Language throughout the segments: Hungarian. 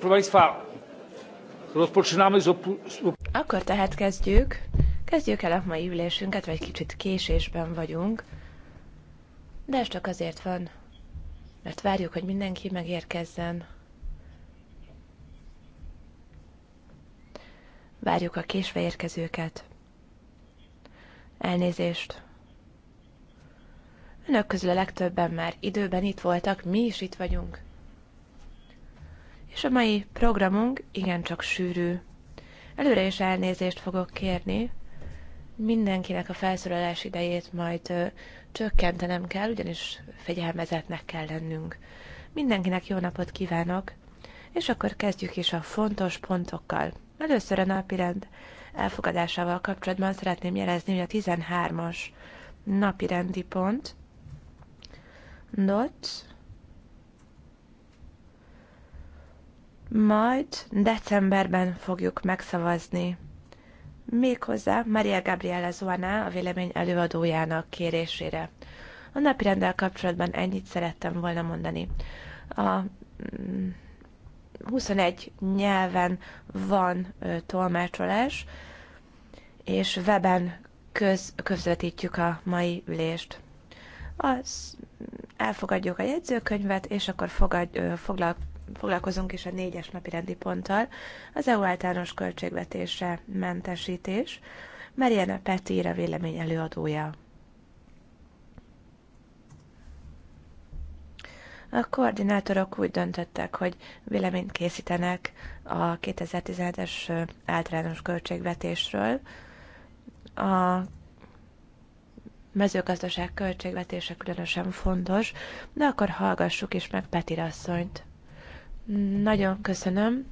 Proszę rozpoczynamy z Akkor tehát kezdjük. Kezdjük el a mai ülésünket, vagy kicsit késésben vagyunk. De ez csak azért van, mert várjuk, hogy mindenki megérkezzen. Várjuk a késve érkezőket. Elnézést. Önök közül a legtöbben már időben itt voltak, mi is itt vagyunk és a mai programunk igencsak sűrű. Előre is elnézést fogok kérni, mindenkinek a felszólalás idejét majd ö, csökkentenem kell, ugyanis fegyelmezetnek kell lennünk. Mindenkinek jó napot kívánok, és akkor kezdjük is a fontos pontokkal. Először a napirend elfogadásával kapcsolatban szeretném jelezni, hogy a 13-as napirendi pont, not, majd decemberben fogjuk megszavazni. Méghozzá Maria Gabriela Zuana a vélemény előadójának kérésére. A napirenddel kapcsolatban ennyit szerettem volna mondani. A 21 mm, nyelven van ö, tolmácsolás, és weben köz, közvetítjük a mai ülést. Az mm, elfogadjuk a jegyzőkönyvet, és akkor fogad, ö, foglalkozunk is a négyes napi rendi ponttal, az EU általános költségvetése mentesítés. Mariana Peti ír a vélemény előadója. A koordinátorok úgy döntöttek, hogy véleményt készítenek a 2017-es általános költségvetésről. A mezőgazdaság költségvetése különösen fontos, de akkor hallgassuk is meg Peti asszonyt. Nagyon köszönöm.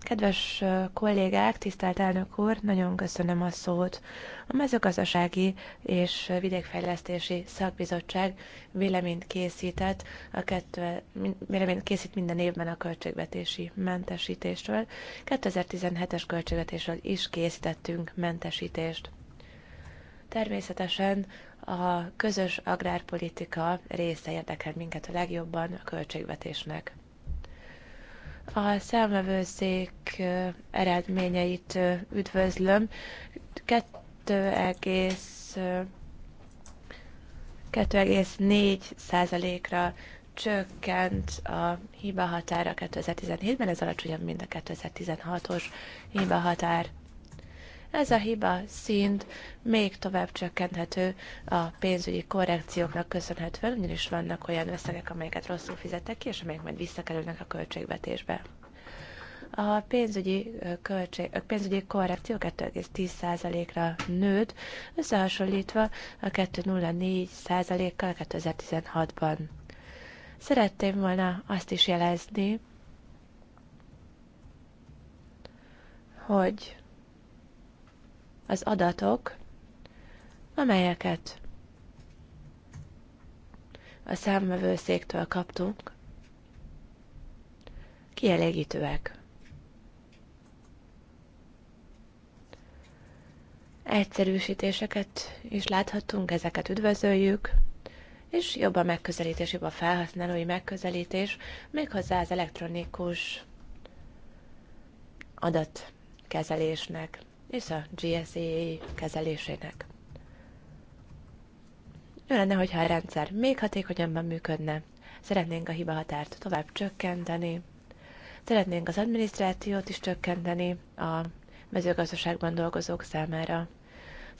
Kedves kollégák, tisztelt elnök úr, nagyon köszönöm a szót. A mezőgazdasági és vidékfejlesztési szakbizottság véleményt készített, a kettő, véleményt készít minden évben a költségvetési mentesítésről. 2017-es költségvetésről is készítettünk mentesítést. Természetesen a közös agrárpolitika része érdekel minket a legjobban a költségvetésnek. A számlevőszék eredményeit üdvözlöm. 2,4 százalékra csökkent a hiba határa 2017-ben, ez alacsonyabb, mint a 2016-os hiba határ. Ez a hiba szint még tovább csökkenthető a pénzügyi korrekcióknak köszönhetően, ugyanis vannak olyan összegek, amelyeket rosszul fizettek ki, és amelyek majd visszakerülnek a költségvetésbe. A pénzügyi, költség, a pénzügyi korrekció 2,10%-ra nőtt, összehasonlítva a 2,04%-kal 2016-ban. Szeretném volna azt is jelezni, hogy az adatok, amelyeket a számvevőszéktől kaptunk, kielégítőek. Egyszerűsítéseket is láthattunk, ezeket üdvözöljük, és jobb a megközelítés, jobb a felhasználói megközelítés, méghozzá az elektronikus adatkezelésnek a GSE kezelésének. Jó lenne, hogyha a rendszer még hatékonyabban működne, szeretnénk a hibahatárt tovább csökkenteni, szeretnénk az adminisztrációt is csökkenteni a mezőgazdaságban dolgozók számára.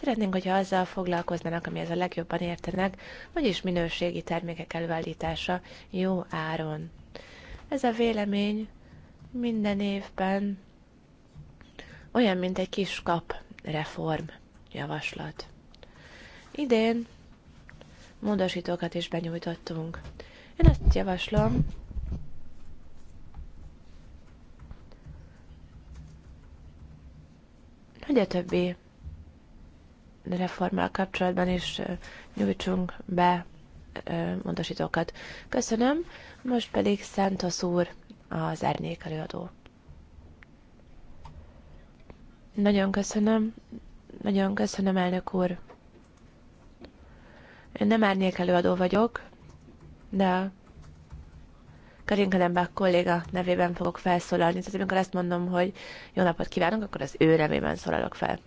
Szeretnénk, hogyha azzal foglalkoznának, ez a legjobban értenek, vagyis minőségi termékek előállítása jó áron. Ez a vélemény minden évben olyan, mint egy kis kap reform javaslat. Idén módosítókat is benyújtottunk. Én azt javaslom, hogy a többi reformmal kapcsolatban is nyújtsunk be módosítókat. Köszönöm, most pedig Szentos úr, az árnyék előadó. Nagyon köszönöm. Nagyon köszönöm, elnök úr. Én nem árnyék előadó vagyok, de karinka Lembák kolléga nevében fogok felszólalni, tehát amikor azt mondom, hogy jó napot kívánok, akkor az ő nevében szólalok fel.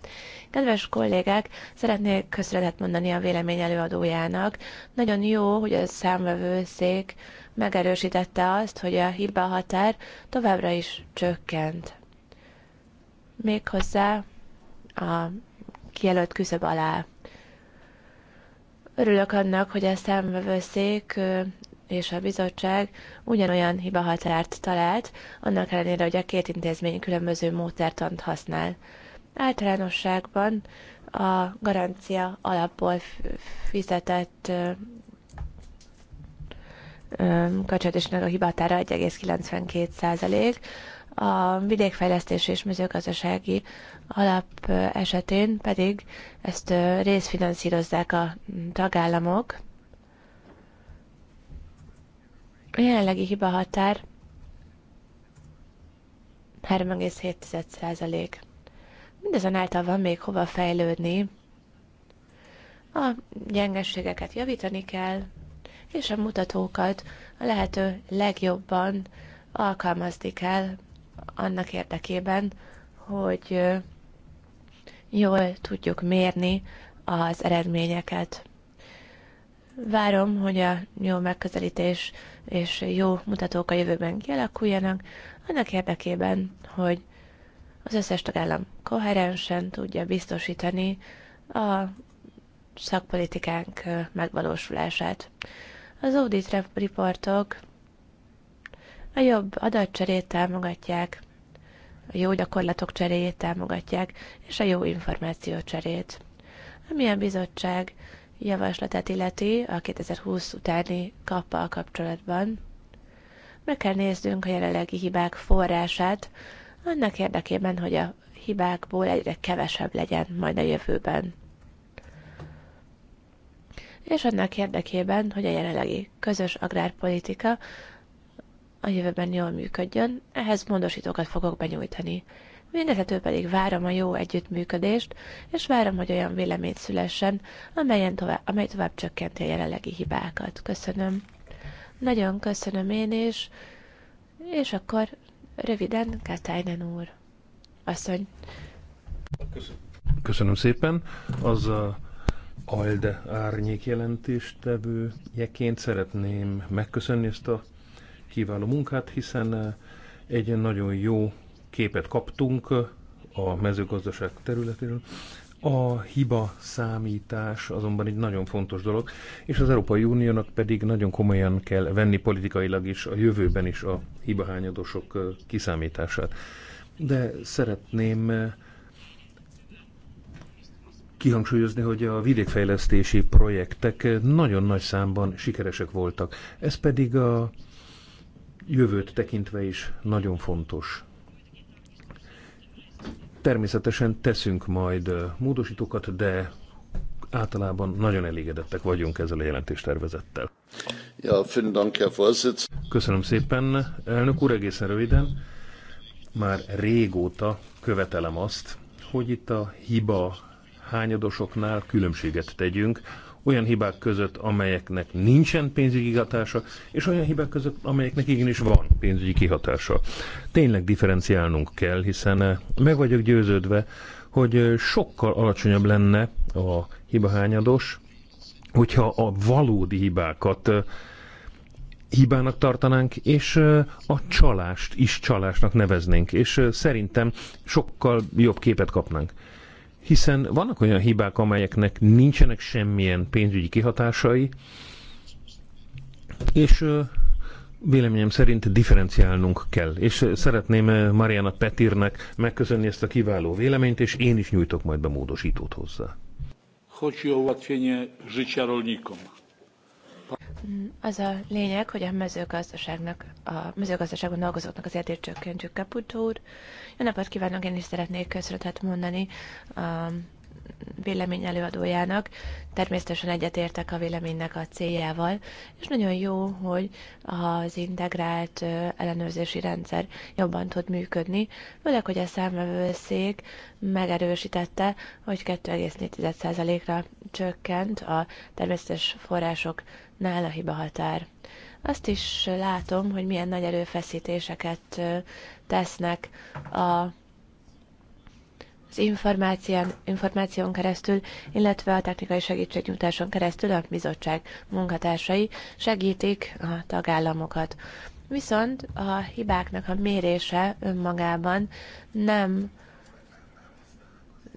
Kedves kollégák, szeretnék köszönetet mondani a vélemény előadójának. Nagyon jó, hogy a számvevőszék megerősítette azt, hogy a hiba határ továbbra is csökkent méghozzá a kijelölt küszöb alá. Örülök annak, hogy a számvevőszék és a bizottság ugyanolyan hibahatárt talált, annak ellenére, hogy a két intézmény különböző módszertant használ. Általánosságban a garancia alapból fizetett kacsatisnak a hibatára 1,92 százalék, a vidékfejlesztés és mezőgazdasági alap esetén pedig ezt részfinanszírozzák a tagállamok. A jelenlegi határ 3,7%. Mindezenáltal van még hova fejlődni. A gyengességeket javítani kell, és a mutatókat a lehető legjobban alkalmazni kell annak érdekében, hogy jól tudjuk mérni az eredményeket. Várom, hogy a jó megközelítés és jó mutatók a jövőben kialakuljanak, annak érdekében, hogy az összes tagállam koherensen tudja biztosítani a szakpolitikánk megvalósulását. Az audit reportok a jobb adatcserét támogatják, a jó gyakorlatok cseréjét támogatják, és a jó információ cserét. Amilyen bizottság javaslatát illeti a 2020 utáni kappal kapcsolatban, meg kell néznünk a jelenlegi hibák forrását, annak érdekében, hogy a hibákból egyre kevesebb legyen majd a jövőben. És annak érdekében, hogy a jelenlegi közös agrárpolitika a jövőben jól működjön, ehhez módosítókat fogok benyújtani. Mindezető pedig várom a jó együttműködést, és várom, hogy olyan véleményt szülessen, amelyen tovább, amely tovább csökkenti a jelenlegi hibákat. Köszönöm. Nagyon köszönöm én is. És akkor röviden Katájnen úr. Asszony. Köszönöm. Köszönöm szépen. Az a uh, Alde árnyék jelentéstevőjeként szeretném megköszönni ezt a kiváló munkát, hiszen eh, egy nagyon jó képet kaptunk eh, a mezőgazdaság területéről. A hiba számítás azonban egy nagyon fontos dolog, és az Európai Uniónak pedig nagyon komolyan kell venni politikailag is a jövőben is a hibahányadosok eh, kiszámítását. De szeretném kihangsúlyozni, hogy a vidékfejlesztési projektek nagyon nagy számban sikeresek voltak. Ez pedig a jövőt tekintve is nagyon fontos. Természetesen teszünk majd módosítókat, de általában nagyon elégedettek vagyunk ezzel a jelentéstervezettel. Ja, vielen Dank, Herr Vorsitz. Köszönöm szépen, elnök úr, egészen röviden. Már régóta követelem azt, hogy itt a hiba hányadosoknál különbséget tegyünk olyan hibák között, amelyeknek nincsen pénzügyi hatása, és olyan hibák között, amelyeknek igenis van pénzügyi kihatása. Tényleg differenciálnunk kell, hiszen eh, meg vagyok győződve, hogy eh, sokkal alacsonyabb lenne a hibahányados, hogyha a valódi hibákat eh, hibának tartanánk, és a csalást is csalásnak neveznénk, és szerintem sokkal jobb képet kapnánk hiszen vannak olyan hibák, amelyeknek nincsenek semmilyen pénzügyi kihatásai, és véleményem szerint differenciálnunk kell. És szeretném Mariana Petirnek megköszönni ezt a kiváló véleményt, és én is nyújtok majd be módosítót hozzá. Az a lényeg, hogy a mezőgazdaságnak, a mezőgazdaságon dolgozóknak az értét csökkentjük Caputo úr, jó napot kívánok, én is szeretnék köszönetet mondani a vélemény előadójának. Természetesen egyetértek a véleménynek a céljával, és nagyon jó, hogy az integrált ellenőrzési rendszer jobban tud működni, főleg, hogy a számvevőszék megerősítette, hogy 2,4%-ra csökkent a természetes forrásoknál a hibahatár. Azt is látom, hogy milyen nagy erőfeszítéseket tesznek a az információn, információn keresztül, illetve a technikai segítségnyújtáson keresztül a bizottság munkatársai segítik a tagállamokat. Viszont a hibáknak a mérése önmagában nem,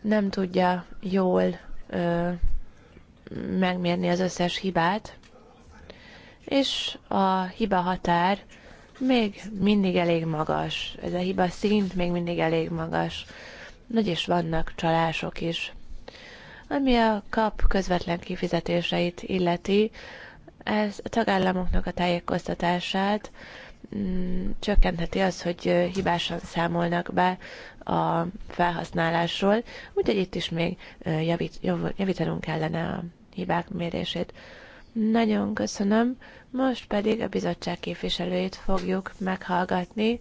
nem tudja jól ö, megmérni az összes hibát, és a hiba határ még mindig elég magas, ez a hiba szint még mindig elég magas. Nagy is vannak csalások is. Ami a kap közvetlen kifizetéseit illeti, ez a tagállamoknak a tájékoztatását mm, csökkentheti az, hogy hibásan számolnak be a felhasználásról, úgyhogy itt is még javít, javítanunk kellene a hibák mérését. Nagyon köszönöm. Most pedig a bizottság képviselőjét fogjuk meghallgatni.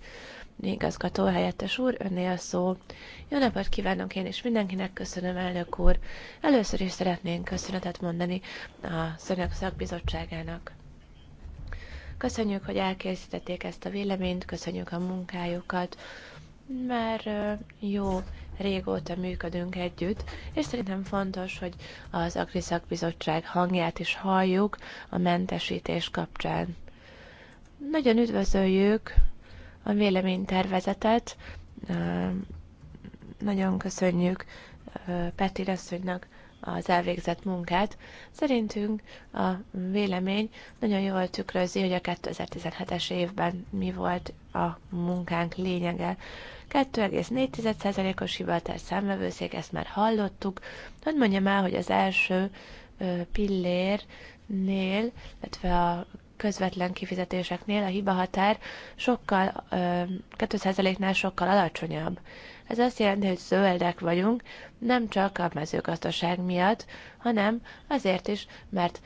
Igazgató helyettes úr, önné a szó. Jó napot kívánok én is mindenkinek, köszönöm elnök úr. Először is szeretnénk köszönetet mondani a Szönök Szakbizottságának. Köszönjük, hogy elkészítették ezt a véleményt, köszönjük a munkájukat, mert jó régóta működünk együtt, és szerintem fontos, hogy az Agriszak Bizottság hangját is halljuk a mentesítés kapcsán. Nagyon üdvözöljük a véleménytervezetet, nagyon köszönjük Peti asszonynak az elvégzett munkát. Szerintünk a vélemény nagyon jól tükrözi, hogy a 2017-es évben mi volt a munkánk lényege. 2,4%-os hivatás számvevőszék, ezt már hallottuk. Hadd mondjam el, hogy az első pillérnél, illetve a közvetlen kifizetéseknél a hibahatár sokkal, 2%-nál sokkal alacsonyabb. Ez azt jelenti, hogy zöldek vagyunk, nem csak a mezőgazdaság miatt, hanem azért is, mert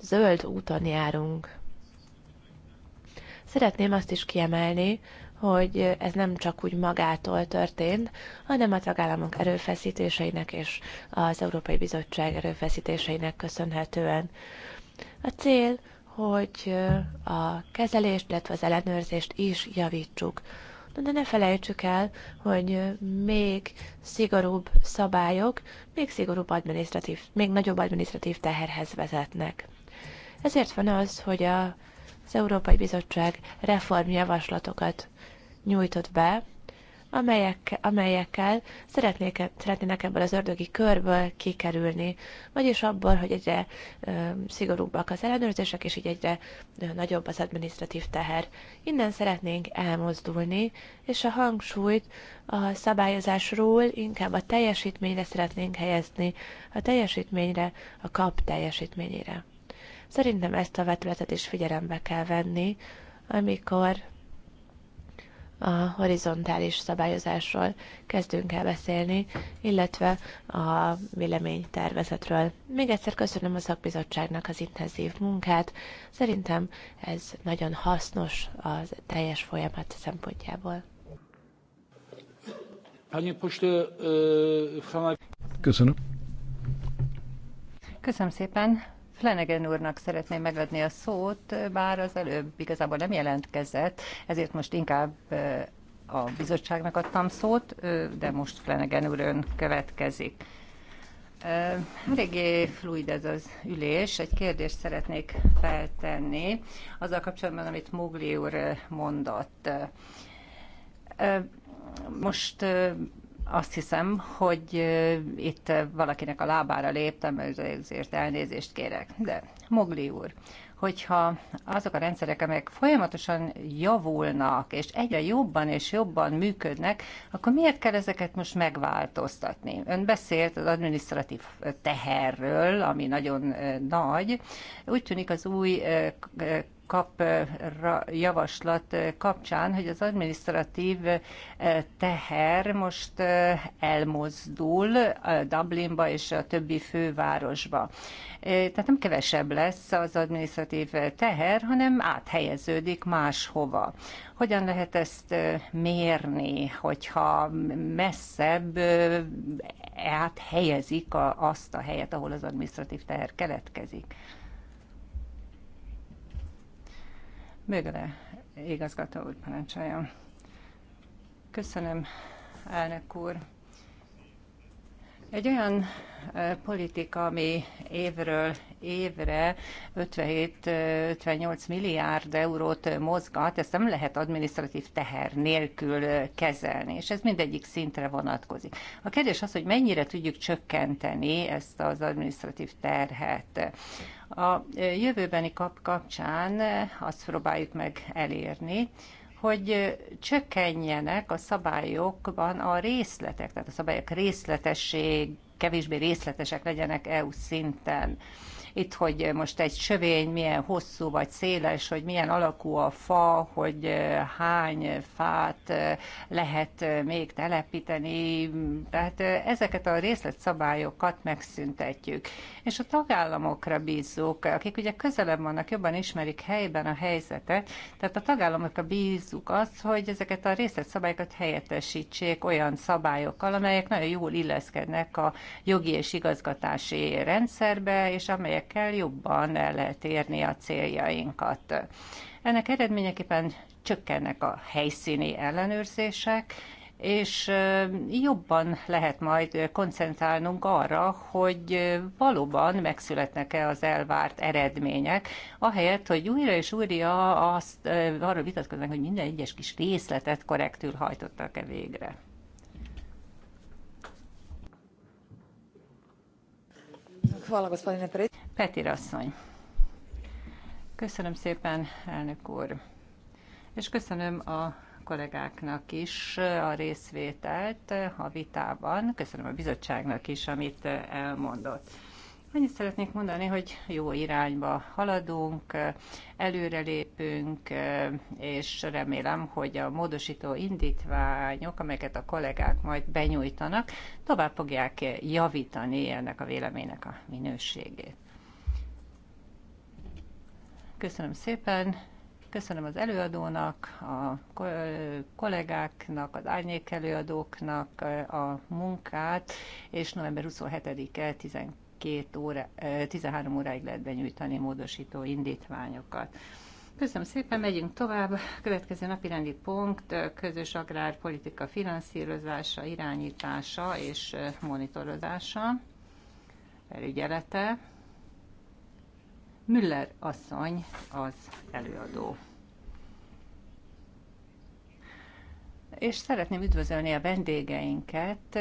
zöld úton járunk. Szeretném azt is kiemelni, hogy ez nem csak úgy magától történt, hanem a tagállamok erőfeszítéseinek és az Európai Bizottság erőfeszítéseinek köszönhetően. A cél, hogy a kezelést, illetve az ellenőrzést is javítsuk. De ne felejtsük el, hogy még szigorúbb szabályok, még szigorúbb adminisztratív, még nagyobb adminisztratív teherhez vezetnek. Ezért van az, hogy a az Európai Bizottság reformjavaslatokat nyújtott be, amelyek, amelyekkel szeretnék, szeretnének ebből az ördögi körből kikerülni, vagyis abból, hogy egyre ö, szigorúbbak az ellenőrzések, és így egyre ö, nagyobb az administratív teher. Innen szeretnénk elmozdulni, és a hangsúlyt a szabályozásról inkább a teljesítményre szeretnénk helyezni, a teljesítményre, a kap teljesítményére. Szerintem ezt a vetületet is figyelembe kell venni, amikor a horizontális szabályozásról kezdünk el beszélni, illetve a véleménytervezetről. Még egyszer köszönöm a szakbizottságnak az intenzív munkát. Szerintem ez nagyon hasznos a teljes folyamat szempontjából. E, köszönöm. Köszönöm szépen. Flanagan úrnak szeretném megadni a szót, bár az előbb igazából nem jelentkezett, ezért most inkább a bizottságnak adtam szót, de most Flanagan úr ön következik. Eléggé fluid ez az ülés. Egy kérdést szeretnék feltenni azzal kapcsolatban, amit Mugli úr mondott. Most azt hiszem, hogy itt valakinek a lábára léptem, ezért elnézést kérek. De Mogli úr, hogyha azok a rendszerek, amelyek folyamatosan javulnak, és egyre jobban és jobban működnek, akkor miért kell ezeket most megváltoztatni? Ön beszélt az administratív teherről, ami nagyon nagy. Úgy tűnik az új kap eh, javaslat eh, kapcsán, hogy az administratív eh, teher most elmozdul Dublinba és a többi fővárosba. Tehát nem kevesebb lesz az administratív teher, hanem áthelyeződik máshova. Hogyan lehet ezt mérni, hogyha messzebb áthelyezik azt a helyet, ahol az administratív teher keletkezik? Bögele igazgató úr parancsolja. Köszönöm, elnök úr. Egy olyan politika, ami évről évre 57-58 milliárd eurót mozgat, ezt nem lehet administratív teher nélkül kezelni, és ez mindegyik szintre vonatkozik. A kérdés az, hogy mennyire tudjuk csökkenteni ezt az administratív terhet. A jövőbeni kap kapcsán azt próbáljuk meg elérni, hogy csökkenjenek a szabályokban a részletek, tehát a szabályok részletesség, kevésbé részletesek legyenek EU szinten. Itt, hogy most egy sövény milyen hosszú vagy széles, hogy milyen alakú a fa, hogy hány fát lehet még telepíteni, tehát ezeket a részletszabályokat megszüntetjük. És a tagállamokra bízzuk, akik ugye közelebb vannak, jobban ismerik helyben a helyzetet, tehát a tagállamokra bízzuk azt, hogy ezeket a részletszabályokat helyettesítsék olyan szabályokkal, amelyek nagyon jól illeszkednek a jogi és igazgatási rendszerbe, és amelyek lépésekkel jobban el lehet érni a céljainkat. Ennek eredményeképpen csökkennek a helyszíni ellenőrzések, és jobban lehet majd koncentrálnunk arra, hogy valóban megszületnek-e az elvárt eredmények, ahelyett, hogy újra és újra azt, arról vitatkoznak, hogy minden egyes kis részletet korrektül hajtottak-e végre. Hvala, gospodine Köszönöm szépen, elnök úr. És köszönöm a kollégáknak is a részvételt a vitában. Köszönöm a bizottságnak is, amit elmondott. Annyit szeretnék mondani, hogy jó irányba haladunk, előrelépünk, és remélem, hogy a módosító indítványok, amelyeket a kollégák majd benyújtanak, tovább fogják javítani ennek a véleménynek a minőségét. Köszönöm szépen, köszönöm az előadónak, a kollégáknak, az árnyék előadóknak a munkát, és november 27-e 12 12 óra, 13 óráig lehet benyújtani módosító indítványokat. Köszönöm szépen, megyünk tovább. Következő napi rendi pont közös agrárpolitika finanszírozása, irányítása és monitorozása, felügyelete. Müller asszony az előadó. És szeretném üdvözölni a vendégeinket,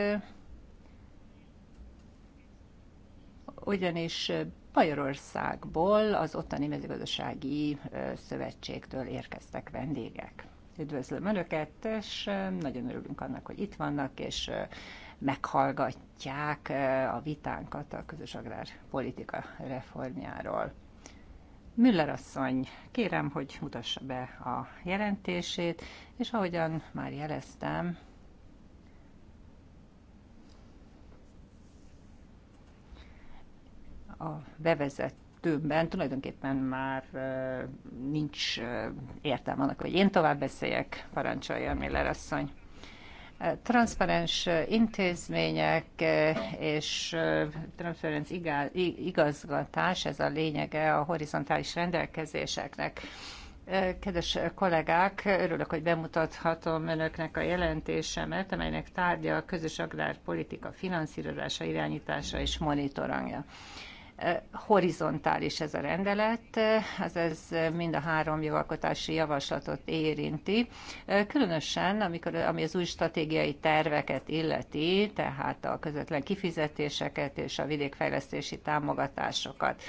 ugyanis Magyarországból, az ottani mezőgazdasági szövetségtől érkeztek vendégek. Üdvözlöm Önöket, és nagyon örülünk annak, hogy itt vannak, és meghallgatják a vitánkat a közös agrárpolitika reformjáról. Müller asszony, kérem, hogy mutassa be a jelentését, és ahogyan már jeleztem, a bevezetőben tulajdonképpen már nincs értelme annak, hogy én tovább beszéljek, parancsolja Miller asszony transzparens intézmények és transzparens igazgatás, ez a lényege a horizontális rendelkezéseknek. Kedves kollégák, örülök, hogy bemutathatom önöknek a jelentésemet, amelynek tárgya a közös agrárpolitika finanszírozása, irányítása és monitorangja horizontális ez a rendelet, azaz mind a három jogalkotási javaslatot érinti, különösen amikor, ami az új stratégiai terveket illeti, tehát a közvetlen kifizetéseket és a vidékfejlesztési támogatásokat.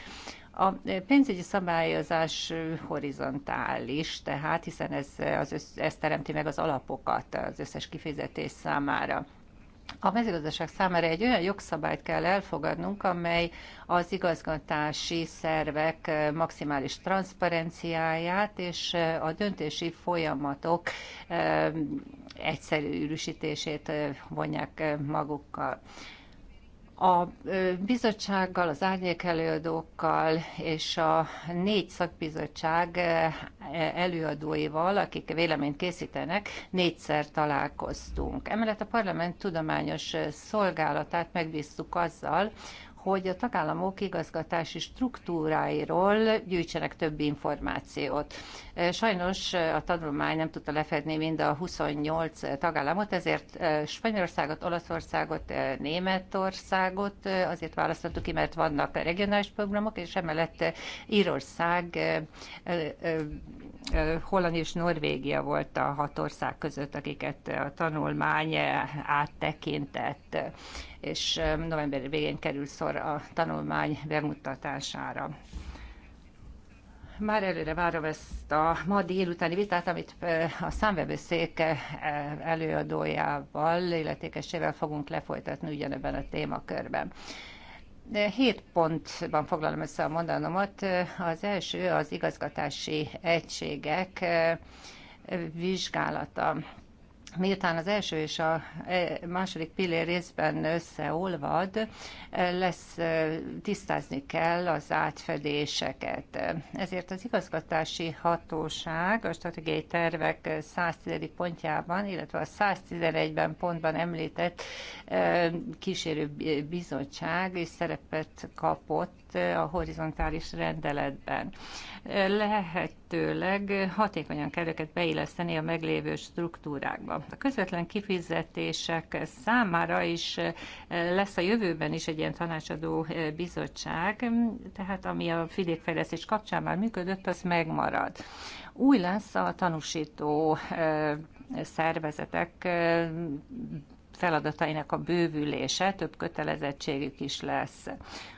A pénzügyi szabályozás horizontális, tehát hiszen ez, az, ez teremti meg az alapokat az összes kifizetés számára a mezőgazdaság számára egy olyan jogszabályt kell elfogadnunk, amely az igazgatási szervek maximális transzparenciáját és a döntési folyamatok eh, egyszerűsítését vonják eh, magukkal. A bizottsággal, az árnyék előadókkal és a négy szakbizottság előadóival, akik véleményt készítenek, négyszer találkoztunk. Emellett a parlament tudományos szolgálatát megbíztuk azzal, hogy a tagállamok igazgatási struktúráiról gyűjtsenek több információt. E, sajnos e, a tanulmány nem tudta lefedni mind a 28 tagállamot, ezért e, Spanyolországot, Olaszországot, Németországot azért választottuk ki, mert vannak regionális programok, és emellett Írország, Holland és Norvégia volt a hat ország között, akiket a tanulmány áttekintett és november végén kerül szor a tanulmány bemutatására. Már előre várom ezt a ma délutáni vitát, amit a számvevőszék előadójával, illetékesével fogunk lefolytatni ugyanebben a témakörben. Hét pontban foglalom össze a mondanomat. Az első az igazgatási egységek vizsgálata. Miután az első és a e, második pillér részben összeolvad, e, lesz, e, tisztázni kell az átfedéseket. Ezért az igazgatási hatóság a stratégiai tervek 110. pontjában, illetve a 111-ben pontban említett kísérő bizottság is szerepet kapott a horizontális rendeletben. Lehetőleg hatékonyan kell őket beilleszteni a meglévő struktúrákba. A közvetlen kifizetések számára is lesz a jövőben is egy ilyen tanácsadó bizottság, tehát ami a fidékfejlesztés kapcsán már működött, az megmarad. Új lesz a tanúsító szervezetek feladatainak a bővülése, több kötelezettségük is lesz.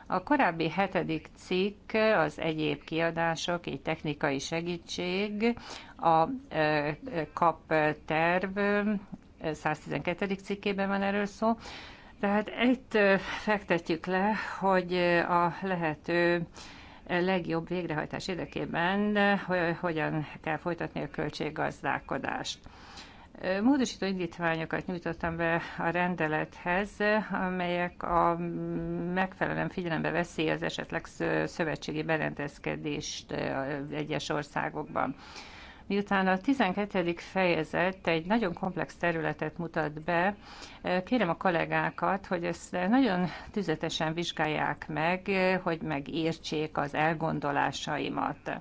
A korábbi hetedik cikk az egyéb kiadások, egy technikai segítség, a kap terv 112. cikkében van erről szó. Tehát itt fektetjük le, hogy a lehető legjobb végrehajtás érdekében hogyan kell folytatni a költséggazdálkodást. Módosító indítványokat nyújtottam be a rendelethez, amelyek a megfelelően figyelembe veszi az esetleg szövetségi berendezkedést egyes országokban. Miután a 12. fejezet egy nagyon komplex területet mutat be, kérem a kollégákat, hogy ezt nagyon tüzetesen vizsgálják meg, hogy megértsék az elgondolásaimat.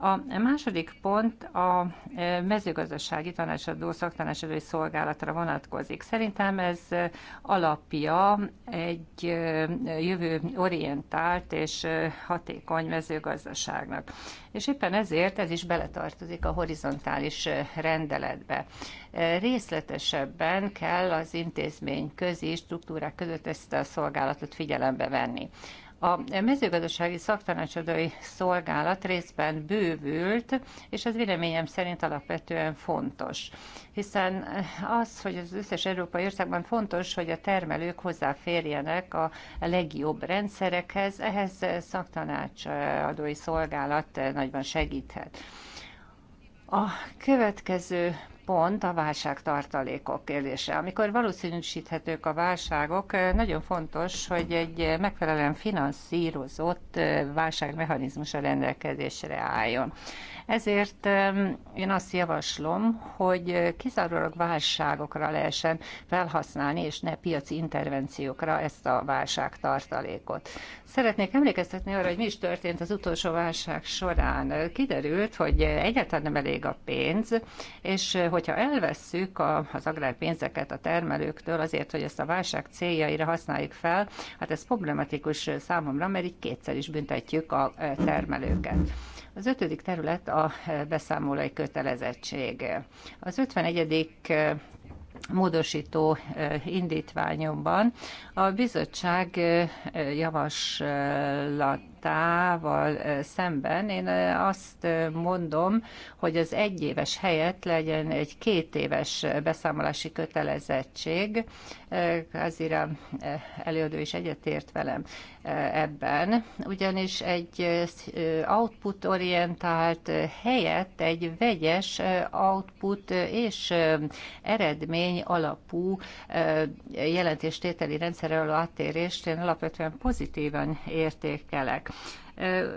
A második pont a e, mezőgazdasági tanácsadó szaktanácsadói szolgálatra vonatkozik. Szerintem ez alapja egy e, jövő orientált és e, hatékony mezőgazdaságnak. És éppen ezért ez is beletartozik a horizontális rendeletbe. Részletesebben kell az intézmény közi struktúrák között ezt a szolgálatot figyelembe venni. A mezőgazdasági szaktanácsadói szolgálat részben bővült, és ez véleményem szerint alapvetően fontos. Hiszen az, hogy az összes európai országban fontos, hogy a termelők hozzáférjenek a legjobb rendszerekhez, ehhez szaktanácsadói szolgálat nagyban segíthet. A következő pont a válság tartalékok kérdése. Amikor valószínűsíthetők a válságok, nagyon fontos, hogy egy megfelelően finanszírozott a rendelkezésre álljon. Ezért én azt javaslom, hogy kizárólag válságokra lehessen felhasználni, és ne piaci intervenciókra ezt a válság tartalékot. Szeretnék emlékeztetni arra, hogy mi is történt az utolsó válság során. Kiderült, hogy egyáltalán nem elég a pénz, és hogy hogyha elvesszük a, az agrárpénzeket a termelőktől azért, hogy ezt a válság céljaira használjuk fel, hát ez problematikus számomra, mert így kétszer is büntetjük a e, termelőket. Az ötödik terület a e, beszámolói kötelezettség. Az 51 e, módosító indítványomban a bizottság javaslat mintával szemben én azt mondom, hogy az egyéves helyett legyen egy két éves beszámolási kötelezettség. Kázira előadó is egyetért velem ebben, ugyanis egy output-orientált helyett egy vegyes output és eredmény alapú jelentéstételi rendszerrel áttérést én alapvetően pozitívan értékelek.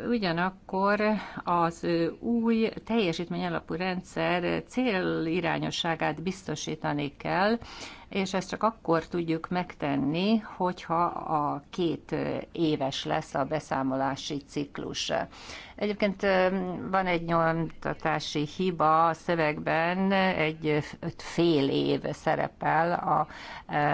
Ugyanakkor az új teljesítmény alapú rendszer célirányosságát biztosítani kell, és ezt csak akkor tudjuk megtenni, hogyha a két éves lesz a beszámolási ciklus. Egyébként van egy nyomtatási hiba a szövegben, egy fél év szerepel a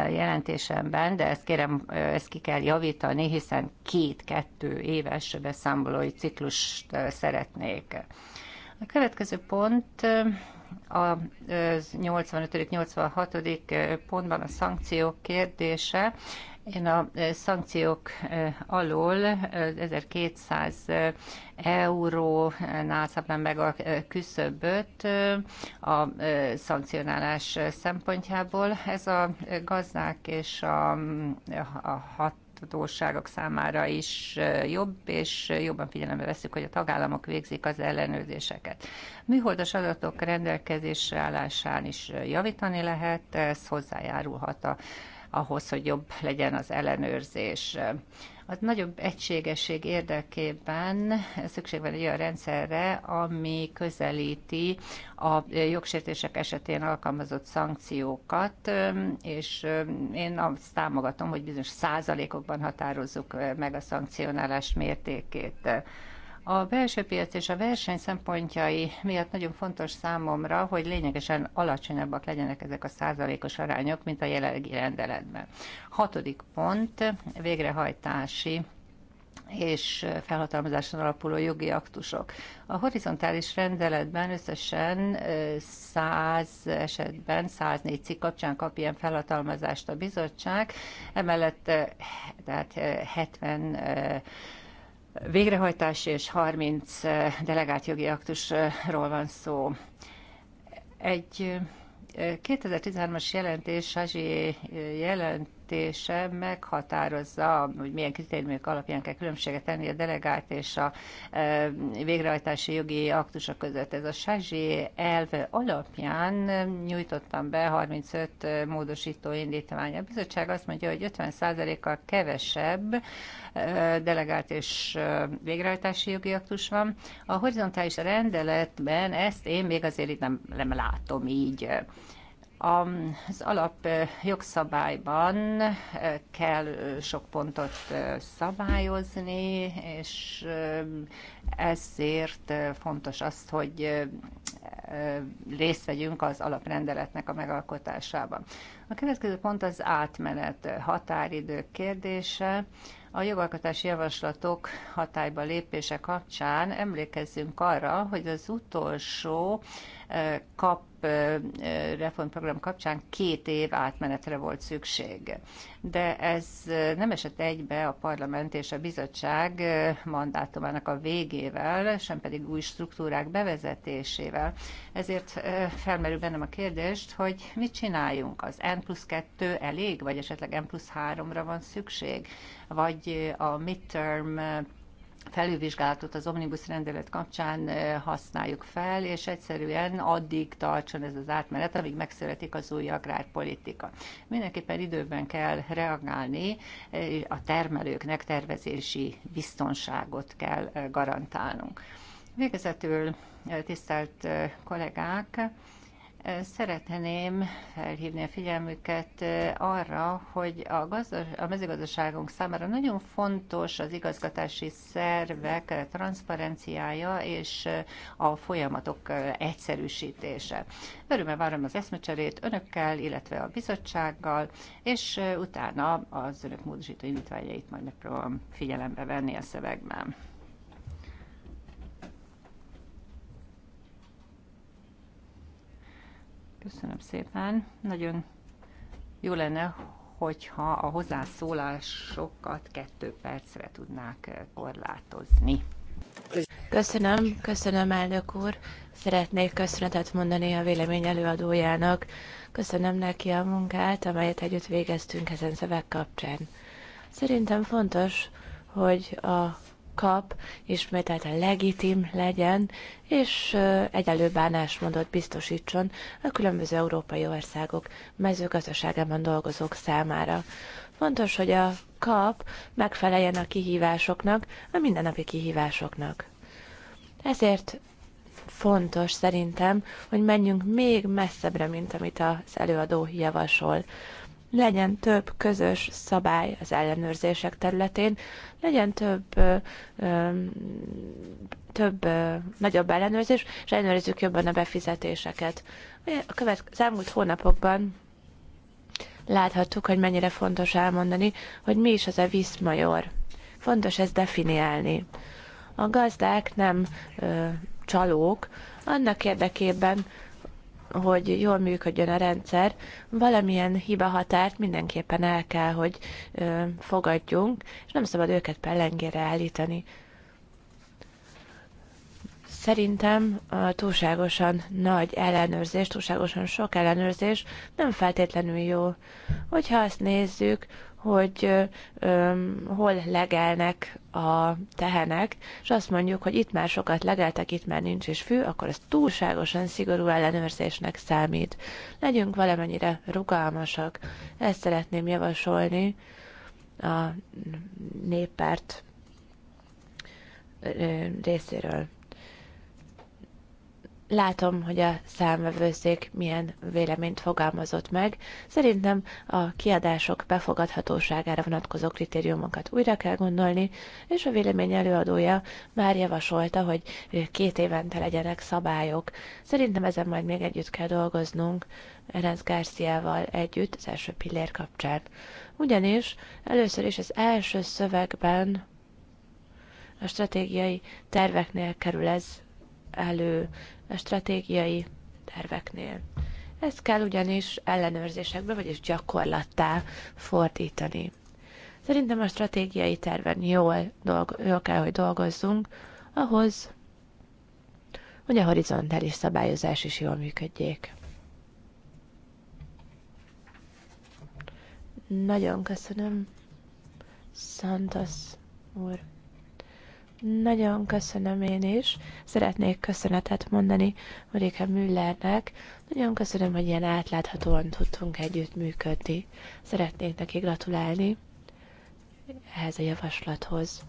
jelentésemben, de ezt kérem, ezt ki kell javítani, hiszen két-kettő éves beszámolói ciklust szeretnék. A következő pont a 85.-86. pontban a szankciók kérdése. Én a szankciók alól 1200 eurónál szabnám meg a küszöböt a szankcionálás szempontjából. Ez a gazdák és a, a hat hatóságok számára is jobb, és jobban figyelembe veszük, hogy a tagállamok végzik az ellenőrzéseket. Műholdas adatok rendelkezésre állásán is javítani lehet, ez hozzájárulhat a, ahhoz, hogy jobb legyen az ellenőrzés. A nagyobb egységesség érdekében szükség van egy olyan rendszerre, ami közelíti a jogsértések esetén alkalmazott szankciókat, és én azt támogatom, hogy bizonyos százalékokban határozzuk meg a szankcionálás mértékét. A belső piac és a verseny szempontjai miatt nagyon fontos számomra, hogy lényegesen alacsonyabbak legyenek ezek a százalékos arányok, mint a jelenlegi rendeletben. Hatodik pont, végrehajtási és felhatalmazáson alapuló jogi aktusok. A horizontális rendeletben összesen 100 esetben, 104 cikk kapcsán kap ilyen felhatalmazást a bizottság, emellett tehát 70 végrehajtás és 30 eh, delegált jogi aktusról van szó. Egy 2013-as eh, jelentés, Sazsi eh, jelent döntése meghatározza, hogy milyen kritériumok alapján kell különbséget tenni a delegált és a e, végrehajtási jogi aktusa között. Ez a Sázsi elv alapján nyújtottam be 35 módosító indítvány. A bizottság azt mondja, hogy 50%-kal kevesebb e, delegált és e, végrehajtási jogi aktus van. A horizontális rendeletben ezt én még azért itt nem, nem látom így. Az alap jogszabályban kell sok pontot szabályozni, és ezért fontos azt, hogy részt vegyünk az alaprendeletnek a megalkotásában. A következő pont az átmenet határidő kérdése. A jogalkotási javaslatok hatályba lépése kapcsán emlékezzünk arra, hogy az utolsó kap reformprogram kapcsán két év átmenetre volt szükség. De ez nem esett egybe a parlament és a bizottság mandátumának a végével, sem pedig új struktúrák bevezetésével. Ezért felmerül bennem a kérdést, hogy mit csináljunk? Az N plusz 2 elég, vagy esetleg N plusz 3-ra van szükség? Vagy a midterm felülvizsgálatot az omnibus rendelet kapcsán eh, használjuk fel, és egyszerűen addig tartson ez az átmenet, amíg megszületik az új agrárpolitika. Mindenképpen időben kell reagálni, eh, a termelőknek tervezési biztonságot kell eh, garantálnunk. Végezetül, tisztelt kollégák, Szeretném felhívni a figyelmüket arra, hogy a, gazdas, a mezőgazdaságunk számára nagyon fontos az igazgatási szervek transzparenciája és a folyamatok egyszerűsítése. Örömmel várom az eszmecserét önökkel, illetve a bizottsággal, és utána az önök módosító indítványait majd megpróbálom figyelembe venni a szövegben. Köszönöm szépen. Nagyon jó lenne, hogyha a hozzászólásokat kettő percre tudnák eh, korlátozni. Köszönöm, köszönöm elnök úr. Szeretnék köszönetet mondani a vélemény előadójának. Köszönöm neki a munkát, amelyet együtt végeztünk ezen szöveg kapcsán. Szerintem fontos, hogy a kap ismételten legitim legyen, és egyelő bánásmódot biztosítson a különböző európai országok mezőgazdaságában dolgozók számára. Fontos, hogy a kap megfeleljen a kihívásoknak, a mindennapi kihívásoknak. Ezért fontos szerintem, hogy menjünk még messzebbre, mint amit az előadó javasol legyen több közös szabály az ellenőrzések területén, legyen több, ö, ö, több ö, nagyobb ellenőrzés, és ellenőrizzük jobban a befizetéseket. A következő, az elmúlt hónapokban láthattuk, hogy mennyire fontos elmondani, hogy mi is az a viszmajor. Fontos ezt definiálni. A gazdák nem ö, csalók, annak érdekében, hogy jól működjön a rendszer, valamilyen hiba határt mindenképpen el kell, hogy fogadjunk, és nem szabad őket pellengére állítani. Szerintem a túlságosan nagy ellenőrzés, túlságosan sok ellenőrzés nem feltétlenül jó. Hogyha azt nézzük, hogy ö, hol legelnek a tehenek, és azt mondjuk, hogy itt már sokat legeltek, itt már nincs is fű, akkor ez túlságosan szigorú ellenőrzésnek számít. Legyünk valamennyire rugalmasak. Ezt szeretném javasolni a néppárt részéről. Látom, hogy a számvevőszék milyen véleményt fogalmazott meg. Szerintem a kiadások befogadhatóságára vonatkozó kritériumokat újra kell gondolni, és a vélemény előadója már javasolta, hogy két évente legyenek szabályok. Szerintem ezen majd még együtt kell dolgoznunk, Erenc Garciával együtt az első pillér kapcsán. Ugyanis először is az első szövegben a stratégiai terveknél kerül ez elő stratégiai terveknél. Ezt kell ugyanis ellenőrzésekbe, vagyis gyakorlattá fordítani. Szerintem a stratégiai terven jól, dolg- jól kell, hogy dolgozzunk, ahhoz, hogy a horizontális szabályozás is jól működjék. Nagyon köszönöm, Santos úr. Nagyon köszönöm én is. Szeretnék köszönetet mondani Marika Müllernek. Nagyon köszönöm, hogy ilyen átláthatóan tudtunk együtt működni. Szeretnék neki gratulálni ehhez a javaslathoz.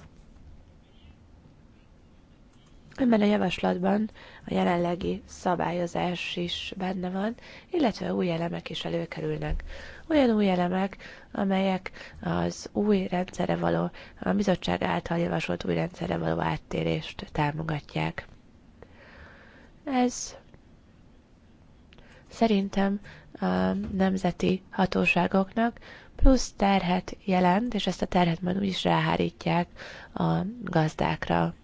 Ebben a javaslatban a jelenlegi szabályozás is benne van, illetve új elemek is előkerülnek olyan új elemek, amelyek az új rendszere való, a bizottság által javasolt új rendszere való áttérést támogatják. Ez szerintem a nemzeti hatóságoknak plusz terhet jelent, és ezt a terhet majd úgyis ráhárítják a gazdákra.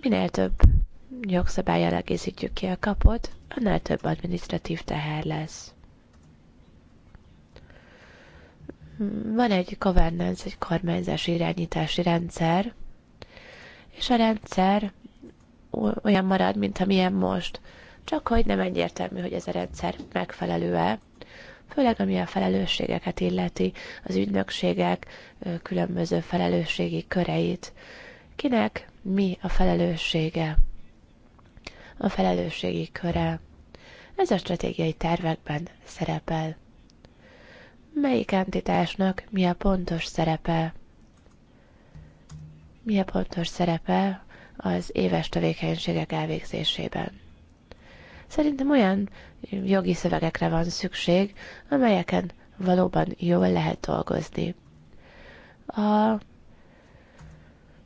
Minél több jogszabályjal egészítjük ki a kapot, annál több administratív teher lesz. Van egy governance, egy kormányzási irányítási rendszer, és a rendszer olyan marad, mint amilyen most, csak hogy nem egyértelmű, hogy ez a rendszer megfelelő-e, főleg ami a felelősségeket illeti, az ügynökségek különböző felelősségi köreit. Kinek mi a felelőssége? a felelősségi köre. Ez a stratégiai tervekben szerepel. Melyik entitásnak mi a pontos szerepe? Mi a pontos szerepe az éves tevékenységek elvégzésében? Szerintem olyan jogi szövegekre van szükség, amelyeken valóban jól lehet dolgozni. A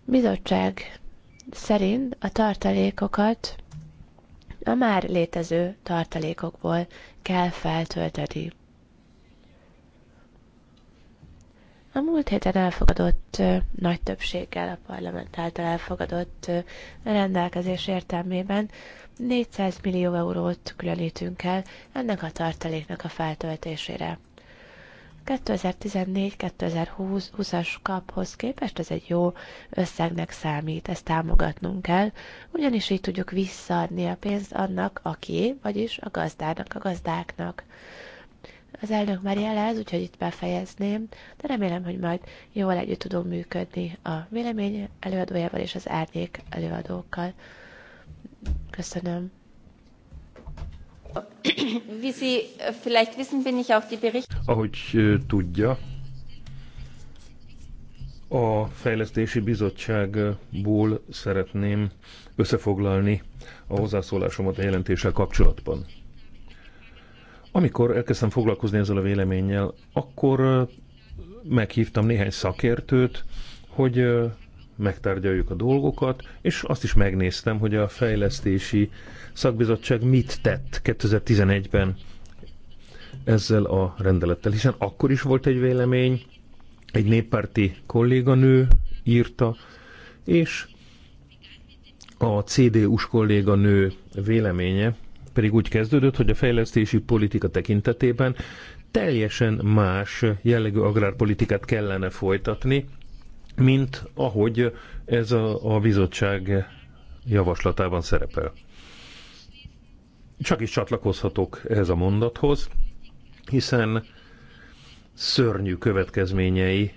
bizottság szerint a tartalékokat a már létező tartalékokból kell feltölteni. A múlt héten elfogadott, nagy többséggel a parlament által elfogadott rendelkezés értelmében 400 millió eurót különítünk el ennek a tartaléknak a feltöltésére. 2014-2020-as kaphoz képest ez egy jó összegnek számít, ezt támogatnunk kell, ugyanis így tudjuk visszaadni a pénzt annak, aki, vagyis a gazdának, a gazdáknak. Az elnök már jelez, úgyhogy itt befejezném, de remélem, hogy majd jól együtt tudunk működni a vélemény előadójával és az árnyék előadókkal. Köszönöm. Äh, Ahogy tudja, a Fejlesztési Bizottságból szeretném összefoglalni a hozzászólásomat a jelentéssel kapcsolatban. Amikor elkezdtem foglalkozni ezzel a véleménnyel, akkor meghívtam néhány szakértőt, hogy megtárgyaljuk a dolgokat, és azt is megnéztem, hogy a fejlesztési szakbizottság mit tett 2011-ben ezzel a rendelettel, hiszen akkor is volt egy vélemény, egy néppárti kolléganő írta, és a CDU-s kolléganő véleménye pedig úgy kezdődött, hogy a fejlesztési politika tekintetében teljesen más jellegű agrárpolitikát kellene folytatni, mint ahogy ez a, a bizottság javaslatában szerepel. Csak is csatlakozhatok ehhez a mondathoz, hiszen szörnyű következményei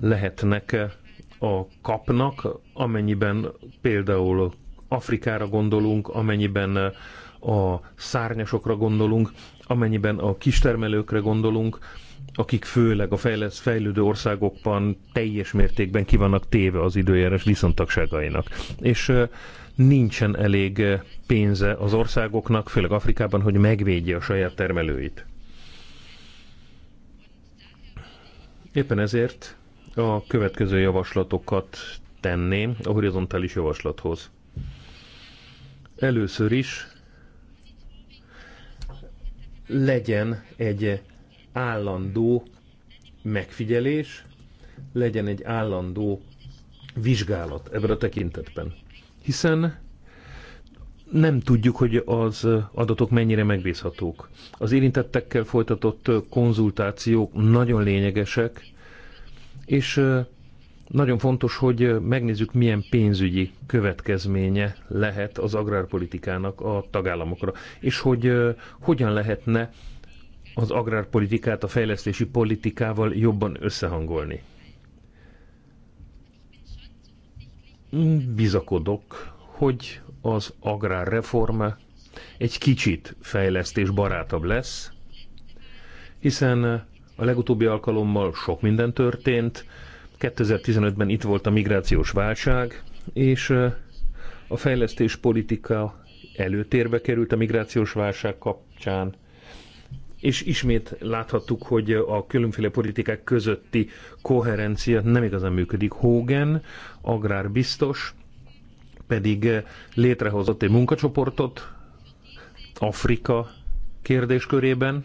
lehetnek a kapnak, amennyiben például Afrikára gondolunk, amennyiben a szárnyasokra gondolunk, amennyiben a kistermelőkre gondolunk, akik főleg a fejlesz, fejlődő országokban teljes mértékben vannak téve az időjárás viszontagságainak. És nincsen elég pénze az országoknak, főleg Afrikában, hogy megvédje a saját termelőit. Éppen ezért a következő javaslatokat tenném a horizontális javaslathoz. Először is legyen egy állandó megfigyelés, legyen egy állandó vizsgálat ebben a tekintetben. Hiszen nem tudjuk, hogy az adatok mennyire megbízhatók. Az érintettekkel folytatott konzultációk nagyon lényegesek, és nagyon fontos, hogy megnézzük, milyen pénzügyi következménye lehet az agrárpolitikának a tagállamokra, és hogy hogyan lehetne az agrárpolitikát a fejlesztési politikával jobban összehangolni. Bizakodok, hogy az agrárreforma egy kicsit barátabb lesz, hiszen a legutóbbi alkalommal sok minden történt. 2015-ben itt volt a migrációs válság, és a fejlesztés politika előtérbe került a migrációs válság kapcsán, és ismét láthattuk, hogy a különféle politikák közötti koherencia nem igazán működik. Hogan, agrárbiztos, pedig eh, létrehozott egy munkacsoportot Afrika kérdéskörében,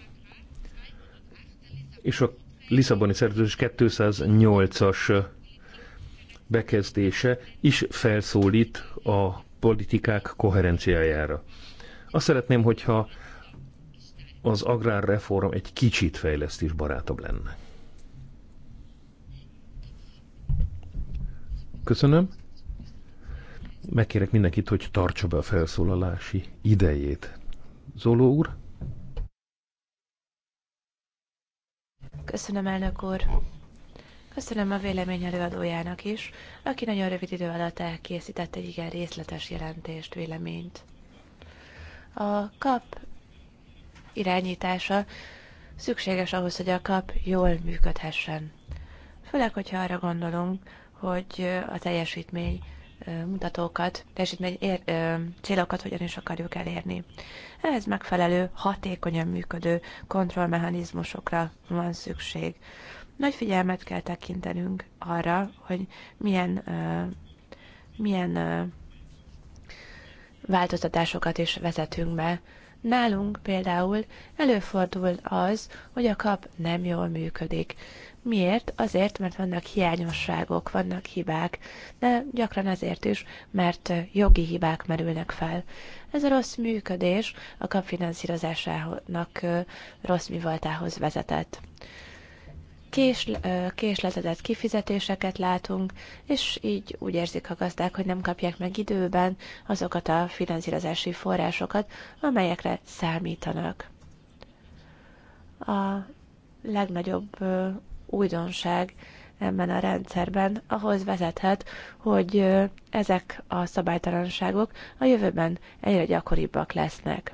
és a Lisszaboni szerződés 208-as eh, bekezdése is felszólít a politikák koherenciájára. Azt szeretném, hogyha az agrárreform egy kicsit fejlesztés barátabb lenne. Köszönöm. Megkérek mindenkit, hogy tartsa be a felszólalási idejét. Zoló úr? Köszönöm, elnök úr. Köszönöm a vélemény előadójának is, aki nagyon rövid idő alatt elkészített egy igen részletes jelentést, véleményt. A kap irányítása szükséges ahhoz, hogy a kap jól működhessen. Főleg, hogyha arra gondolunk, hogy a teljesítmény mutatókat, teljesítmény ér, ö, célokat hogyan is akarjuk elérni. Ehhez megfelelő, hatékonyan működő kontrollmechanizmusokra van szükség. Nagy figyelmet kell tekintenünk arra, hogy milyen, ö, milyen ö, változtatásokat is vezetünk be Nálunk például előfordul az, hogy a kap nem jól működik. Miért? Azért, mert vannak hiányosságok, vannak hibák, de gyakran azért is, mert jogi hibák merülnek fel. Ez a rossz működés a kap finanszírozásának rossz mi voltához vezetett kés, késletedett kifizetéseket látunk, és így úgy érzik a gazdák, hogy nem kapják meg időben azokat a finanszírozási forrásokat, amelyekre számítanak. A legnagyobb újdonság ebben a rendszerben ahhoz vezethet, hogy ezek a szabálytalanságok a jövőben egyre gyakoribbak lesznek.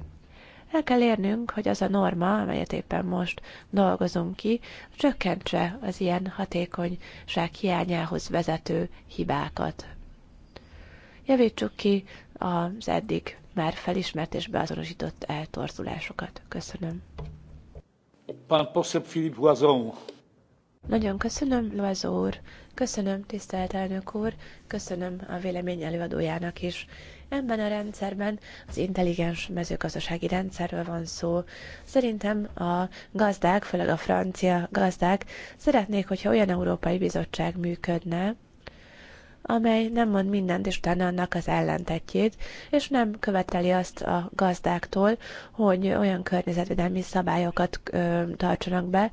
El kell érnünk, hogy az a norma, amelyet éppen most dolgozunk ki, csökkentse az ilyen hatékonyság hiányához vezető hibákat. Javítsuk ki az eddig már felismert és beazonosított eltorzulásokat. Köszönöm. Filip Nagyon köszönöm, Loazó úr. Köszönöm, tisztelt elnök úr. Köszönöm a vélemény előadójának is. Ebben a rendszerben az intelligens mezőgazdasági rendszerről van szó. Szerintem a gazdák, főleg a francia gazdák szeretnék, hogyha olyan Európai Bizottság működne, amely nem mond mindent, és utána annak az ellentetjét, és nem követeli azt a gazdáktól, hogy olyan környezetvédelmi szabályokat ö, tartsanak be,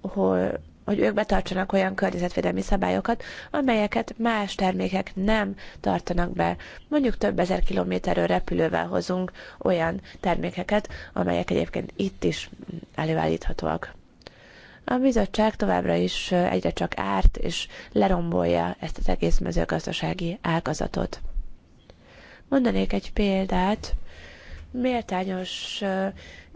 hol hogy ők betartsanak olyan környezetvédelmi szabályokat, amelyeket más termékek nem tartanak be. Mondjuk több ezer kilométerről repülővel hozunk olyan termékeket, amelyek egyébként itt is előállíthatóak. A bizottság továbbra is egyre csak árt és lerombolja ezt az egész mezőgazdasági ágazatot. Mondanék egy példát, méltányos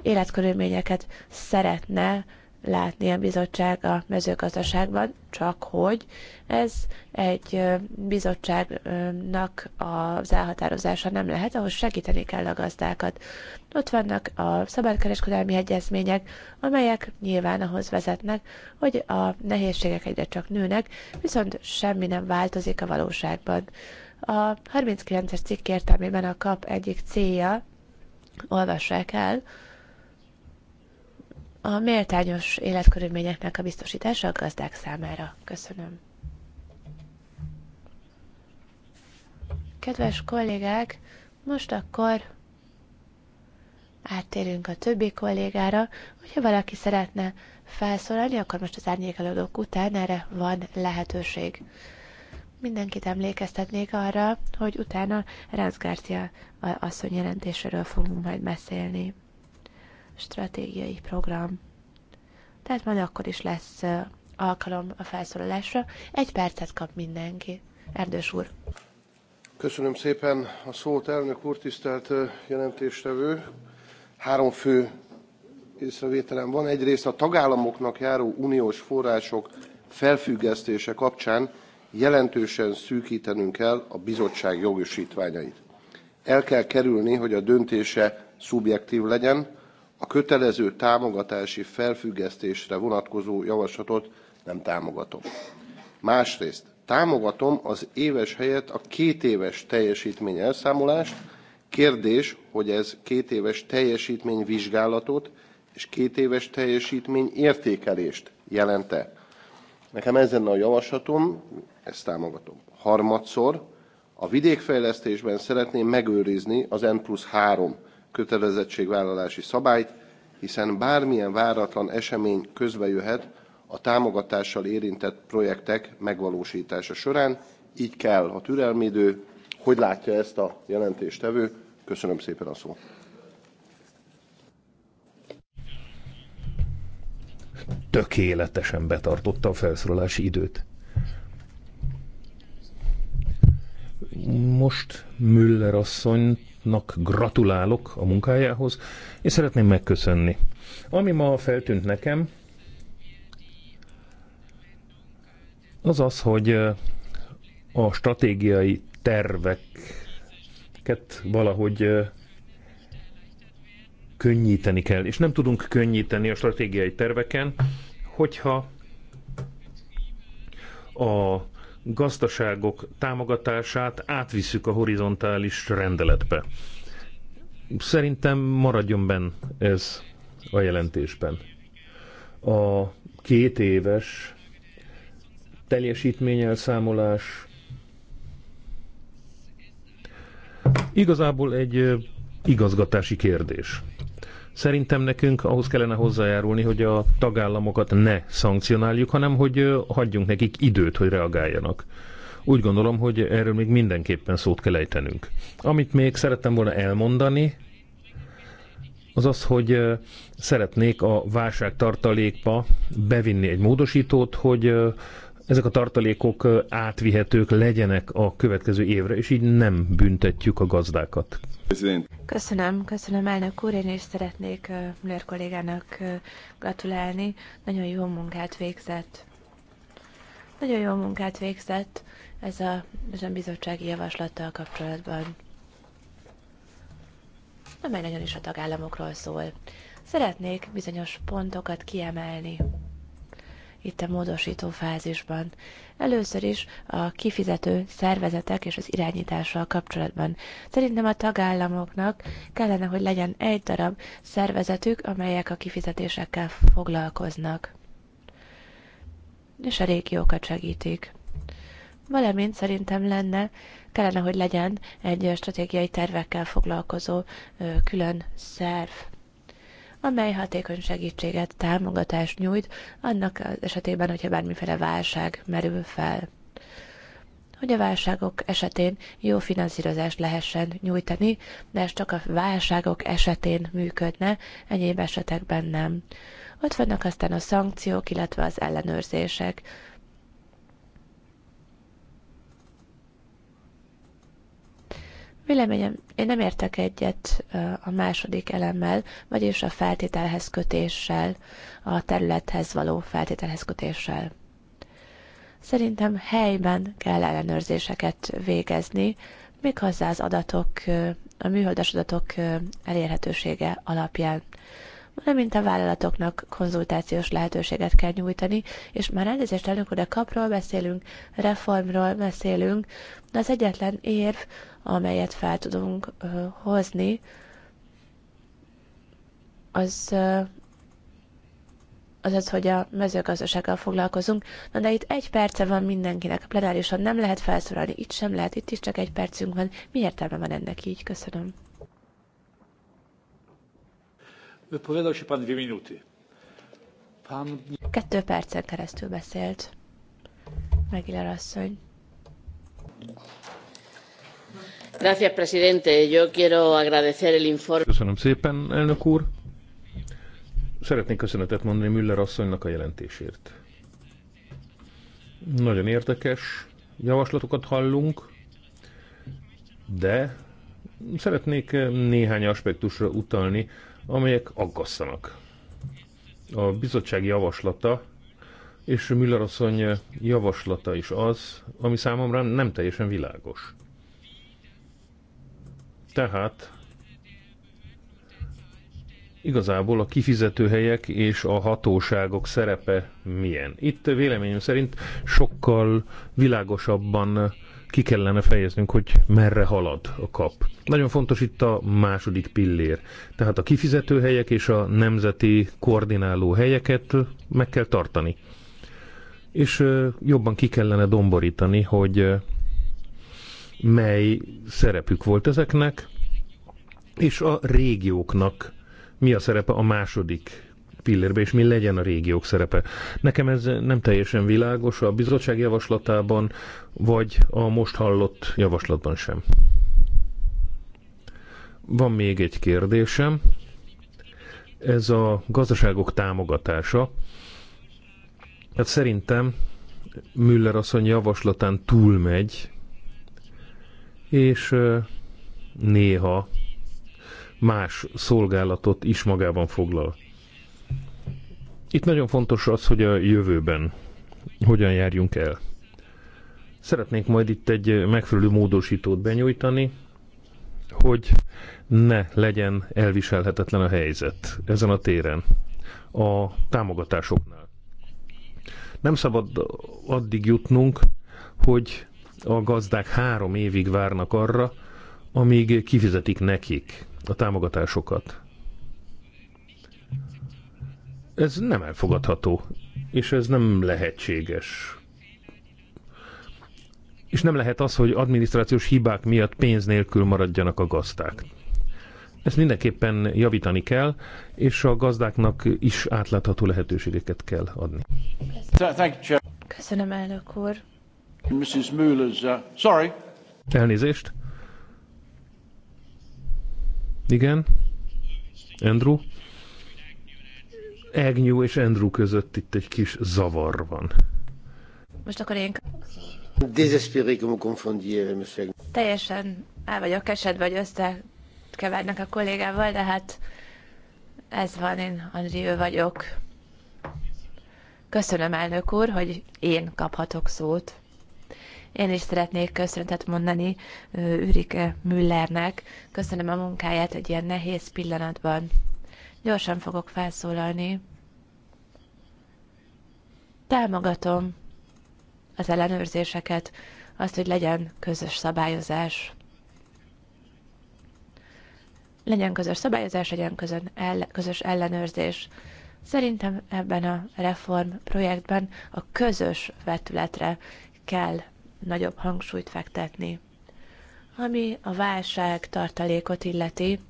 életkörülményeket szeretne látni a bizottság a mezőgazdaságban, csak hogy ez egy bizottságnak az elhatározása nem lehet, ahhoz segíteni kell a gazdákat. Ott vannak a szabadkereskedelmi egyezmények, amelyek nyilván ahhoz vezetnek, hogy a nehézségek egyre csak nőnek, viszont semmi nem változik a valóságban. A 39-es cikk értelmében a kap egyik célja, olvassák el, a méltányos életkörülményeknek a biztosítása a gazdák számára. Köszönöm. Kedves kollégák, most akkor áttérünk a többi kollégára, hogyha valaki szeretne felszólalni, akkor most az árnyékelődők után erre van lehetőség. Mindenkit emlékeztetnék arra, hogy utána Ránc Garcia asszony jelentéséről fogunk majd beszélni stratégiai program. Tehát majd akkor is lesz alkalom a felszólalásra. Egy percet kap mindenki. Erdős úr. Köszönöm szépen a szót, elnök úr, tisztelt jelentéstevő. Három fő észrevételem van. Egyrészt a tagállamoknak járó uniós források felfüggesztése kapcsán jelentősen szűkítenünk kell a bizottság jogosítványait. El kell kerülni, hogy a döntése szubjektív legyen, a kötelező támogatási felfüggesztésre vonatkozó javaslatot nem támogatom. Másrészt támogatom az éves helyett a két éves teljesítmény elszámolást. Kérdés, hogy ez két éves teljesítmény vizsgálatot és két éves teljesítmény értékelést jelente. Nekem ez lenne a javaslatom, ezt támogatom. Harmadszor, a vidékfejlesztésben szeretném megőrizni az N plusz 3 kötelezettségvállalási szabályt, hiszen bármilyen váratlan esemény közbejöhet a támogatással érintett projektek megvalósítása során, így kell a türelmidő. Hogy látja ezt a jelentéstevő? Köszönöm szépen a szót. Tökéletesen betartotta a felszólalási időt. Most Müller asszonyt Bartnak gratulálok a munkájához, és szeretném megköszönni. Ami ma feltűnt nekem, az az, hogy a stratégiai terveket valahogy könnyíteni kell, és nem tudunk könnyíteni a stratégiai terveken, hogyha a gazdaságok támogatását átvisszük a horizontális rendeletbe. Szerintem maradjon benn ez a jelentésben. A két éves teljesítményelszámolás igazából egy igazgatási kérdés. Szerintem nekünk ahhoz kellene hozzájárulni, hogy a tagállamokat ne szankcionáljuk, hanem hogy hagyjunk nekik időt, hogy reagáljanak. Úgy gondolom, hogy erről még mindenképpen szót kell ejtenünk. Amit még szerettem volna elmondani, az az, hogy szeretnék a válságtartalékba bevinni egy módosítót, hogy ezek a tartalékok átvihetők legyenek a következő évre, és így nem büntetjük a gazdákat. Köszönöm, köszönöm elnök úr, én is szeretnék Müller kollégának gratulálni. Nagyon jó munkát végzett. Nagyon jó munkát végzett ez a, ez a bizottsági javaslattal kapcsolatban, amely nagyon is a tagállamokról szól. Szeretnék bizonyos pontokat kiemelni itt a módosító fázisban. Először is a kifizető szervezetek és az irányítással kapcsolatban. Szerintem a tagállamoknak kellene, hogy legyen egy darab szervezetük, amelyek a kifizetésekkel foglalkoznak. És a régiókat segítik. Valamint szerintem lenne, kellene, hogy legyen egy stratégiai tervekkel foglalkozó külön szerv amely hatékony segítséget, támogatást nyújt annak az esetében, hogyha bármiféle válság merül fel hogy a válságok esetén jó finanszírozást lehessen nyújtani, de ez csak a válságok esetén működne, egyéb esetekben nem. Ott vannak aztán a szankciók, illetve az ellenőrzések. Véleményem, én nem értek egyet a második elemmel, vagyis a feltételhez kötéssel, a területhez való feltételhez kötéssel. Szerintem helyben kell ellenőrzéseket végezni, méghozzá az adatok, a műholdas adatok elérhetősége alapján valamint a vállalatoknak konzultációs lehetőséget kell nyújtani, és már elnézést elnök, a kapról beszélünk, reformról beszélünk, de az egyetlen érv, amelyet fel tudunk ö, hozni, az ö, az az, hogy a mezőgazdasággal foglalkozunk. Na de itt egy perce van mindenkinek, a plenárison nem lehet felszólalni, itt sem lehet, itt is csak egy percünk van. Mi értelme van ennek így? Köszönöm. Wypowiadał się pan dwie minuty. Pan... Kettő percen keresztül beszélt. Megiller asszony. Gracias, presidente. Yo quiero agradecer el informe. Köszönöm szépen, elnök úr. Szeretnék köszönetet mondani Müller asszonynak a jelentésért. Nagyon érdekes javaslatokat hallunk, de szeretnék néhány aspektusra utalni, amelyek aggasztanak. A bizottság javaslata és Müller asszony javaslata is az, ami számomra nem teljesen világos. Tehát igazából a kifizetőhelyek és a hatóságok szerepe milyen. Itt véleményem szerint sokkal világosabban ki kellene fejeznünk, hogy merre halad a kap. Nagyon fontos itt a második pillér. Tehát a kifizető helyek és a nemzeti koordináló helyeket meg kell tartani. És jobban ki kellene domborítani, hogy mely szerepük volt ezeknek, és a régióknak mi a szerepe a második pillérbe, és mi legyen a régiók szerepe. Nekem ez nem teljesen világos a bizottság javaslatában, vagy a most hallott javaslatban sem. Van még egy kérdésem. Ez a gazdaságok támogatása. Hát szerintem Müller asszony javaslatán túlmegy, és néha más szolgálatot is magában foglal. Itt nagyon fontos az, hogy a jövőben hogyan járjunk el. Szeretnénk majd itt egy megfelelő módosítót benyújtani, hogy ne legyen elviselhetetlen a helyzet ezen a téren, a támogatásoknál. Nem szabad addig jutnunk, hogy a gazdák három évig várnak arra, amíg kifizetik nekik a támogatásokat. Ez nem elfogadható, és ez nem lehetséges. És nem lehet az, hogy adminisztrációs hibák miatt pénz nélkül maradjanak a gazdák. Ezt mindenképpen javítani kell, és a gazdáknak is átlátható lehetőségeket kell adni. Köszönöm, elnök úr. Mrs. Mueller's, uh, sorry. Elnézést. Igen. Andrew. Agnew és Andrew között itt egy kis zavar van. Most akkor én... Désespéré, que me confondiez, monsieur. Teljesen el vagyok kesedve, vagy összekevernek a kollégával, de hát ez van, én Andrió vagyok. Köszönöm, elnök úr, hogy én kaphatok szót. Én is szeretnék köszöntet mondani Ürike Müllernek. Köszönöm a munkáját egy ilyen nehéz pillanatban. Gyorsan fogok felszólalni. Támogatom az ellenőrzéseket, azt, hogy legyen közös szabályozás. Legyen közös szabályozás, legyen közön közös ellenőrzés. Szerintem ebben a reform projektben a közös vetületre kell nagyobb hangsúlyt fektetni. Ami a válság tartalékot illeti,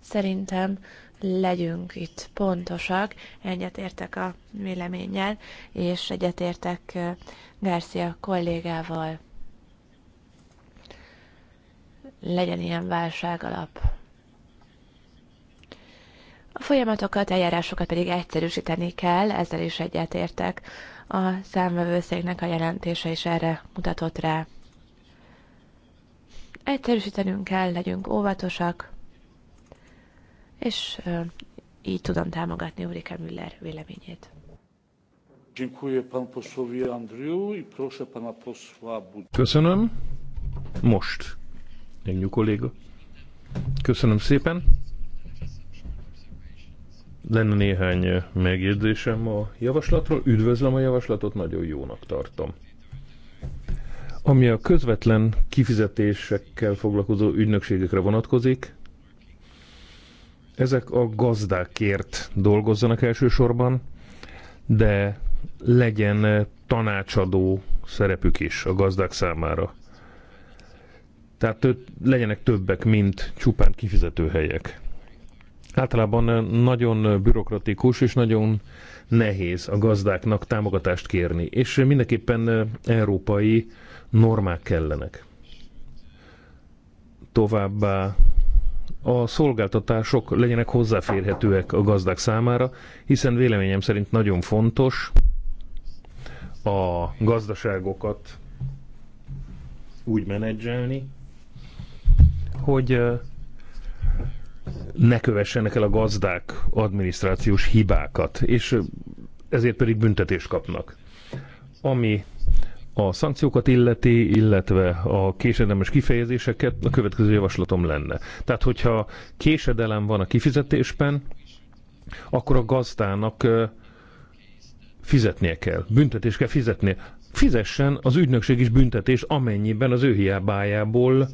szerintem legyünk itt pontosak, egyetértek a véleménnyel, és egyetértek Garcia kollégával. Legyen ilyen válság alap. A folyamatokat, eljárásokat pedig egyszerűsíteni kell, ezzel is egyetértek. A számvevőszéknek a jelentése is erre mutatott rá. Egyszerűsítenünk kell, legyünk óvatosak, és így tudom támogatni Ulrike Müller véleményét. Köszönöm. Most. Ennyi kolléga. Köszönöm szépen. Lenne néhány megjegyzésem a javaslatról. Üdvözlöm a javaslatot, nagyon jónak tartom. Ami a közvetlen kifizetésekkel foglalkozó ügynökségekre vonatkozik, ezek a gazdákért dolgozzanak elsősorban, de legyen eh, tanácsadó szerepük is a gazdák számára. Tehát eh, legyenek többek, mint csupán kifizető helyek. Általában eh, nagyon bürokratikus és nagyon nehéz a gazdáknak támogatást kérni, és mindenképpen európai normák kellenek. Továbbá a szolgáltatások legyenek hozzáférhetőek a gazdák számára, hiszen véleményem szerint nagyon fontos a gazdaságokat úgy menedzselni, hogy ne kövessenek el a gazdák adminisztrációs hibákat, és ezért pedig büntetést kapnak. Ami a szankciókat illeti, illetve a késedelmes kifejezéseket, a következő javaslatom lenne. Tehát, hogyha késedelem van a kifizetésben, akkor a gazdának fizetnie kell, büntetés kell fizetnie. Fizessen az ügynökség is büntetés, amennyiben az ő hiábájából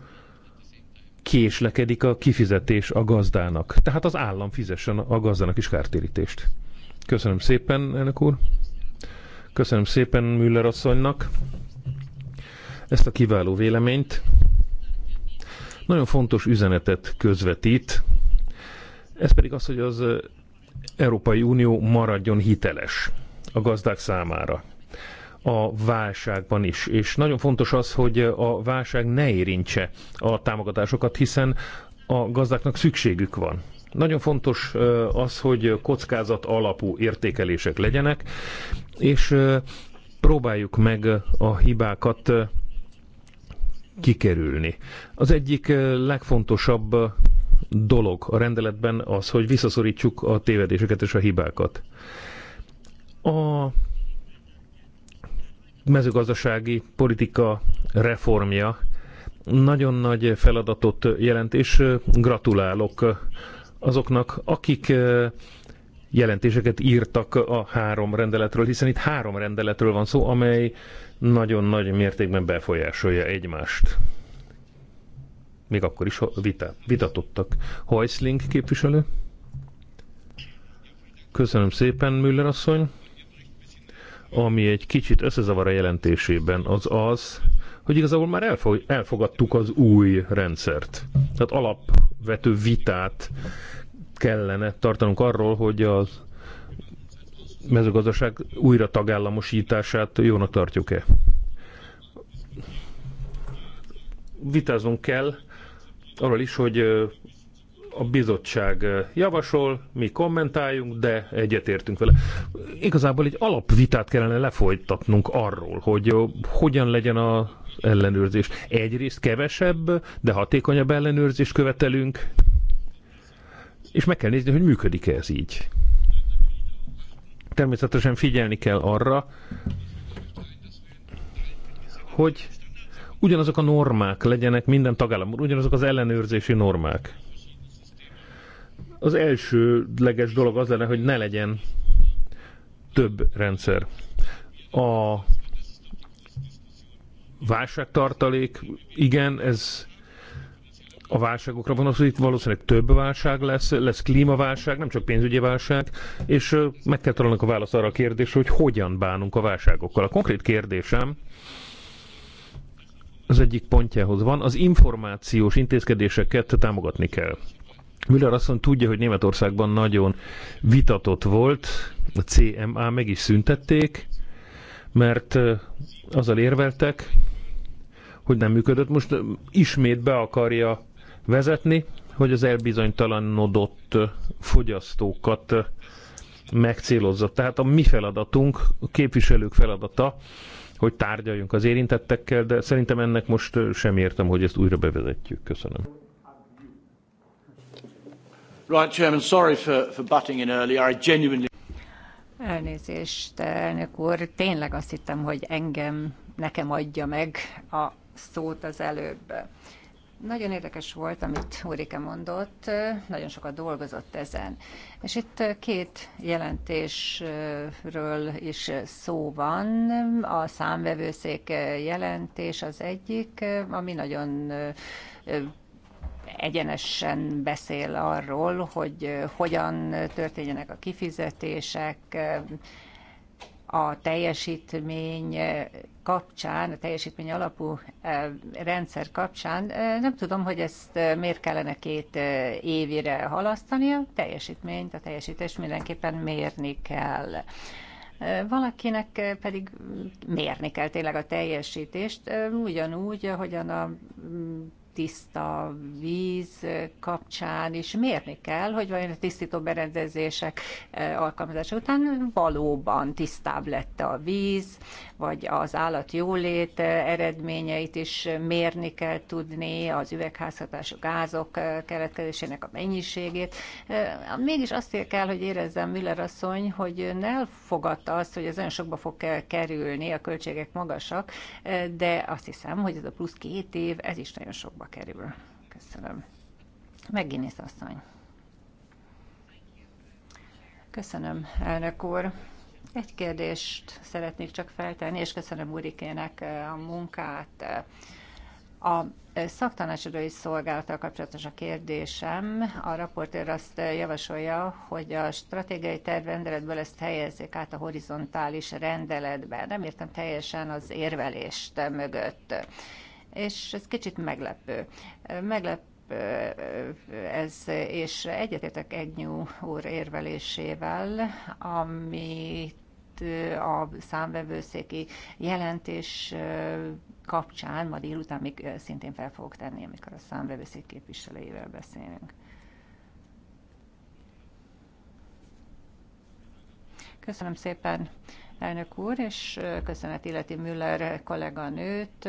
késlekedik a kifizetés a gazdának. Tehát az állam fizessen a gazdának is kártérítést. Köszönöm szépen, elnök úr! Köszönöm szépen Müller asszonynak ezt a kiváló véleményt. Nagyon fontos üzenetet közvetít, ez pedig az, hogy az Európai Unió maradjon hiteles a gazdák számára a válságban is. És nagyon fontos az, hogy a válság ne érintse a támogatásokat, hiszen a gazdáknak szükségük van nagyon fontos az, hogy kockázat alapú értékelések legyenek, és próbáljuk meg a hibákat kikerülni. Az egyik legfontosabb dolog a rendeletben az, hogy visszaszorítsuk a tévedéseket és a hibákat. A mezőgazdasági politika reformja nagyon nagy feladatot jelent, és gratulálok azoknak, akik jelentéseket írtak a három rendeletről, hiszen itt három rendeletről van szó, amely nagyon nagy mértékben befolyásolja egymást. Még akkor is vita, vitatottak. Heusling képviselő. Köszönöm szépen, Müller asszony. Ami egy kicsit összezavar a jelentésében, az az, hogy igazából már elfog, elfogadtuk az új rendszert. Tehát alapvető vitát kellene tartanunk arról, hogy a mezőgazdaság újra tagállamosítását jónak tartjuk-e. Vitázunk kell arról is, hogy a bizottság javasol, mi kommentáljunk, de egyetértünk vele. Igazából egy alapvitát kellene lefolytatnunk arról, hogy hogyan legyen a ellenőrzés. Egyrészt kevesebb, de hatékonyabb ellenőrzést követelünk, és meg kell nézni, hogy működik-e ez így. Természetesen figyelni kell arra, hogy ugyanazok a normák legyenek minden tagállamban, ugyanazok az ellenőrzési normák. Az elsőleges dolog az lenne, hogy ne legyen több rendszer. A válságtartalék, igen, ez a válságokra vonatkozik, valószínűleg több válság lesz, lesz klímaválság, nem csak pénzügyi válság, és meg kell találnunk a választ arra a kérdésre, hogy hogyan bánunk a válságokkal. A konkrét kérdésem az egyik pontjához van, az információs intézkedéseket támogatni kell. Müller mondja, tudja, hogy Németországban nagyon vitatott volt, a CMA meg is szüntették, mert azzal érveltek, hogy nem működött, most ismét be akarja vezetni, hogy az elbizonytalanodott fogyasztókat megcélozza. Tehát a mi feladatunk, a képviselők feladata, hogy tárgyaljunk az érintettekkel, de szerintem ennek most sem értem, hogy ezt újra bevezetjük. Köszönöm. Right, Chairman, sorry for, for butting in earlier. I genuinely... Elnézést, elnök úr. Tényleg azt hittem, hogy engem, nekem adja meg a szót az előbb. Nagyon érdekes volt, amit Urike mondott, nagyon sokat dolgozott ezen. És itt két jelentésről is szó van. A számvevőszék jelentés az egyik, ami nagyon egyenesen beszél arról, hogy hogyan történjenek a kifizetések, a teljesítmény kapcsán, a teljesítmény alapú eh, rendszer kapcsán, eh, nem tudom, hogy ezt eh, miért kellene két évire halasztani, a teljesítményt, a teljesítést mindenképpen mérni kell. Valakinek pedig mérni kell tényleg a teljesítést, ugyanúgy, ahogyan a mm, tiszta víz kapcsán is mérni kell, hogy vajon a tisztító berendezések e, alkalmazása után valóban tisztább lett a víz, vagy az állat jólét e, eredményeit is mérni kell tudni, az üvegházhatású gázok e, keletkezésének a mennyiségét. Mégis azt kell, hogy érezzem Müller asszony, hogy ön elfogadta azt, hogy ez olyan sokba fog kerülni, a költségek magasak, de azt hiszem, hogy ez a plusz két év, ez is nagyon sokba kerül. Köszönöm. Megginis asszony. Köszönöm, elnök úr. Egy kérdést szeretnék csak feltenni, és köszönöm Urikének eh, a munkát. A eh, szaktanácsadói szolgálattal kapcsolatos a kérdésem. A raportőr azt eh, javasolja, hogy a stratégiai tervrendeletből ezt helyezzék át a horizontális rendeletben. Nem értem teljesen az érvelést mögött és ez kicsit meglepő. Meglep ez, és egyetértek Egnyú úr érvelésével, amit a számvevőszéki jelentés kapcsán ma délután még szintén fel fogok tenni, amikor a számvevőszék képviselőivel beszélünk. Köszönöm szépen elnök úr, és köszönet illeti Müller kolléganőt.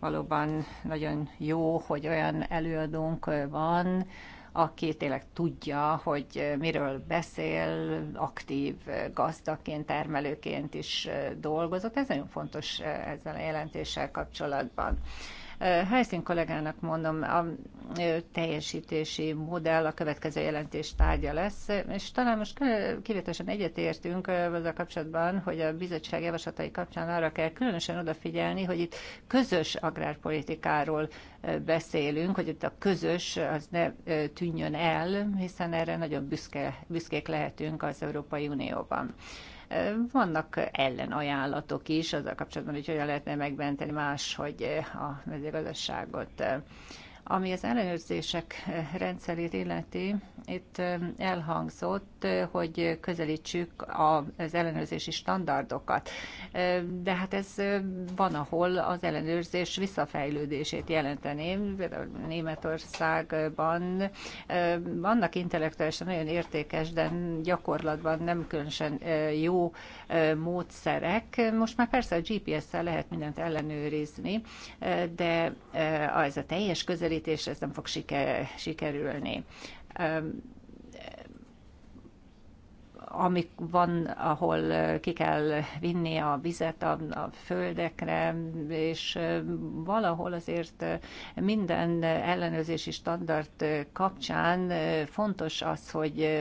Valóban nagyon jó, hogy olyan előadónk van, aki tényleg tudja, hogy miről beszél, aktív gazdaként, termelőként is dolgozott. Ez nagyon fontos ezzel a jelentéssel kapcsolatban. Helyszín kollégának mondom, a teljesítési modell a következő jelentés tárgya lesz, és talán most kivételesen egyetértünk azzal kapcsolatban, hogy a bizottság javaslatai kapcsán arra kell különösen odafigyelni, hogy itt közös agrárpolitikáról beszélünk, hogy itt a közös az ne tűnjön el, hiszen erre nagyon büszke, büszkék lehetünk az Európai Unióban. Vannak ellenajánlatok is azzal kapcsolatban, hogy hogyan lehetne megmenteni más, hogy a mezőgazdaságot. Ami az ellenőrzések rendszerét illeti, itt elhangzott, hogy közelítsük az ellenőrzési standardokat. De hát ez van, ahol az ellenőrzés visszafejlődését jelenteni. Például Németországban vannak intellektuálisan nagyon értékes, de gyakorlatban nem különösen jó módszerek. Most már persze a GPS-szel lehet mindent ellenőrizni, de ez a teljes közelítés megközelítésre ez nem fog siker, sikerülni amik van, ahol ki kell vinni a vizet a, a földekre, és valahol azért minden ellenőrzési standard kapcsán fontos az, hogy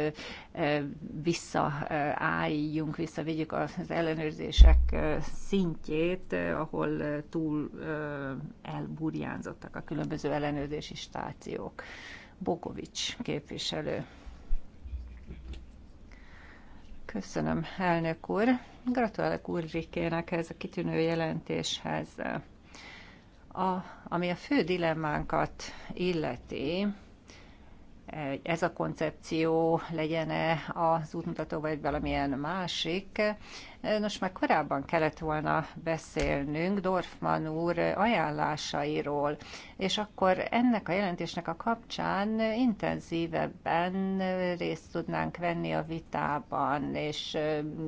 visszaálljunk, visszavigyük az ellenőrzések szintjét, ahol túl elburjánzottak a különböző ellenőrzési stációk. Bokovics képviselő. Köszönöm, elnök úr. Gratulálok Ulrikének ez a kitűnő jelentéshez. A, ami a fő dilemmánkat illeti, ez a koncepció legyen-e az útmutató, vagy valamilyen másik. Nos, már korábban kellett volna beszélnünk Dorfman úr ajánlásairól, és akkor ennek a jelentésnek a kapcsán intenzívebben részt tudnánk venni a vitában, és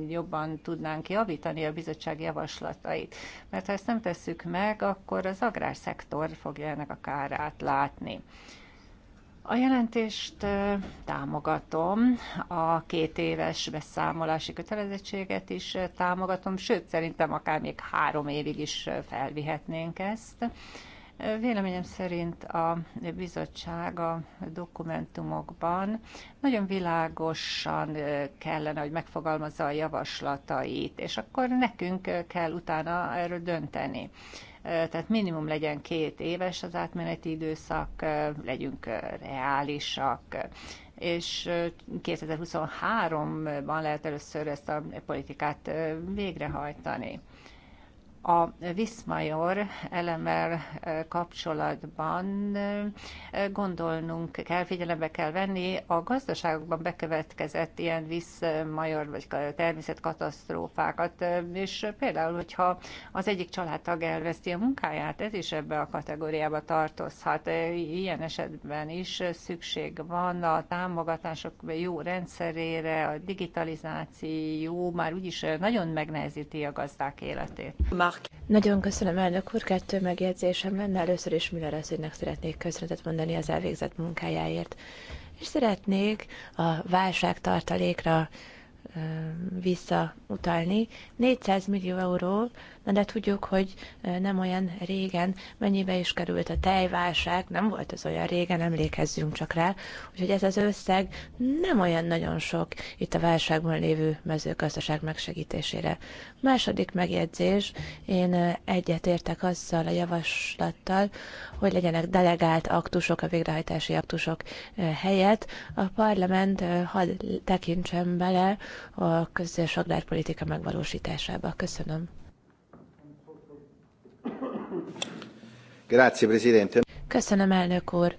jobban tudnánk javítani a bizottság javaslatait. Mert ha ezt nem tesszük meg, akkor az agrárszektor fogja ennek a kárát látni. A jelentést támogatom, a két éves beszámolási kötelezettséget is támogatom, sőt szerintem akár még három évig is felvihetnénk ezt. Véleményem szerint a bizottság a dokumentumokban nagyon világosan kellene, hogy megfogalmazza a javaslatait, és akkor nekünk kell utána erről dönteni tehát minimum legyen két éves az átmeneti időszak, legyünk reálisak, és 2023-ban lehet először ezt a politikát végrehajtani. A Viszmajor elemmel eh, kapcsolatban eh, gondolnunk kell, figyelembe kell venni a gazdaságokban bekövetkezett ilyen Viszmajor vagy természetkatasztrófákat, eh, és például, hogyha az egyik családtag elveszti a munkáját, ez is ebbe a kategóriába tartozhat. Ilyen esetben is szükség van a támogatások jó rendszerére, a digitalizáció már úgyis nagyon megnehezíti a gazdák életét. Már nagyon köszönöm, elnök úr. Kettő megjegyzésem lenne. Először is Müller asszonynak szeretnék köszönetet mondani az elvégzett munkájáért. És szeretnék a válság tartalékra visszautalni. 400 millió euró Na de tudjuk, hogy nem olyan régen mennyibe is került a tejválság, nem volt ez olyan régen, emlékezzünk csak rá, úgyhogy ez az összeg nem olyan nagyon sok itt a válságban lévő mezőgazdaság megsegítésére. Második megjegyzés, én egyetértek azzal a javaslattal, hogy legyenek delegált aktusok, a végrehajtási aktusok helyett. A parlament hadd tekintsen bele a közös agrárpolitika megvalósításába. Köszönöm. Köszönöm, elnök úr.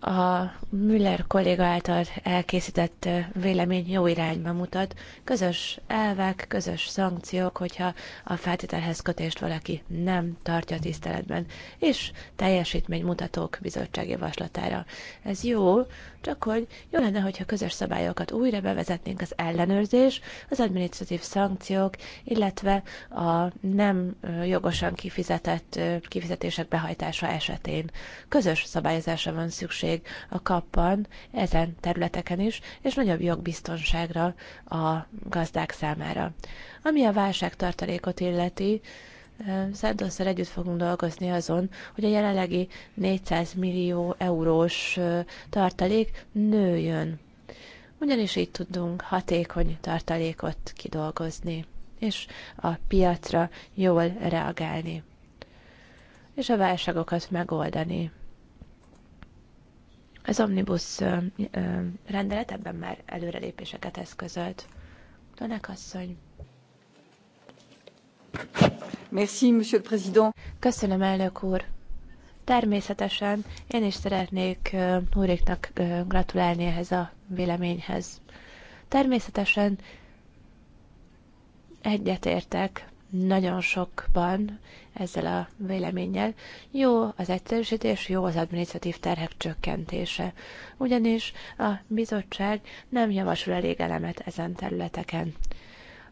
A Müller kolléga által elkészített vélemény jó irányba mutat. Közös elvek, közös szankciók, hogyha a feltételhez kötést valaki nem tartja tiszteletben, és teljesítménymutatók bizottság javaslatára. Ez jó, csak hogy jó lenne, hogyha közös szabályokat újra bevezetnénk az ellenőrzés, az administratív szankciók, illetve a nem jogosan kifizetett kifizetések behajtása esetén. Közös szabályozásra van szükség szükség a kappan, ezen területeken is, és nagyobb jogbiztonságra a gazdák számára. Ami a válságtartalékot illeti, Szentoszer együtt fogunk dolgozni azon, hogy a jelenlegi 400 millió eurós tartalék nőjön. Ugyanis így tudunk hatékony tartalékot kidolgozni, és a piacra jól reagálni, és a válságokat megoldani. Az omnibus rendelet ebben már előrelépéseket eszközölt. Tanak asszony. Merci, monsieur le président. Köszönöm, elnök úr. Természetesen én is szeretnék úréknak gratulálni ehhez a véleményhez. Természetesen egyetértek nagyon sokban ezzel a véleménnyel. Jó az egyszerűsítés, jó az administratív terhek csökkentése. Ugyanis a bizottság nem javasol elég elemet ezen területeken.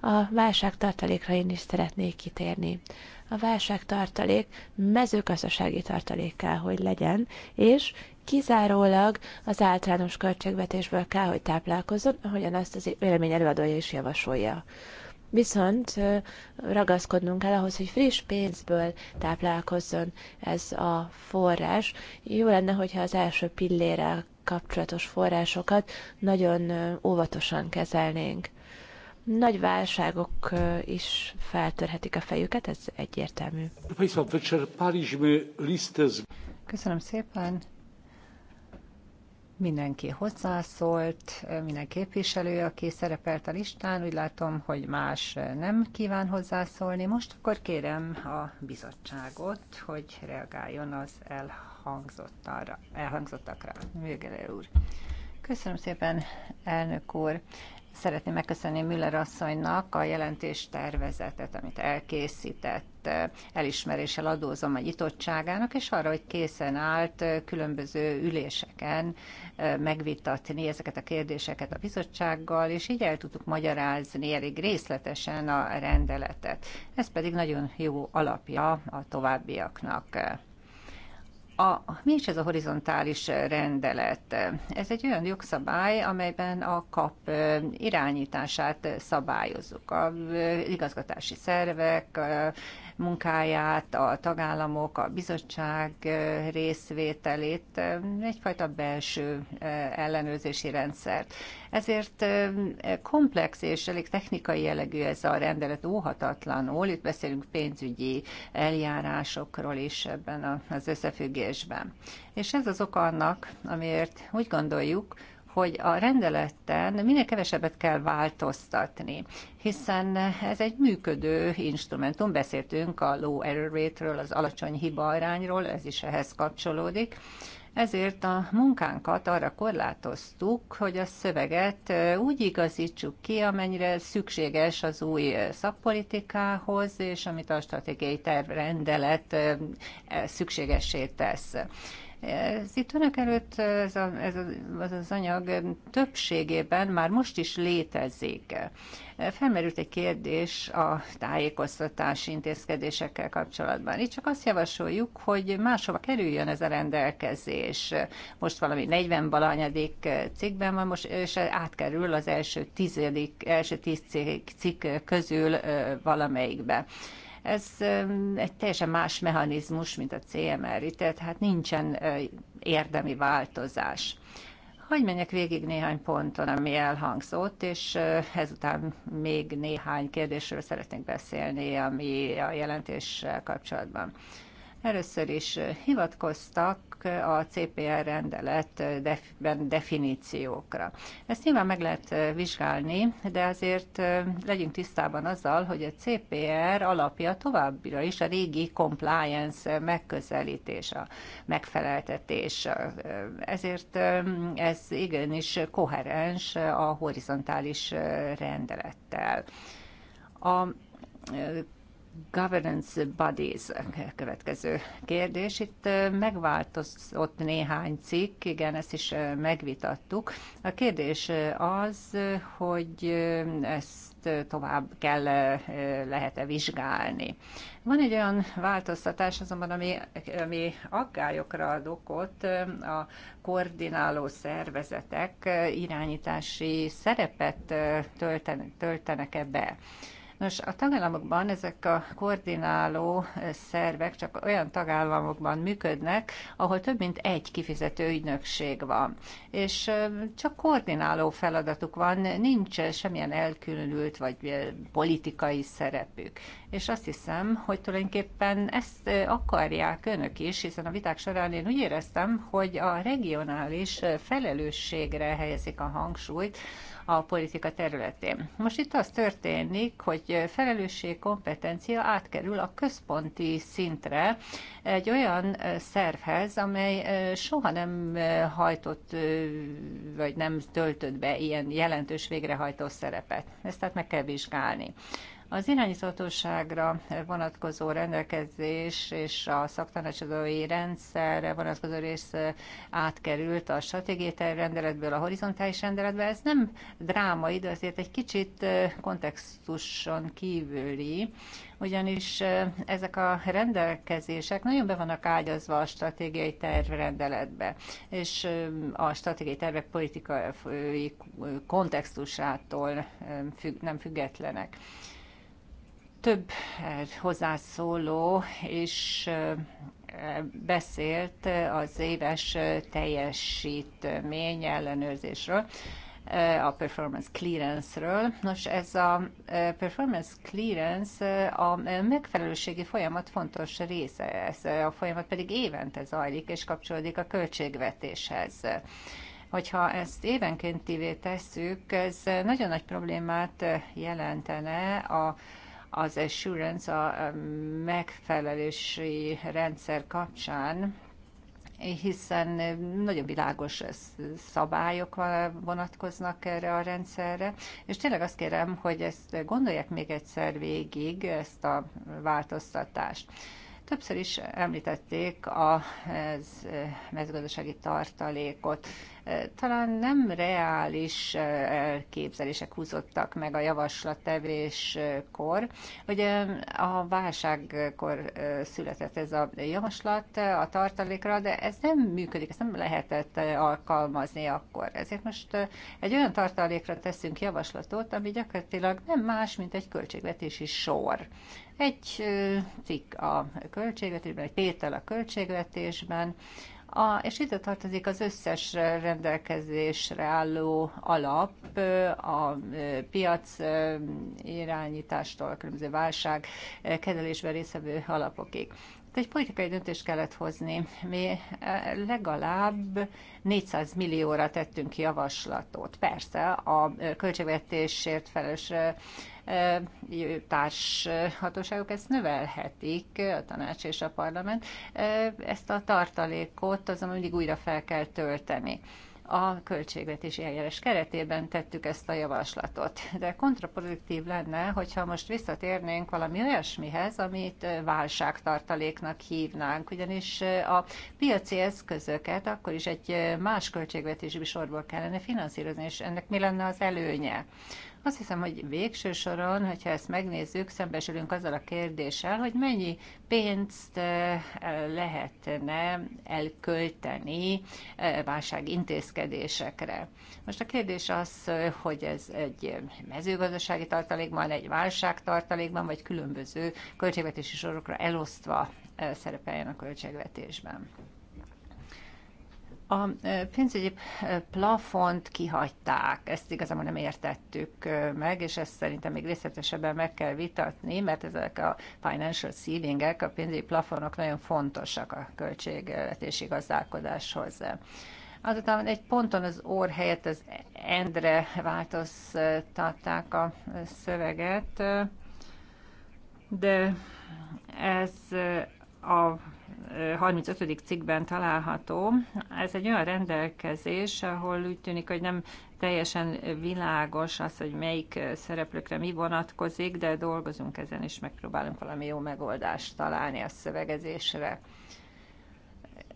A válságtartalékra én is szeretnék kitérni. A válságtartalék mezőgazdasági tartalék kell, hogy legyen, és kizárólag az általános költségvetésből kell, hogy táplálkozzon, ahogyan azt az vélemény előadója is javasolja viszont ragaszkodnunk kell ahhoz, hogy friss pénzből táplálkozzon ez a forrás. Jó lenne, hogyha az első pillére kapcsolatos forrásokat nagyon óvatosan kezelnénk. Nagy válságok is feltörhetik a fejüket, ez egyértelmű. Köszönöm szépen mindenki hozzászólt, minden képviselő, aki szerepelt a listán, úgy látom, hogy más nem kíván hozzászólni. Most akkor kérem a bizottságot, hogy reagáljon az elhangzottakra. Műgele úr. Köszönöm szépen, elnök úr. Szeretném megköszönni Müller asszonynak a jelentés tervezetet, amit elkészített. Elismeréssel adózom a nyitottságának, és arra, hogy készen állt különböző üléseken megvitatni ezeket a kérdéseket a bizottsággal, és így el tudtuk magyarázni elég részletesen a rendeletet. Ez pedig nagyon jó alapja a továbbiaknak. A, mi is ez a horizontális rendelet? Ez egy olyan jogszabály, amelyben a kap irányítását szabályozzuk. A igazgatási szervek, munkáját, a tagállamok, a bizottság részvételét, egyfajta belső ellenőrzési rendszert. Ezért komplex és elég technikai jellegű ez a rendelet óhatatlanul. Itt beszélünk pénzügyi eljárásokról is ebben az összefüggésben. És ez az oka annak, amiért úgy gondoljuk, hogy a rendeleten minél kevesebbet kell változtatni, hiszen ez egy működő instrumentum. Beszéltünk a low error rate-ről, az alacsony hiba arányról, ez is ehhez kapcsolódik. Ezért a munkánkat arra korlátoztuk, hogy a szöveget úgy igazítsuk ki, amennyire szükséges az új szakpolitikához, és amit a stratégiai tervrendelet rendelet szükségessé tesz. Ez itt önök előtt ez, a, ez az, az anyag többségében már most is létezik. Felmerült egy kérdés a tájékoztatási intézkedésekkel kapcsolatban. Itt csak azt javasoljuk, hogy máshova kerüljön ez a rendelkezés. Most valami 40 balanyadik cikkben van, most, és átkerül az első, tizedik, első tíz cikk, cikk közül valamelyikbe. Ez egy teljesen más mechanizmus, mint a CMR, itt, tehát hát nincsen érdemi változás. Hogy menjek végig néhány ponton, ami elhangzott, és ezután még néhány kérdésről szeretnék beszélni, ami a jelentés kapcsolatban. Először is hivatkoztak a CPR rendeletben definíciókra. Ezt nyilván meg lehet vizsgálni, de azért legyünk tisztában azzal, hogy a CPR alapja továbbra is a régi compliance megközelítés, a megfeleltetés. Ezért ez igenis koherens a horizontális rendelettel. A governance bodies következő kérdés. Itt megváltozott néhány cikk, igen, ezt is megvitattuk. A kérdés az, hogy ezt tovább kell, lehet-e vizsgálni. Van egy olyan változtatás azonban, ami, ami aggályokra ad okot, a koordináló szervezetek irányítási szerepet töltenek, töltenek-e be. Nos, a tagállamokban ezek a koordináló szervek csak olyan tagállamokban működnek, ahol több mint egy kifizető ügynökség van, és csak koordináló feladatuk van, nincs semmilyen elkülönült vagy politikai szerepük. És azt hiszem, hogy tulajdonképpen ezt akarják önök is, hiszen a viták során én úgy éreztem, hogy a regionális felelősségre helyezik a hangsúlyt, a politika területén. Most itt az történik, hogy felelősség, kompetencia átkerül a központi szintre egy olyan szervhez, amely soha nem hajtott, vagy nem töltött be ilyen jelentős végrehajtó szerepet. Ezt tehát meg kell vizsgálni. Az irányítatóságra vonatkozó rendelkezés és a szaktanácsadói rendszerre vonatkozó rész átkerült a stratégiai rendeletből a horizontális rendeletbe. Ez nem dráma idő, azért egy kicsit kontextuson kívüli, ugyanis ezek a rendelkezések nagyon be vannak ágyazva a stratégiai tervrendeletbe, és a stratégiai tervek politikai kontextusától nem függetlenek több eh, hozzászóló is eh, beszélt az éves eh, teljesítmény ellenőrzésről, a performance clearance-ről. Nos, ez a performance clearance a megfelelőségi folyamat fontos része, ez a folyamat pedig évente zajlik és kapcsolódik a költségvetéshez hogyha ezt évenkéntivé tesszük, ez nagyon nagy problémát jelentene a az assurance, a megfelelési rendszer kapcsán, hiszen nagyon világos szabályok vonatkoznak erre a rendszerre, és tényleg azt kérem, hogy ezt gondolják még egyszer végig, ezt a változtatást. Többször is említették a eh, mezőgazdasági tartalékot. Eh, talán nem reális eh, elképzelések húzottak meg a javaslattevéskor. Ugye a válságkor született ez a javaslat a tartalékra, de ez nem működik, ezt nem lehetett alkalmazni akkor. Ezért most egy olyan tartalékra teszünk javaslatot, ami gyakorlatilag nem más, mint egy költségvetési sor. Egy cikk a költségvetésben, egy tétel a költségvetésben, a, és ide tartozik az összes rendelkezésre álló alap, a piac irányítástól, a különböző válság kezelésben részvevő alapokig. Tehát egy politikai döntést kellett hozni. Mi legalább 400 millióra tettünk javaslatot. Persze a költségvetésért felelős társhatóságok ezt növelhetik, a tanács és a parlament. Ezt a tartalékot azon mindig újra fel kell tölteni a költségvetési eljárás keretében tettük ezt a javaslatot. De kontraproduktív lenne, hogyha most visszatérnénk valami olyasmihez, amit válságtartaléknak hívnánk, ugyanis a piaci eszközöket akkor is egy más költségvetési sorból kellene finanszírozni, és ennek mi lenne az előnye? Azt hiszem, hogy végső soron, hogyha ezt megnézzük, szembesülünk azzal a kérdéssel, hogy mennyi pénzt eh, lehetne elkölteni eh, válságintézkedésekre. Most a kérdés az, hogy ez egy mezőgazdasági tartalékban, egy válságtartalékban, vagy különböző költségvetési sorokra elosztva eh, szerepeljen a költségvetésben. A pénzügyi plafont kihagyták, ezt igazából nem értettük meg, és ezt szerintem még részletesebben meg kell vitatni, mert ezek a financial ceilingek, a pénzügyi plafonok nagyon fontosak a költségvetési gazdálkodáshoz. Azután egy ponton az orr helyett az endre változtatták a szöveget, de ez a 35. cikkben található. Ez egy olyan rendelkezés, ahol úgy tűnik, hogy nem teljesen világos az, hogy melyik szereplőkre mi vonatkozik, de dolgozunk ezen, és megpróbálunk valami jó megoldást találni a szövegezésre.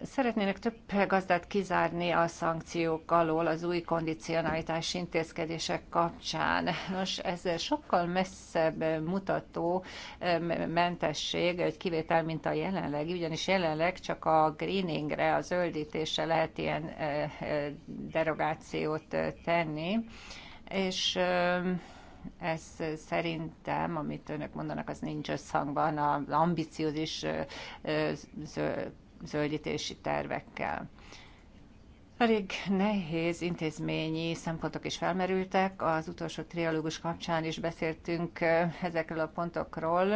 Szeretnének több gazdát kizárni a szankciók alól az új kondicionalitási intézkedések kapcsán. Nos, ez sokkal messzebb mutató mentesség, egy kivétel, mint a jelenleg, ugyanis jelenleg csak a greeningre, a zöldítésre lehet ilyen eh, eh, derogációt eh, tenni, és ez szerintem, amit önök mondanak, az nincs összhangban az ambiciózis zöldítési tervekkel. Elég nehéz intézményi szempontok is felmerültek. Az utolsó trialógus kapcsán is beszéltünk ezekről a pontokról,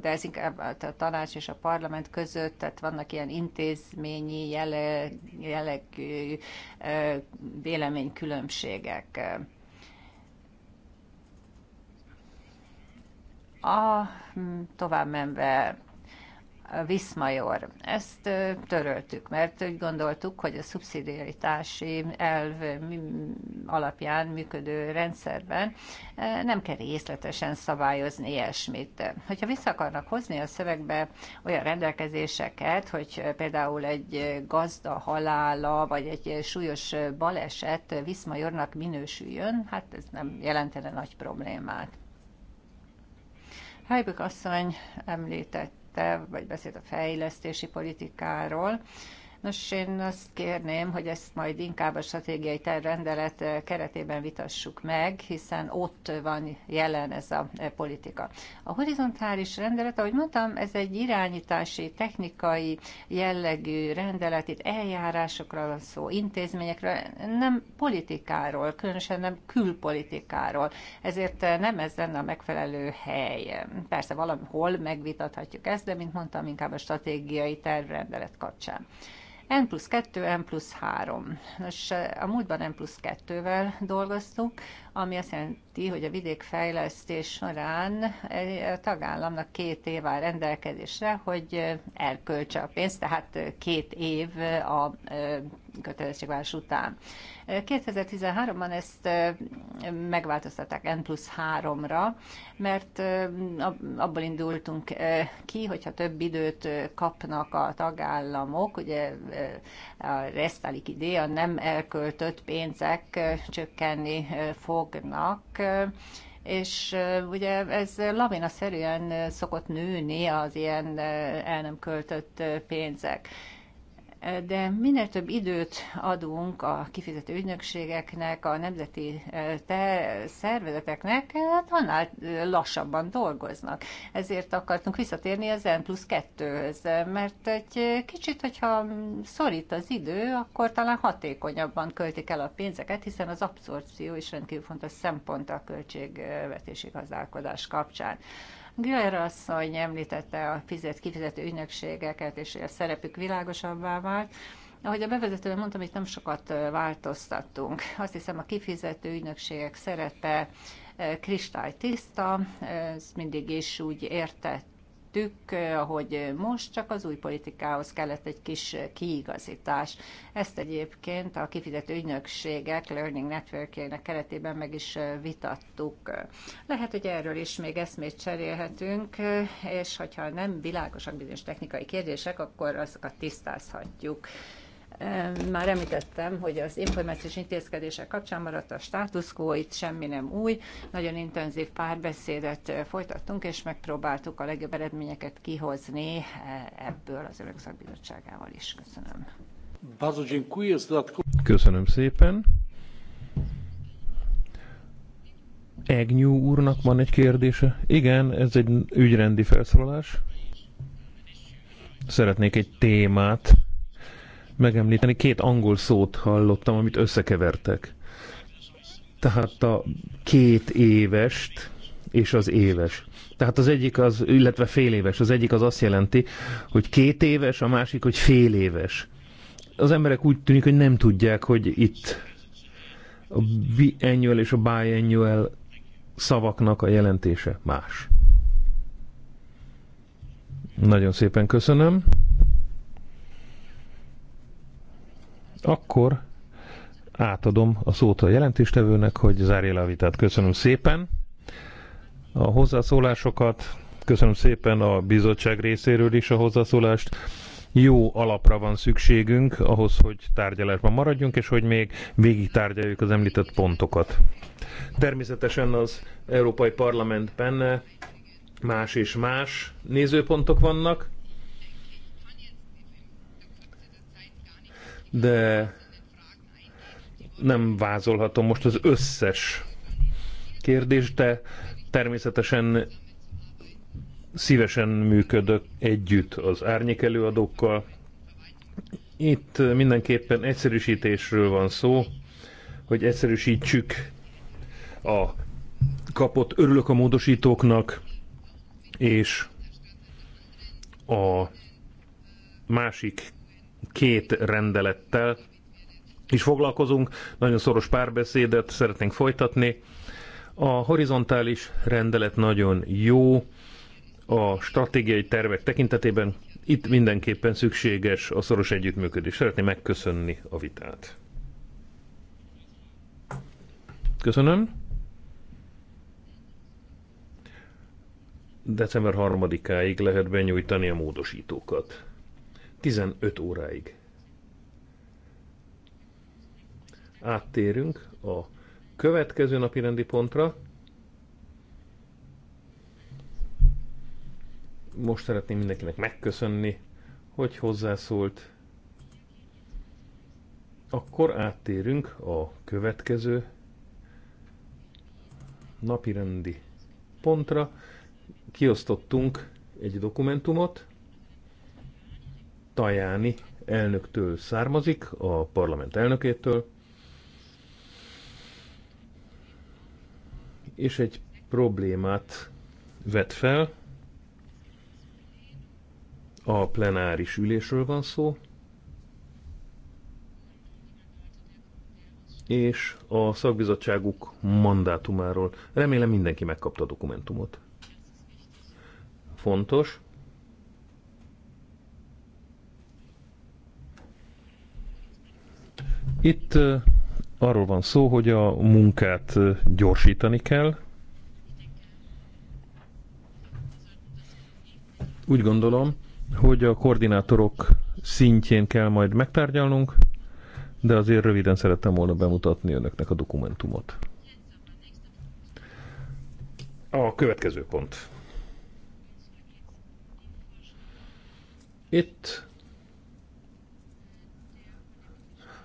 de ez inkább a tanács és a parlament között, tehát vannak ilyen intézményi jellegű véleménykülönbségek. A tovább menve Viszmajor. Ezt töröltük, mert úgy gondoltuk, hogy a szubszidiaritási elv alapján működő rendszerben nem kell részletesen szabályozni ilyesmit. Hogyha vissza akarnak hozni a szövegbe olyan rendelkezéseket, hogy például egy gazda halála, vagy egy súlyos baleset Viszmajornak minősüljön, hát ez nem jelentene nagy problémát. Helybük asszony említett említette, vagy beszélt a fejlesztési politikáról. Nos, én azt kérném, hogy ezt majd inkább a stratégiai tervrendelet keretében vitassuk meg, hiszen ott van jelen ez a politika. A horizontális rendelet, ahogy mondtam, ez egy irányítási, technikai jellegű rendelet, itt eljárásokra van szó, intézményekről, nem politikáról, különösen nem külpolitikáról. Ezért nem ez lenne a megfelelő hely. Persze valahol megvitathatjuk ezt, de mint mondtam, inkább a stratégiai tervrendelet kapcsán. N plusz 2, N plusz 3. Nos, eh, a múltban N plusz 2-vel dolgoztunk, ami azt jelenti, hogy a vidékfejlesztés során eh, a tagállamnak két év áll rendelkezésre, hogy eh, elköltse a pénzt, tehát két év a kötelezettségvás után. 2013-ban ezt megváltoztatták N plusz 3-ra, mert abból indultunk ki, hogyha több időt kapnak a tagállamok, ugye a resztálik idé, a nem elköltött pénzek csökkenni fognak, és ugye ez lavinaszerűen szokott nőni az ilyen el nem költött pénzek de minél több időt adunk a kifizető ügynökségeknek, a nemzeti szervezeteknek, hát annál lassabban dolgoznak. Ezért akartunk visszatérni az N plusz 2-höz, mert egy kicsit, hogyha szorít az idő, akkor talán hatékonyabban költik el a pénzeket, hiszen az abszorció is rendkívül fontos szempont a költségvetési gazdálkodás kapcsán. Güler asszony említette a fizet, kifizető ügynökségeket, és a szerepük világosabbá vált. Ahogy a bevezetőben mondtam, itt nem sokat változtattunk. Azt hiszem a kifizető ügynökségek szerepe kristálytiszta, ez mindig is úgy értett tettük, hogy most csak az új politikához kellett egy kis kiigazítás. Ezt egyébként a kifizető ügynökségek Learning Networkjének keretében meg is vitattuk. Lehet, hogy erről is még eszmét cserélhetünk, és hogyha nem világosak bizonyos technikai kérdések, akkor azokat tisztázhatjuk. Már említettem, hogy az információs intézkedések kapcsán maradt a status quo, itt semmi nem új. Nagyon intenzív párbeszédet folytattunk, és megpróbáltuk a legjobb eredményeket kihozni e, ebből az Önök Szakbizottságával is. Köszönöm. Köszönöm szépen. Egnyú úrnak van egy kérdése. Igen, ez egy ügyrendi felszólalás. Szeretnék egy témát megemlíteni. Két angol szót hallottam, amit összekevertek. Tehát a két évest és az éves. Tehát az egyik az, illetve fél éves, az egyik az azt jelenti, hogy két éves, a másik, hogy fél éves. Az emberek úgy tűnik, hogy nem tudják, hogy itt a biannual és a biannual szavaknak a jelentése más. Nagyon szépen köszönöm. Akkor átadom a szót a jelentéstevőnek, hogy zárja le a vitát. Köszönöm szépen a hozzászólásokat, köszönöm szépen a bizottság részéről is a hozzászólást. Jó alapra van szükségünk ahhoz, hogy tárgyalásban maradjunk, és hogy még végig tárgyaljuk az említett pontokat. Természetesen az Európai Parlamentben más és más nézőpontok vannak, de nem vázolhatom most az összes kérdést, de természetesen szívesen működök együtt az árnyék előadókkal. Itt mindenképpen egyszerűsítésről van szó, hogy egyszerűsítsük a kapott. Örülök a módosítóknak, és a másik két rendelettel is foglalkozunk, nagyon szoros párbeszédet szeretnénk folytatni. A horizontális rendelet nagyon jó a stratégiai tervek tekintetében. Itt mindenképpen szükséges a szoros együttműködés. Szeretném megköszönni a vitát. Köszönöm. December 3-áig lehet benyújtani a módosítókat. 15 óráig. Áttérünk a következő napi rendi pontra. Most szeretném mindenkinek megköszönni, hogy hozzászólt. Akkor áttérünk a következő napirendi pontra. Kiosztottunk egy dokumentumot, Tajáni elnöktől származik, a parlament elnökétől, és egy problémát vet fel. A plenáris ülésről van szó, és a szakbizottságuk mandátumáról. Remélem mindenki megkapta a dokumentumot. Fontos, Itt arról van szó, hogy a munkát gyorsítani kell. Úgy gondolom, hogy a koordinátorok szintjén kell majd megtárgyalnunk, de azért röviden szerettem volna bemutatni önöknek a dokumentumot. A következő pont. Itt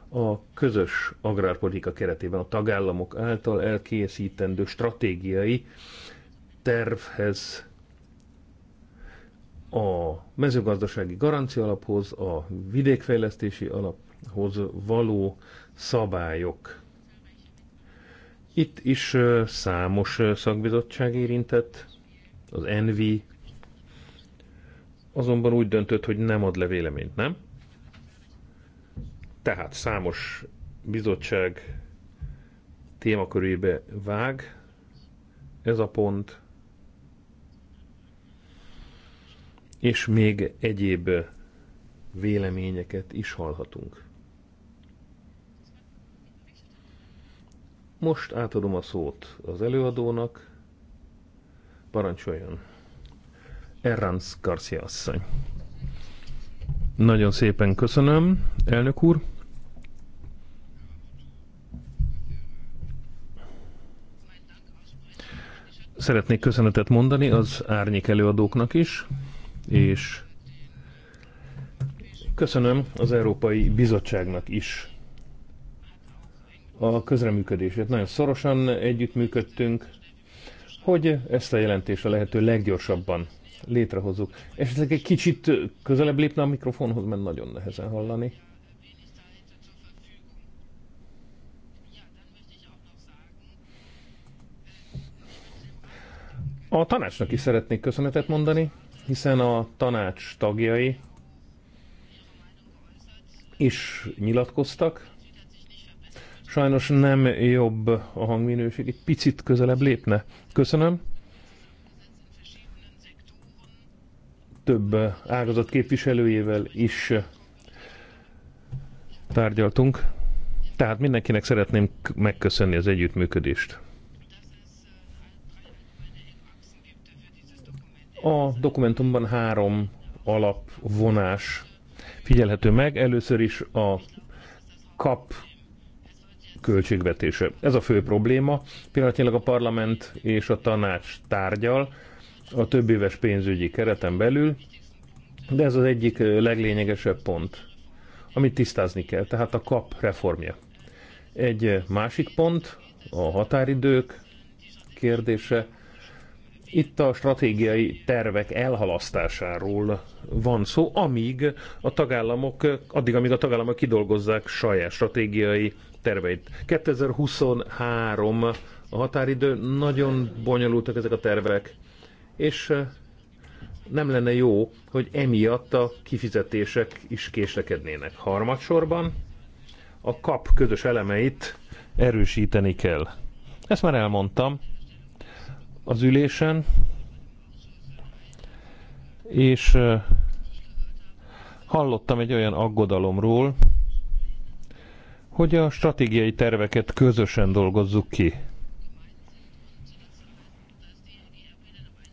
a közös agrárpolitika keretében a tagállamok által elkészítendő stratégiai tervhez a mezőgazdasági garancia alaphoz, a vidékfejlesztési alaphoz való szabályok. Itt is számos szakbizottság érintett, az ENVI. azonban úgy döntött, hogy nem ad le véleményt, nem? Tehát számos bizottság témakörébe vág ez a pont, és még egyéb véleményeket is hallhatunk. Most átadom a szót az előadónak. Parancsoljon! Erranz Garcia asszony. Nagyon szépen köszönöm, elnök úr. Szeretnék köszönetet mondani az árnyék előadóknak is, és köszönöm az Európai Bizottságnak is a közreműködését. Nagyon szorosan együttműködtünk, hogy ezt a jelentést a lehető leggyorsabban létrehozzuk. Esetleg egy kicsit közelebb lépne a mikrofonhoz, mert nagyon nehezen hallani. A tanácsnak is szeretnék köszönetet mondani, hiszen a tanács tagjai is nyilatkoztak. Sajnos nem jobb a hangminőség, egy picit közelebb lépne. Köszönöm. Több ágazat képviselőjével is tárgyaltunk. Tehát mindenkinek szeretném megköszönni az együttműködést. A dokumentumban három alapvonás figyelhető meg. Először is a kap költségvetése. Ez a fő probléma. Pillanatnyilag a parlament és a tanács tárgyal a több éves pénzügyi kereten belül, de ez az egyik leglényegesebb pont, amit tisztázni kell, tehát a kap reformja. Egy másik pont, a határidők kérdése, itt a stratégiai tervek elhalasztásáról van szó, amíg a tagállamok, addig, amíg a tagállamok kidolgozzák saját stratégiai terveit. 2023 a határidő, nagyon bonyolultak ezek a tervek, és eh, nem lenne jó, hogy emiatt a kifizetések is késlekednének. Harmadsorban a kap közös elemeit erősíteni kell. Ezt már elmondtam, az ülésen, és hallottam egy olyan aggodalomról, hogy a stratégiai terveket közösen dolgozzuk ki.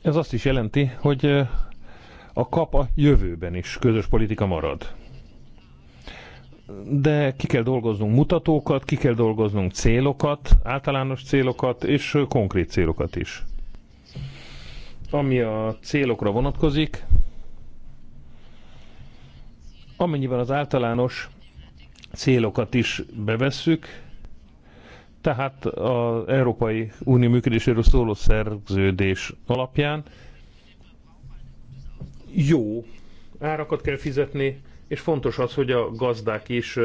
Ez azt is jelenti, hogy a kap a jövőben is közös politika marad. De ki kell dolgoznunk mutatókat, ki kell dolgoznunk célokat, általános célokat és konkrét célokat is ami a célokra vonatkozik, amennyiben az általános célokat is bevesszük, tehát az Európai Unió működéséről szóló szerződés alapján jó árakat kell fizetni, és fontos az, hogy a gazdák is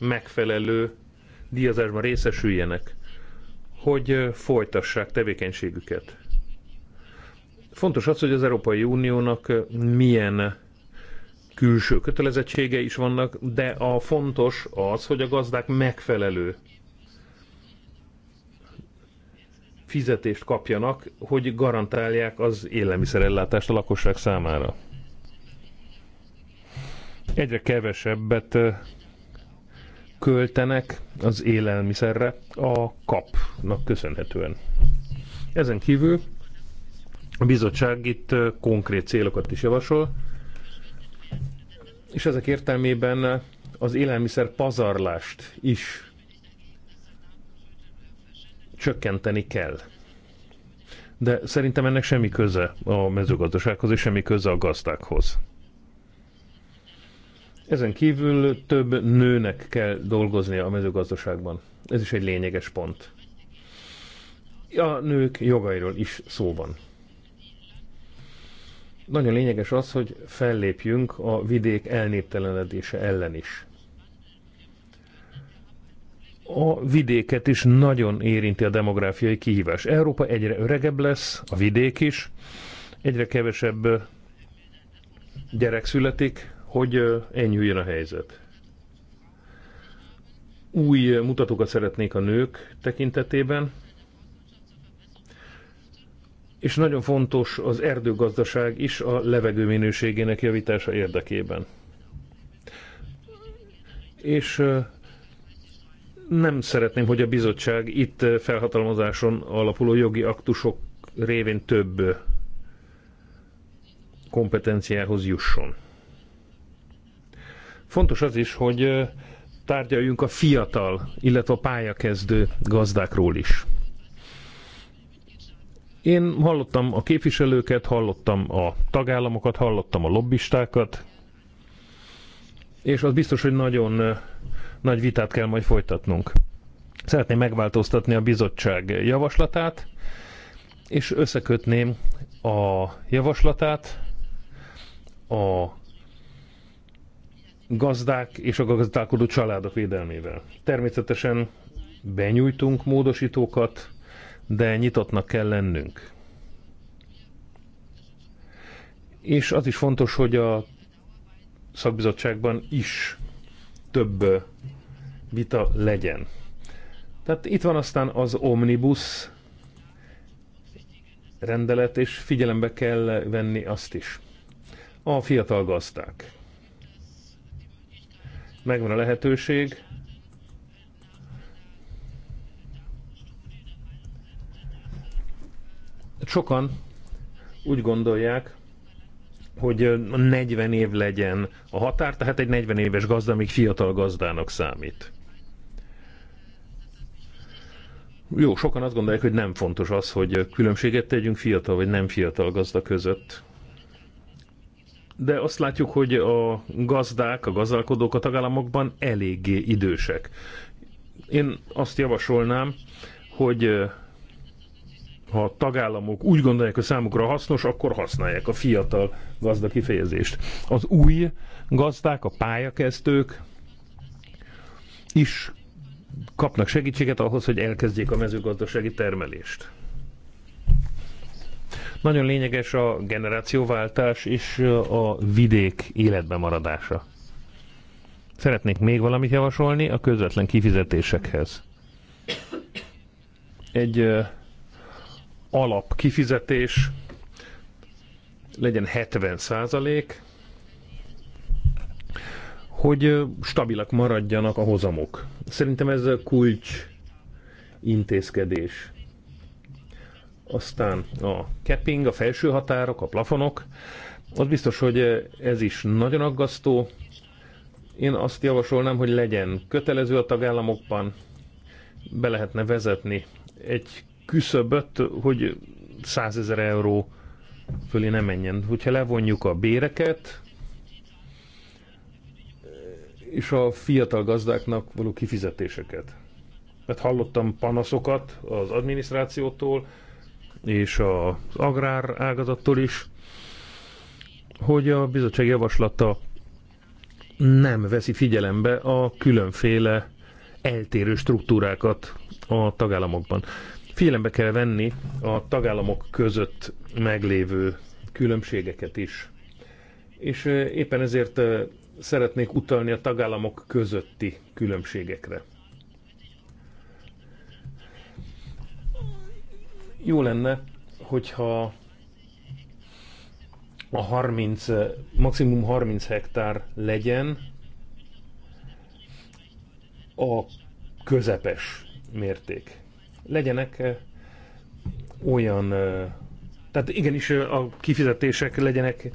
megfelelő díjazásban részesüljenek, hogy folytassák tevékenységüket. Fontos az, hogy az Európai Uniónak milyen külső kötelezettsége is vannak, de a fontos az, hogy a gazdák megfelelő fizetést kapjanak, hogy garantálják az élelmiszerellátást a lakosság számára. Egyre kevesebbet költenek az élelmiszerre a kapnak köszönhetően. Ezen kívül a bizottság itt konkrét célokat is javasol, és ezek értelmében az élelmiszer pazarlást is csökkenteni kell. De szerintem ennek semmi köze a mezőgazdasághoz, és semmi köze a gazdákhoz. Ezen kívül több nőnek kell dolgoznia a mezőgazdaságban. Ez is egy lényeges pont. A nők jogairól is szó van. Nagyon lényeges az, hogy fellépjünk a vidék elnéptelenedése ellen is. A vidéket is nagyon érinti a demográfiai kihívás. Európa egyre öregebb lesz, a vidék is, egyre kevesebb gyerek születik, hogy enyhüljön a helyzet. Új mutatókat szeretnék a nők tekintetében, és nagyon fontos az erdőgazdaság is a levegő minőségének javítása érdekében. És nem szeretném, hogy a bizottság itt felhatalmazáson alapuló jogi aktusok révén több kompetenciához jusson. Fontos az is, hogy tárgyaljunk a fiatal, illetve a pályakezdő gazdákról is. Én hallottam a képviselőket, hallottam a tagállamokat, hallottam a lobbistákat, és az biztos, hogy nagyon eh, nagy vitát kell majd folytatnunk. Szeretném megváltoztatni a bizottság javaslatát, és összekötném a javaslatát a gazdák és a gazdálkodó családok védelmével. Természetesen benyújtunk módosítókat, de nyitottnak kell lennünk. És az is fontos, hogy a szakbizottságban is több vita legyen. Tehát itt van aztán az omnibus rendelet, és figyelembe kell venni azt is. A fiatal gazdák. Megvan a lehetőség, Hát sokan úgy gondolják, hogy 40 év legyen a határ, tehát egy 40 éves gazda még fiatal gazdának számít. Jó, sokan azt gondolják, hogy nem fontos az, hogy különbséget tegyünk fiatal vagy nem fiatal gazda között. De azt látjuk, hogy a gazdák, a gazdálkodók a tagállamokban eléggé idősek. Én azt javasolnám, hogy ha a tagállamok úgy gondolják, hogy számukra hasznos, akkor használják a fiatal gazda kifejezést. Az új gazdák, a pályakezdők is kapnak segítséget ahhoz, hogy elkezdjék a mezőgazdasági termelést. Nagyon lényeges a generációváltás és a vidék életbe maradása. Szeretnék még valamit javasolni a közvetlen kifizetésekhez. Egy alapkifizetés legyen 70 százalék, hogy stabilak maradjanak a hozamok. Szerintem ez a kulcs intézkedés. Aztán a capping, a felső határok, a plafonok. Az biztos, hogy ez is nagyon aggasztó. Én azt javasolnám, hogy legyen kötelező a tagállamokban, be lehetne vezetni egy küszöböt, hogy 100 ezer euró fölé nem menjen. Hogyha levonjuk a béreket, és a fiatal gazdáknak való kifizetéseket. Mert hát hallottam panaszokat az adminisztrációtól, és az agrár ágazattól is, hogy a bizottság javaslata nem veszi figyelembe a különféle eltérő struktúrákat a tagállamokban. Figyelembe kell venni a tagállamok között meglévő különbségeket is. És éppen ezért szeretnék utalni a tagállamok közötti különbségekre. Jó lenne, hogyha a 30, maximum 30 hektár legyen a közepes mérték legyenek olyan, tehát igenis a kifizetések legyenek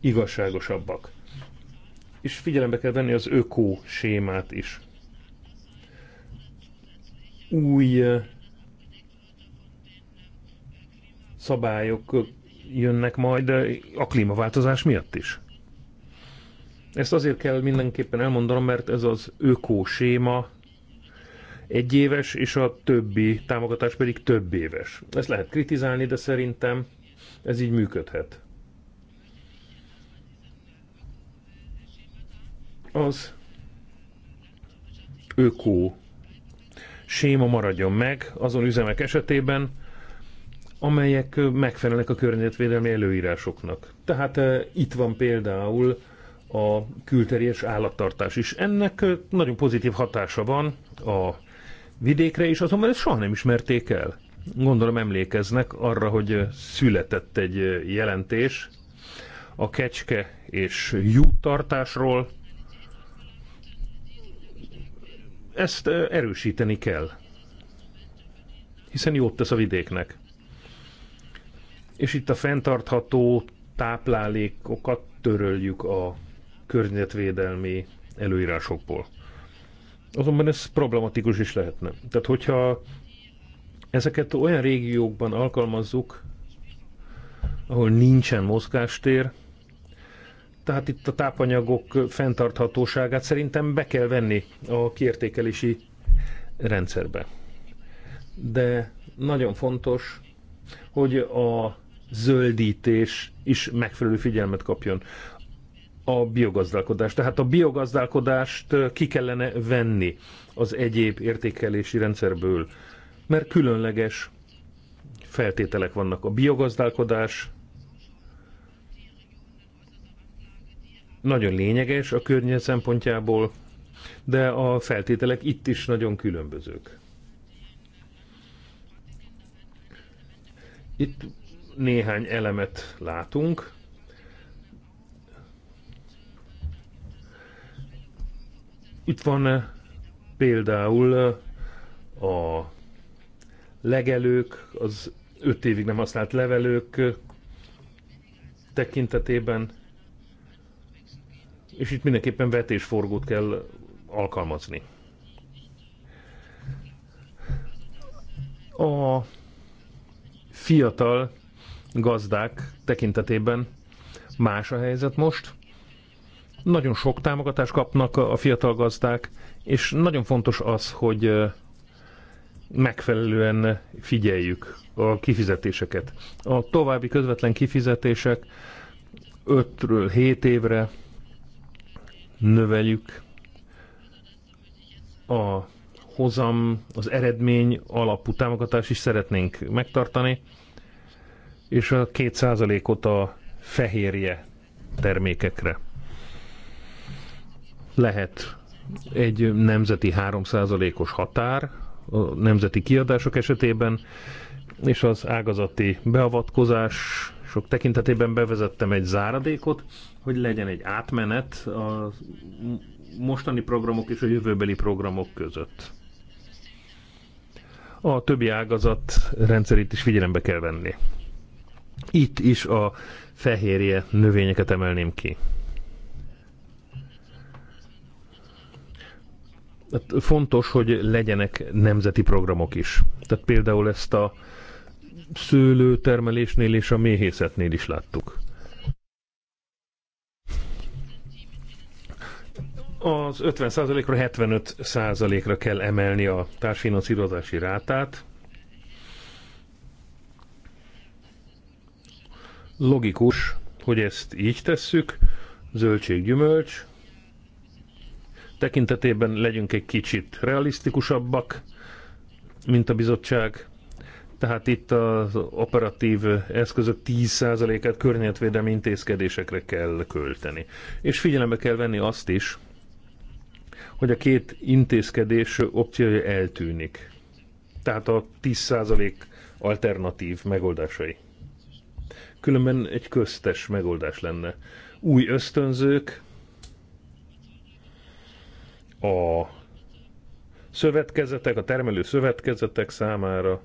igazságosabbak. És figyelembe kell venni az ökó sémát is. Új szabályok jönnek majd a klímaváltozás miatt is. Ezt azért kell mindenképpen elmondanom, mert ez az öko-séma egyéves, és a többi támogatás pedig több éves. Ezt lehet kritizálni, de szerintem ez így működhet. Az ökó séma maradjon meg azon üzemek esetében, amelyek megfelelnek a környezetvédelmi előírásoknak. Tehát eh, itt van például a külterjes állattartás is. Ennek eh, nagyon pozitív hatása van a vidékre, és azonban ezt soha nem ismerték el. Gondolom emlékeznek arra, hogy született egy jelentés a kecske és tartásról. Ezt erősíteni kell, hiszen jót tesz a vidéknek. És itt a fenntartható táplálékokat töröljük a környezetvédelmi előírásokból. Azonban ez problematikus is lehetne. Tehát hogyha ezeket olyan régiókban alkalmazzuk, ahol nincsen mozgástér, tehát itt a tápanyagok fenntarthatóságát szerintem be kell venni a kiértékelési rendszerbe. De nagyon fontos, hogy a zöldítés is megfelelő figyelmet kapjon a biogazdálkodás. Tehát a biogazdálkodást ki kellene venni az egyéb értékelési rendszerből, mert különleges feltételek vannak. A biogazdálkodás nagyon lényeges a környezet szempontjából, de a feltételek itt is nagyon különbözők. Itt néhány elemet látunk, Itt van eh, például eh, a legelők, az öt évig nem használt levelők eh, tekintetében, és itt mindenképpen vetésforgót kell alkalmazni. A fiatal gazdák tekintetében más a helyzet most. Nagyon sok támogatást kapnak a fiatal gazdák, és nagyon fontos az, hogy megfelelően figyeljük a kifizetéseket. A további közvetlen kifizetések 5-ről 7 évre növeljük a hozam, az eredmény alapú támogatást is szeretnénk megtartani, és a 2%-ot a fehérje termékekre. Lehet egy nemzeti 3%-os határ a nemzeti kiadások esetében, és az ágazati beavatkozás sok tekintetében bevezettem egy záradékot, hogy legyen egy átmenet a mostani programok és a jövőbeli programok között. A többi ágazat rendszerét is figyelembe kell venni. Itt is a fehérje növényeket emelném ki. hát fontos, hogy legyenek nemzeti programok is. Tehát például ezt a szőlőtermelésnél és a méhészetnél is láttuk. Az 50%-ra 75%-ra kell emelni a társfinanszírozási rátát. Logikus, hogy ezt így tesszük, zöldség, gyümölcs, tekintetében legyünk egy kicsit realisztikusabbak, mint a bizottság. Tehát itt az operatív eszközök 10%-át környezetvédelmi intézkedésekre kell költeni. És figyelembe kell venni azt is, hogy a két intézkedés opciója eltűnik. Tehát a 10% alternatív megoldásai. Különben egy köztes megoldás lenne. Új ösztönzők, a szövetkezetek, a termelő szövetkezetek számára.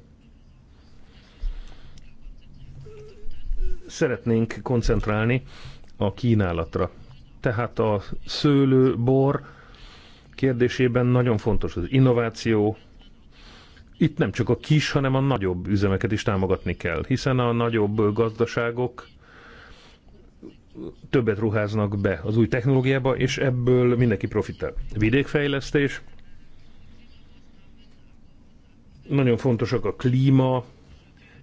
Szeretnénk koncentrálni a kínálatra. Tehát a szőlőbor kérdésében nagyon fontos az innováció. Itt nem csak a kis, hanem a nagyobb üzemeket is támogatni kell, hiszen a nagyobb gazdaságok többet ruháznak be az új technológiába, és ebből mindenki profitál. Vidékfejlesztés, nagyon fontosak a klíma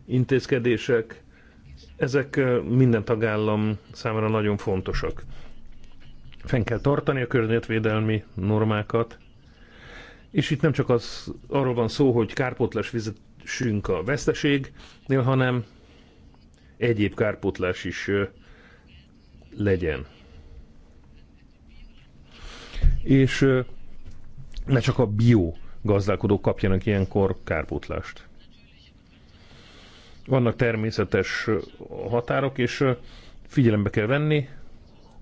intézkedések, ezek minden tagállam számára nagyon fontosak. Fenn kell tartani a környezetvédelmi normákat, és itt nem csak az, arról van szó, hogy kárpótlás fizessünk a veszteségnél, hanem egyéb kárpótlás is legyen. És ne csak a bio gazdálkodók kapjanak ilyenkor kárpótlást. Vannak természetes határok, és figyelembe kell venni,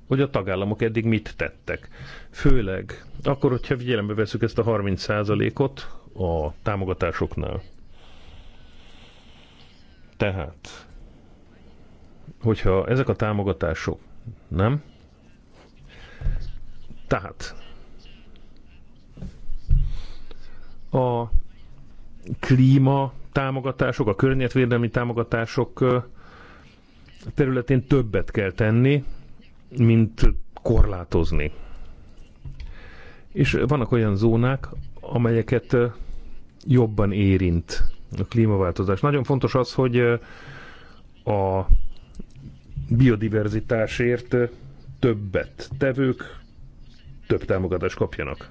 hogy a tagállamok eddig mit tettek. Főleg akkor, hogyha figyelembe veszük ezt a 30%-ot a támogatásoknál. Tehát, hogyha ezek a támogatások nem? Tehát a klíma támogatások, a környezetvédelmi támogatások területén többet kell tenni, mint korlátozni. És vannak olyan zónák, amelyeket jobban érint a klímaváltozás. Nagyon fontos az, hogy a biodiverzitásért többet tevők több támogatást kapjanak.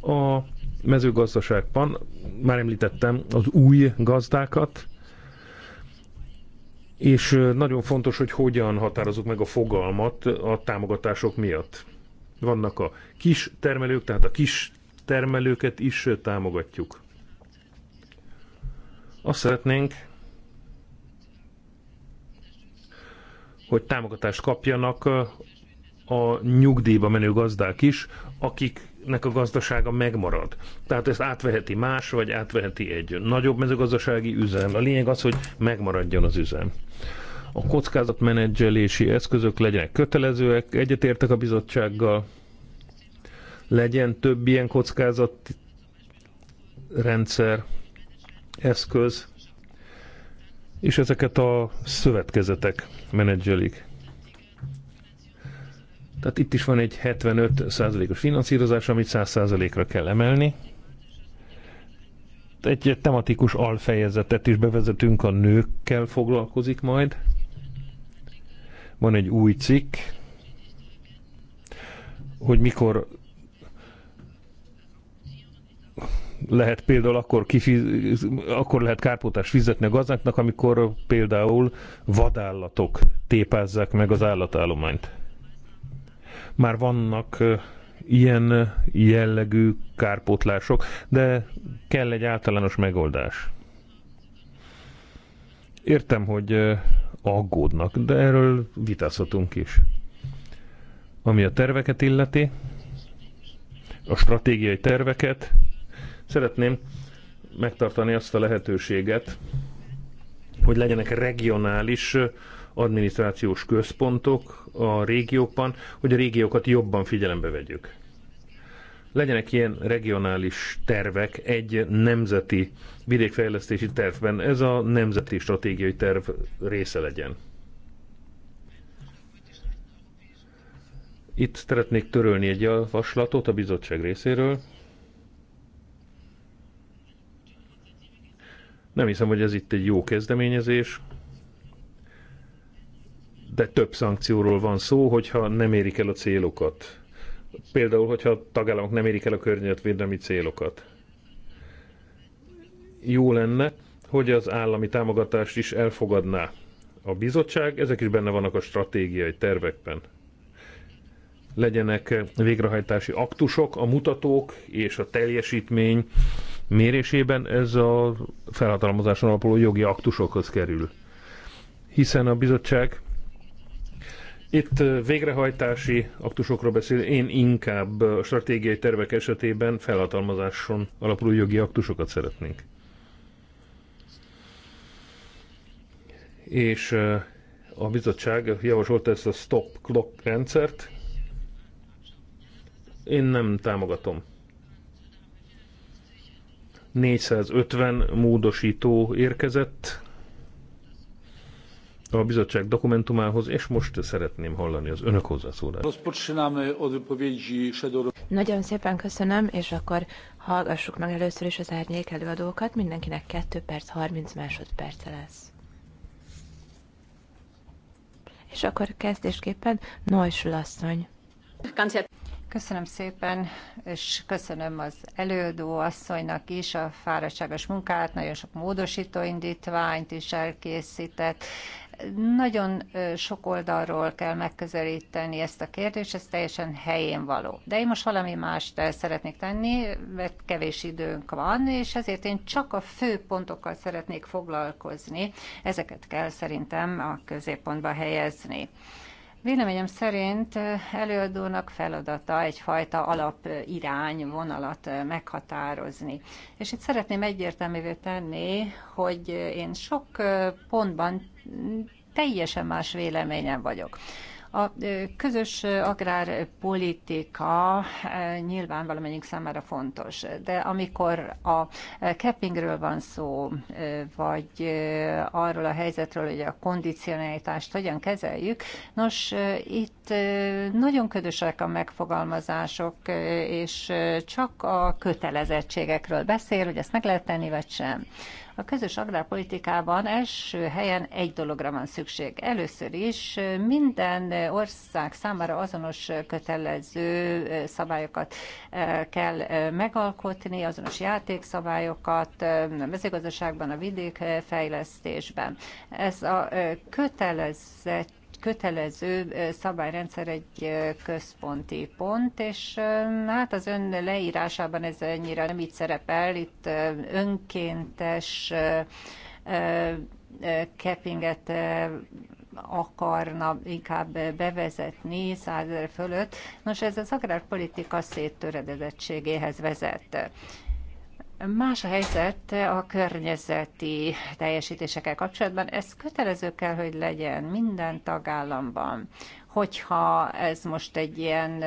A mezőgazdaságban már említettem az új gazdákat, és nagyon fontos, hogy hogyan határozzuk meg a fogalmat a támogatások miatt. Vannak a kis termelők, tehát a kis termelőket is támogatjuk. Azt szeretnénk, hogy támogatást kapjanak a nyugdíjba menő gazdák is, akiknek a gazdasága megmarad. Tehát ezt átveheti más, vagy átveheti egy nagyobb mezőgazdasági üzem. A lényeg az, hogy megmaradjon az üzem. A kockázatmenedzselési eszközök legyenek kötelezőek, egyetértek a bizottsággal, legyen több ilyen kockázat rendszer, eszköz, és ezeket a szövetkezetek menedzselik. Tehát itt is van egy 75%-os finanszírozás, amit 100%-ra kell emelni. Egy tematikus alfejezetet is bevezetünk, a nőkkel foglalkozik majd. Van egy új cikk, hogy mikor lehet például akkor, kifiz, akkor lehet kárpótást fizetni a gazdáknak, amikor például vadállatok tépázzák meg az állatállományt. Már vannak ilyen jellegű kárpótlások, de kell egy általános megoldás. Értem, hogy aggódnak, de erről vitázhatunk is. Ami a terveket illeti, a stratégiai terveket, Szeretném megtartani azt a lehetőséget, hogy legyenek regionális adminisztrációs központok a régiókban, hogy a régiókat jobban figyelembe vegyük. Legyenek ilyen regionális tervek egy nemzeti vidékfejlesztési tervben, ez a nemzeti stratégiai terv része legyen. Itt szeretnék törölni egy javaslatot a bizottság részéről, Nem hiszem, hogy ez itt egy jó kezdeményezés, de több szankcióról van szó, hogyha nem érik el a célokat. Például, hogyha a tagállamok nem érik el a környezetvédelmi célokat. Jó lenne, hogy az állami támogatást is elfogadná a bizottság, ezek is benne vannak a stratégiai tervekben. Legyenek végrehajtási aktusok, a mutatók és a teljesítmény mérésében ez a felhatalmazáson alapuló jogi aktusokhoz kerül. Hiszen a bizottság itt végrehajtási aktusokról beszél, én inkább a stratégiai tervek esetében felhatalmazáson alapuló jogi aktusokat szeretnénk. És a bizottság javasolta ezt a stop clock rendszert. Én nem támogatom. 450 módosító érkezett a bizottság dokumentumához, és most szeretném hallani az önök hozzászólását. Nagyon szépen köszönöm, és akkor hallgassuk meg először is az árnyék előadókat. Mindenkinek 2 perc 30 másodperce lesz. És akkor kezdésképpen Noisül asszony. Köszönöm szépen, és köszönöm az előadó asszonynak is a fáradtságos munkát, nagyon sok módosító indítványt is elkészített. Nagyon sok oldalról kell megközelíteni ezt a kérdést, ez teljesen helyén való. De én most valami mást szeretnék tenni, mert kevés időnk van, és ezért én csak a fő pontokkal szeretnék foglalkozni. Ezeket kell szerintem a középpontba helyezni. Véleményem szerint eh, előadónak feladata egyfajta alapirány, vonalat eh, meghatározni. És itt szeretném egyértelművé tenni, hogy eh, én sok pontban mm, teljesen más véleményen vagyok. A közös agrárpolitika nyilván valamennyik számára fontos, de amikor a cappingről van szó, vagy arról a helyzetről, hogy a kondicionálitást hogyan kezeljük, nos, itt nagyon ködösek a megfogalmazások, és csak a kötelezettségekről beszél, hogy ezt meg lehet tenni, vagy sem. A közös agrárpolitikában első helyen egy dologra van szükség. Először is minden ország számára azonos kötelező szabályokat kell megalkotni, azonos játékszabályokat a mezőgazdaságban, a vidékfejlesztésben. Ez a kötelezett kötelező szabályrendszer egy központi pont, és hát az ön leírásában ez ennyire nem így szerepel, itt önkéntes cappinget akarna inkább bevezetni százer fölött. Nos, ez az agrárpolitika széttöredezettségéhez vezet. Más a helyzet a környezeti teljesítésekkel kapcsolatban. Ez kötelező kell, hogy legyen minden tagállamban hogyha ez most egy ilyen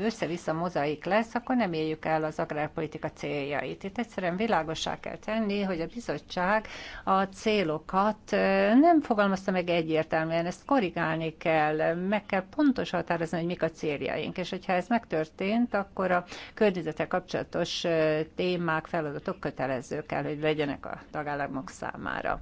össze-vissza mozaik lesz, akkor nem éljük el az agrárpolitika céljait. Itt egyszerűen világosá kell tenni, hogy a bizottság a célokat nem fogalmazta meg egyértelműen, ezt korrigálni kell, meg kell pontosan határozni, hogy mik a céljaink, és hogyha ez megtörtént, akkor a környezetek kapcsolatos témák, feladatok kötelezők kell, hogy legyenek a tagállamok számára.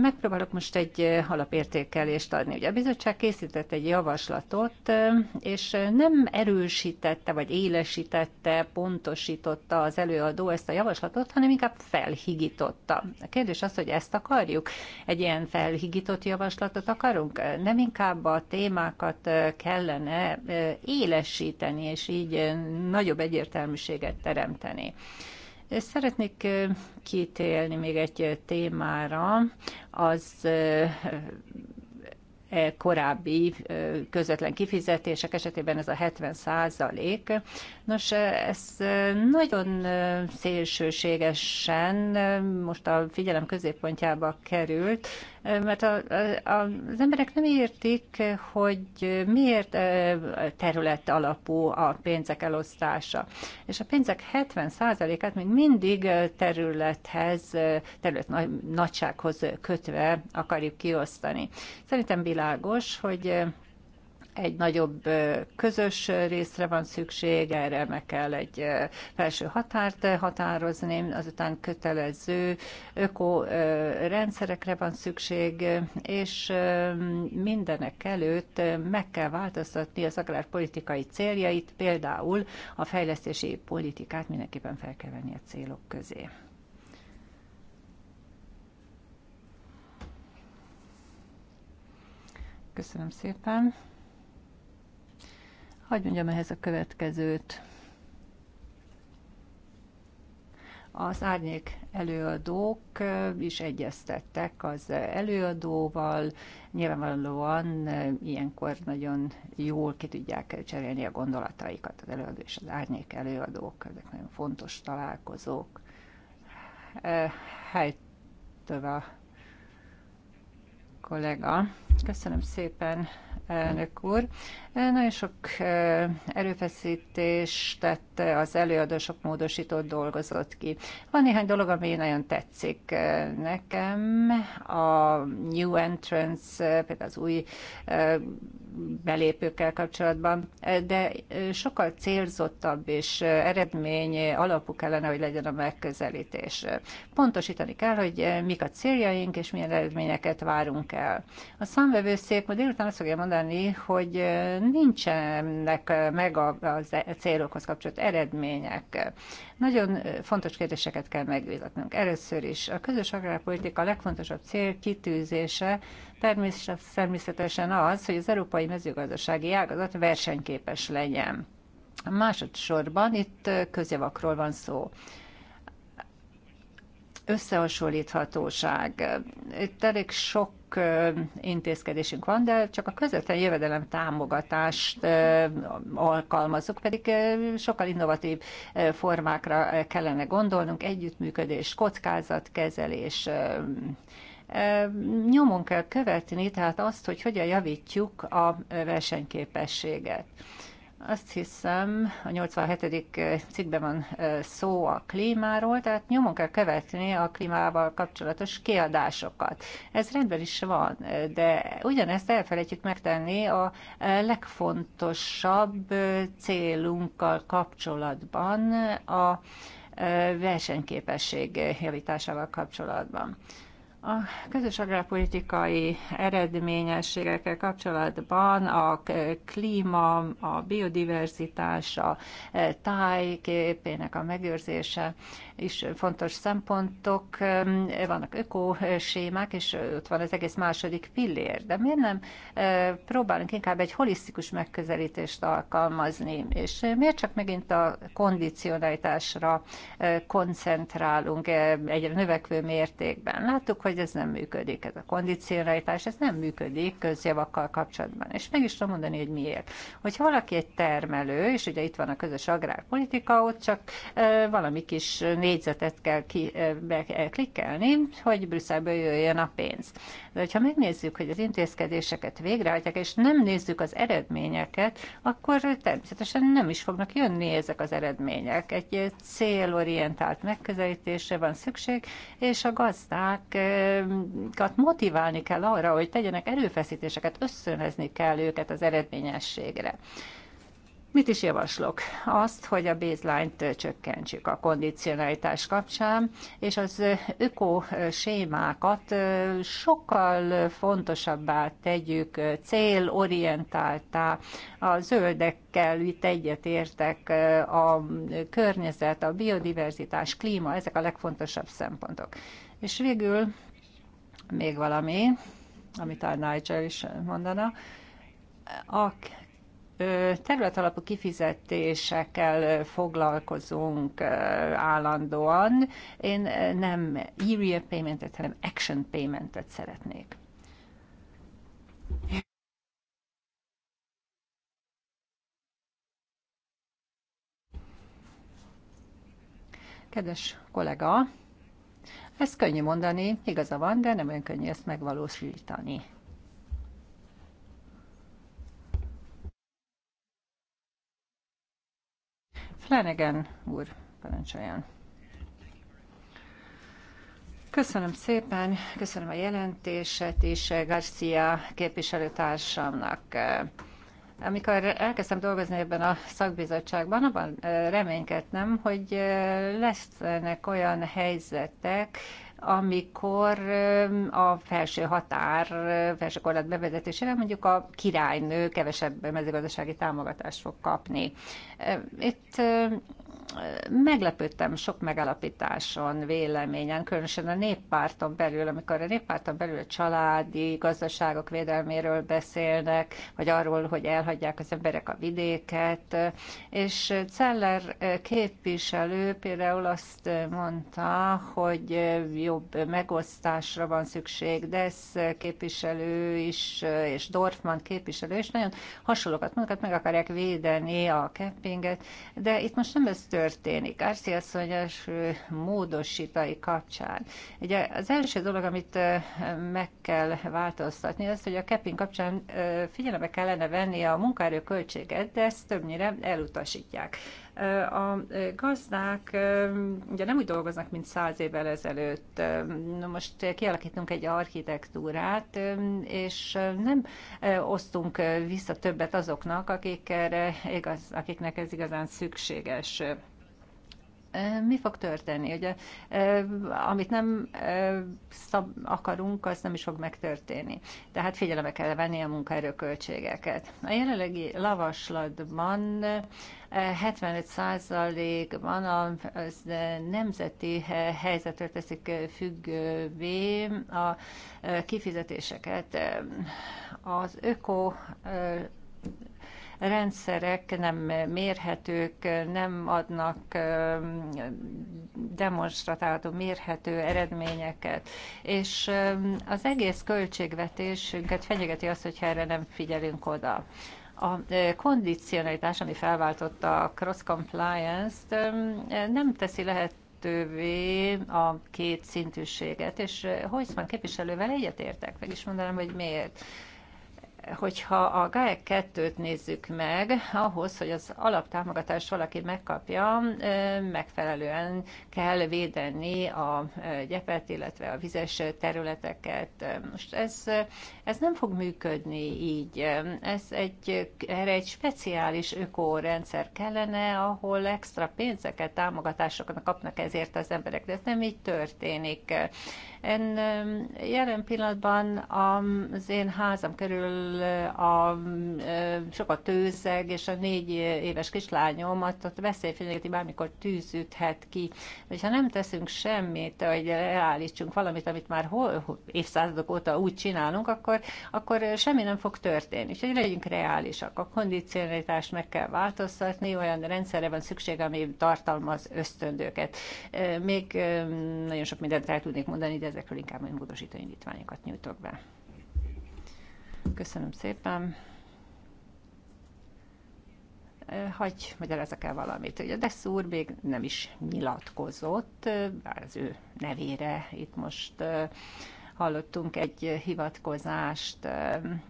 Megpróbálok most egy alapértékelést adni. Ugye a bizottság készített egy javaslatot, és nem erősítette, vagy élesítette, pontosította az előadó ezt a javaslatot, hanem inkább felhigította. A kérdés az, hogy ezt akarjuk? Egy ilyen felhigított javaslatot akarunk? Nem inkább a témákat kellene élesíteni, és így nagyobb egyértelműséget teremteni. Szeretnék kitélni még egy témára, az korábbi közvetlen kifizetések esetében ez a 70 százalék. Nos, ez nagyon szélsőségesen most a figyelem középpontjába került, mert a, a, az emberek nem értik, hogy miért terület alapú a pénzek elosztása. És a pénzek 70%-át még mindig területhez, terület nagysághoz kötve akarjuk kiosztani. Szerintem világos, hogy egy nagyobb közös részre van szükség, erre meg kell egy felső határt határozni, azután kötelező öko rendszerekre van szükség, és mindenek előtt meg kell változtatni az agrárpolitikai céljait, például a fejlesztési politikát mindenképpen fel kell venni a célok közé. Köszönöm szépen. Hogy mondjam ehhez a következőt. Az árnyék előadók is egyeztettek az előadóval, nyilvánvalóan ilyenkor nagyon jól ki tudják cserélni a gondolataikat az előadó és az árnyék előadók, ezek nagyon fontos találkozók. Helytöve a kollega Köszönöm szépen, elnök úr. Nagyon sok erőfeszítést tette az előadó, sok módosított dolgozott ki. Van néhány dolog, ami nagyon tetszik nekem. A New Entrance, például az új belépőkkel kapcsolatban, de sokkal célzottabb és eredmény alapú kellene, hogy legyen a megközelítés. Pontosítani kell, hogy mik a céljaink, és milyen eredményeket várunk el. A számvevőszék ma délután azt fogja mondani, hogy nincsenek meg a e, célokhoz kapcsolt eredmények. Nagyon fontos kérdéseket kell megvizetnünk. Először is a közös agrárpolitika legfontosabb cél kitűzése természetesen az, hogy az európai mezőgazdasági ágazat versenyképes legyen. Másodszorban itt közjavakról van szó összehasonlíthatóság. Itt elég sok sok intézkedésünk van, de csak a közvetlen jövedelem támogatást alkalmazunk, pedig sokkal innovatív formákra kellene gondolnunk, együttműködés, kockázatkezelés, nyomon kell követni, tehát azt, hogy hogyan javítjuk a versenyképességet. Azt hiszem, a 87. Eh, cikkben van eh, szó a klímáról, tehát nyomon kell követni a klímával kapcsolatos kiadásokat. Ez rendben is van, de ugyanezt elfelejtjük megtenni a eh, legfontosabb célunkkal kapcsolatban, a versenyképesség javításával kapcsolatban. A közös agrárpolitikai eredményességekkel kapcsolatban a klíma, a biodiverzitás, a tájképének a megőrzése is fontos szempontok. Vannak ökosémák, és ott van az egész második pillér. De miért nem e, próbálunk inkább egy holisztikus megközelítést alkalmazni? És miért csak megint a kondicionalitásra e, koncentrálunk e, egyre növekvő mértékben? Láttuk, hogy hogy ez nem működik, ez a kondicionalitás, ez nem működik közjavakkal kapcsolatban. És meg is tudom mondani, hogy miért. Hogyha valaki egy termelő, és ugye itt van a közös agrárpolitika, ott csak e, valami kis négyzetet kell ki, e, be, e, klikkelni, hogy Brüsszelből jöjjön a pénz. De hogyha megnézzük, hogy az intézkedéseket végrehajtják, és nem nézzük az eredményeket, akkor természetesen nem is fognak jönni ezek az eredmények. Egy célorientált megközelítésre van szükség, és a gazdák motiválni kell arra, hogy tegyenek erőfeszítéseket, összönözni kell őket az eredményességre. Mit is javaslok? Azt, hogy a baseline-t csökkentsük a kondicionalitás kapcsán, és az ökosémákat sokkal fontosabbá tegyük, célorientáltá. A zöldekkel itt egyetértek, a környezet, a biodiverzitás, klíma, ezek a legfontosabb szempontok. És végül még valami, amit a Nigel is mondana. A területalapú kifizetésekkel foglalkozunk állandóan. Én nem area paymentet, hanem action paymentet szeretnék. Kedves kollega, ezt könnyű mondani, igaza van, de nem olyan könnyű ezt megvalósítani. Flanagan úr, parancsoljon. Köszönöm szépen, köszönöm a jelentéset is Garcia képviselőtársamnak. Amikor elkezdtem dolgozni ebben a szakbizottságban, abban reménykedtem, hogy lesznek olyan helyzetek, amikor a felső határ, felső korlát bevezetésére mondjuk a királynő kevesebb mezőgazdasági támogatást fog kapni. Itt meglepődtem sok megalapításon, véleményen, különösen a néppárton belül, amikor a néppárton belül a családi gazdaságok védelméről beszélnek, vagy arról, hogy elhagyják az emberek a vidéket, és Celler képviselő például azt mondta, hogy jobb megosztásra van szükség, Dess képviselő is, és Dorfman képviselő is nagyon hasonlókat mondnak, meg akarják védeni a kempinget, de itt most nem ezt történik. Árszi asszonyos módosítai kapcsán. Ugye az első dolog, amit meg kell változtatni, az, hogy a kepin kapcsán figyelembe kellene venni a munkaerő költséget, de ezt többnyire elutasítják a gazdák ugye nem úgy dolgoznak, mint száz évvel ezelőtt. Most kialakítunk egy architektúrát, és nem osztunk vissza többet azoknak, akikre, igaz, akiknek ez igazán szükséges mi fog történni? Ugye, amit nem akarunk, az nem is fog megtörténni. Tehát figyelembe kell venni a munkaerőköltségeket. A jelenlegi lavaslatban 75 van a nemzeti helyzetről teszik függővé a kifizetéseket. Az öko rendszerek nem mérhetők, nem adnak demonstratáltó mérhető eredményeket. És az egész költségvetésünket fenyegeti azt, hogyha erre nem figyelünk oda a kondicionalitás, ami felváltotta a cross compliance-t, nem teszi lehet lehetővé a két szintűséget, és Hojszman képviselővel egyetértek, meg is mondanám, hogy miért hogyha a GAEK 2-t nézzük meg, ahhoz, hogy az alaptámogatást valaki megkapja, megfelelően kell védeni a gyepet, illetve a vizes területeket. Most ez, ez nem fog működni így. Ez egy, erre egy speciális ökórendszer kellene, ahol extra pénzeket, támogatásokat kapnak ezért az emberek, de ez nem így történik én jelen pillanatban az én házam körül a a tőzeg, és a négy éves kislányom azt ott veszély bármikor tűzüthet ki. És ha nem teszünk semmit, hogy leállítsunk valamit, amit már hol, évszázadok óta úgy csinálunk, akkor, akkor semmi nem fog történni. Úgyhogy legyünk reálisak. A kondicionalitást meg kell változtatni, olyan rendszerre van szükség, ami tartalmaz ösztöndőket. Még nagyon sok mindent el tudnék mondani, de ezekről inkább majd módosító indítványokat nyújtok be. Köszönöm szépen. Hagy magyarázzak el valamit. Ugye de szúr még nem is nyilatkozott, bár az ő nevére itt most hallottunk egy hivatkozást,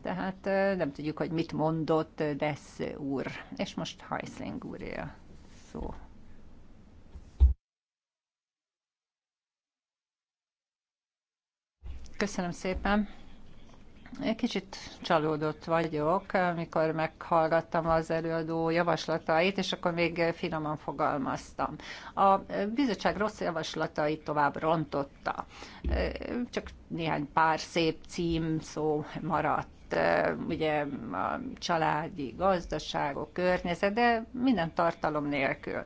tehát nem tudjuk, hogy mit mondott Dessz úr. És most Heisling úr a szó. Köszönöm szépen. Egy kicsit csalódott vagyok, amikor meghallgattam az előadó javaslatait, és akkor még finoman fogalmaztam. A bizottság rossz javaslatait tovább rontotta. Csak néhány pár szép cím szó maradt ugye a családi gazdaságok, környezet, de minden tartalom nélkül.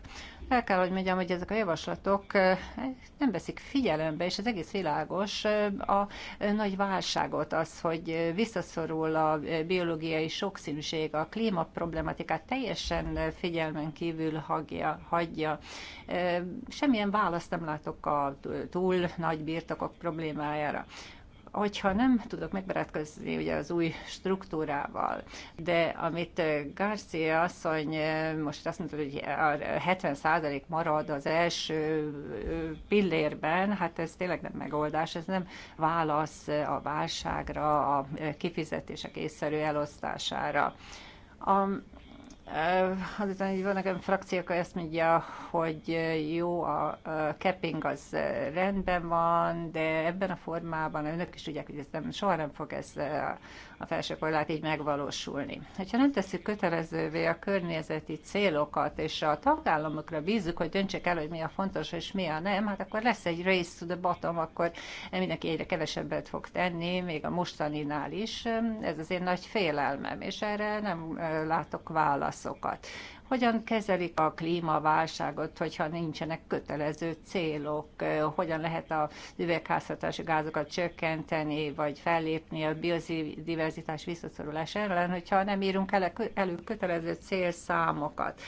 El kell, hogy mondjam, hogy ezek a javaslatok nem veszik figyelembe, és az egész világos a nagy válságot, az, hogy visszaszorul a biológiai sokszínűség, a klímaproblematikát teljesen figyelmen kívül hagyja, hagyja. Semmilyen választ nem látok a túl nagy birtokok problémájára hogyha nem tudok megbarátkozni ugye az új struktúrával, de amit Garcia asszony most azt mondta, hogy a 70% marad az első pillérben, hát ez tényleg nem megoldás, ez nem válasz a válságra, a kifizetések észszerű elosztására. A Azután így van nekem frakciók, ezt mondja, hogy jó, a capping az rendben van, de ebben a formában önök is tudják, hogy ez nem, soha nem fog ez a felső korlát így megvalósulni. Ha nem tesszük kötelezővé a környezeti célokat, és a tagállamokra bízzuk, hogy döntsék el, hogy mi a fontos és mi a nem, hát akkor lesz egy race to the bottom, akkor mindenki egyre kevesebbet fog tenni, még a mostaninál is. Ez az én nagy félelmem, és erre nem látok választ válaszokat. Hogyan kezelik a klímaválságot, hogyha nincsenek kötelező célok? Hogyan lehet a üvegházhatási gázokat csökkenteni, vagy fellépni a biodiverzitás visszaszorulás ellen, hogyha nem írunk elő, elő kötelező célszámokat?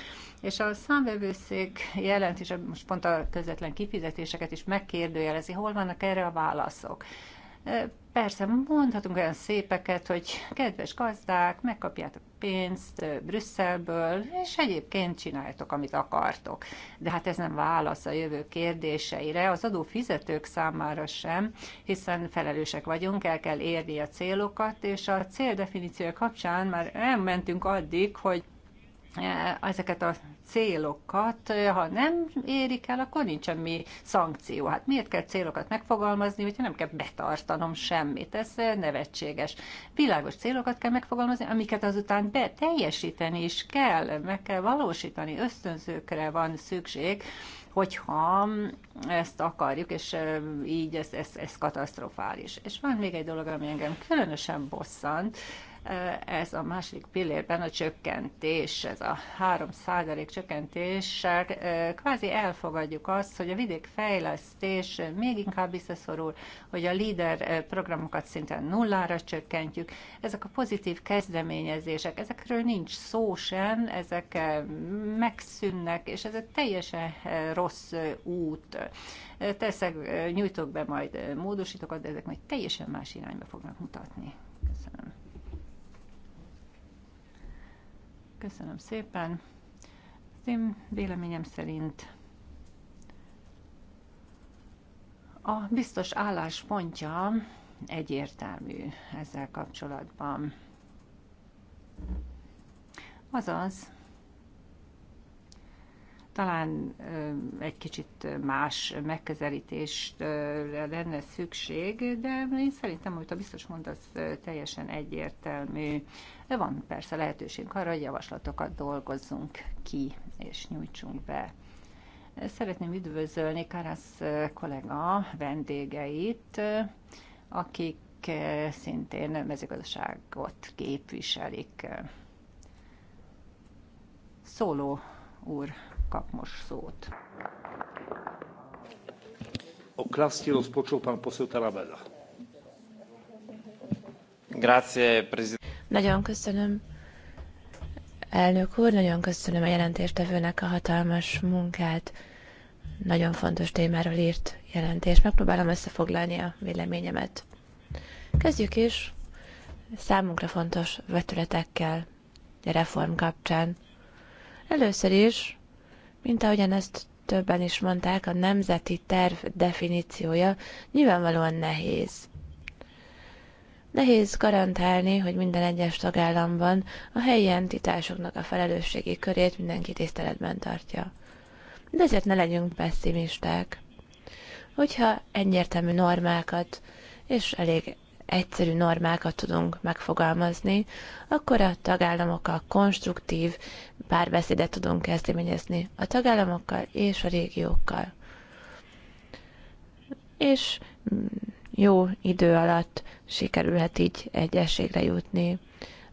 És a számvevőszék jelent, és most pont a közvetlen kifizetéseket is megkérdőjelezi, hol vannak erre a válaszok. Persze, mondhatunk olyan szépeket, hogy kedves gazdák, megkapjátok pénzt Brüsszelből, és egyébként csináljátok, amit akartok. De hát ez nem válasz a jövő kérdéseire, az adófizetők számára sem, hiszen felelősek vagyunk, el kell érni a célokat, és a céldefiníció kapcsán már elmentünk addig, hogy E, ezeket a célokat, e, ha nem érik el, akkor nincs semmi szankció. Hát miért kell célokat megfogalmazni, hogyha nem kell betartanom semmit? Ez nevetséges. Világos célokat kell megfogalmazni, amiket azután be teljesíteni is kell, meg kell valósítani, ösztönzőkre van szükség, hogyha ezt akarjuk, és e, így ez, ez, ez katasztrofális. És van még egy dolog, ami engem különösen bosszant, ez a második pillérben a csökkentés, ez a 3 százalék csökkentéssel eh, kvázi elfogadjuk azt, hogy a vidékfejlesztés még inkább visszaszorul, hogy a líder eh, programokat szinte nullára csökkentjük. Ezek a pozitív kezdeményezések, ezekről nincs szó sem, ezek eh, megszűnnek, és ez egy teljesen rossz út. Teszek, nyújtok be majd módosítokat, de ezek majd teljesen más irányba fognak mutatni. Köszönöm szépen. Az én véleményem szerint a biztos álláspontja egyértelmű ezzel kapcsolatban. Azaz, talán egy kicsit más megközelítést lenne szükség, de én szerintem, amit a biztos mond, az teljesen egyértelmű. De van persze lehetőség arra, hogy javaslatokat dolgozzunk ki és nyújtsunk be. Szeretném üdvözölni karasz kollega vendégeit, akik szintén mezőgazdaságot képviselik. Szóló úr kap most szót. Oklaski rozpoczął pan poseł Tarabella. Grazie, prezident. Nagyon köszönöm, elnök úr, nagyon köszönöm a jelentéstevőnek a hatalmas munkát. Nagyon fontos témáról írt jelentést. Megpróbálom összefoglalni a véleményemet. Kezdjük is számunkra fontos vetületekkel a reform kapcsán. Először is mint ahogyan ezt többen is mondták, a nemzeti terv definíciója nyilvánvalóan nehéz. Nehéz garantálni, hogy minden egyes tagállamban a helyi entitásoknak a felelősségi körét mindenki tiszteletben tartja. De ezért ne legyünk pessimisták. Hogyha egyértelmű normákat és elég egyszerű normákat tudunk megfogalmazni, akkor a tagállamokkal konstruktív párbeszédet tudunk kezdeményezni a tagállamokkal és a régiókkal. És mm, jó idő alatt sikerülhet így egyességre jutni.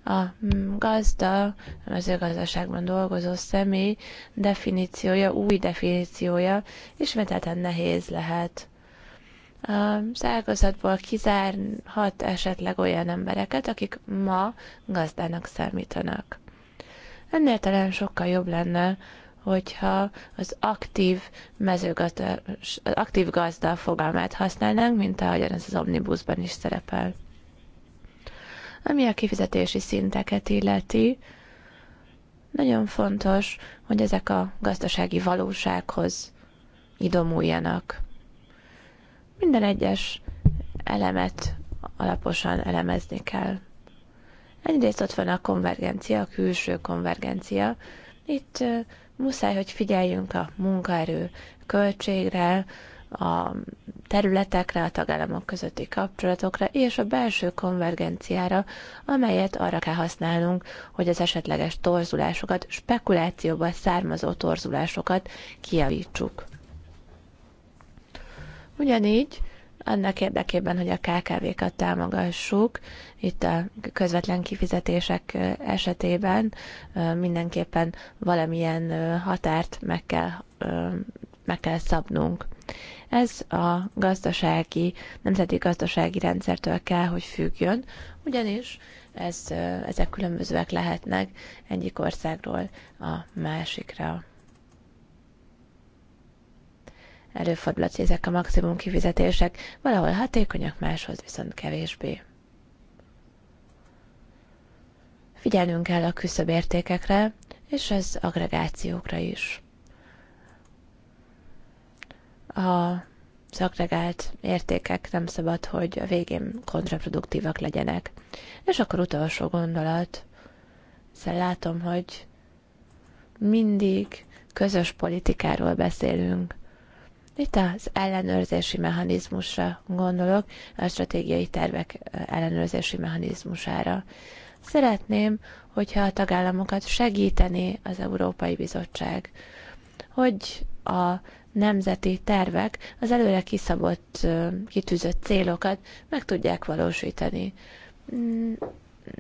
A mm, gazda, a mezőgazdaságban dolgozó személy definíciója, új definíciója ismételten nehéz lehet az ágazatból kizárhat esetleg olyan embereket, akik ma gazdának számítanak. Ennél talán sokkal jobb lenne, hogyha az aktív mezőgazda, az aktív gazda fogalmát használnánk, mint ahogyan ez az omnibusban is szerepel. Ami a kifizetési szinteket illeti, nagyon fontos, hogy ezek a gazdasági valósághoz idomuljanak. Minden egyes elemet alaposan elemezni kell. Egyrészt ott van a konvergencia, a külső konvergencia. Itt muszáj, hogy figyeljünk a munkaerő költségre, a területekre, a tagállamok közötti kapcsolatokra és a belső konvergenciára, amelyet arra kell használnunk, hogy az esetleges torzulásokat, spekulációba származó torzulásokat kiavítsuk. Ugyanígy annak érdekében, hogy a KKV-kat támogassuk, itt a közvetlen kifizetések esetében mindenképpen valamilyen határt meg kell, meg kell szabnunk. Ez a gazdasági, nemzeti gazdasági rendszertől kell, hogy függjön, ugyanis ez, ezek különbözőek lehetnek egyik országról a másikra. Előfordulhat, hogy ezek a maximum kifizetések valahol hatékonyak, máshoz viszont kevésbé. Figyelnünk kell a értékekre és az agregációkra is. A az értékek nem szabad, hogy a végén kontraproduktívak legyenek. És akkor utolsó gondolat, hiszen látom, hogy mindig közös politikáról beszélünk, itt az ellenőrzési mechanizmusra gondolok, a stratégiai tervek ellenőrzési mechanizmusára. Szeretném, hogyha a tagállamokat segíteni az Európai Bizottság, hogy a nemzeti tervek az előre kiszabott, kitűzött célokat meg tudják valósítani. Mm,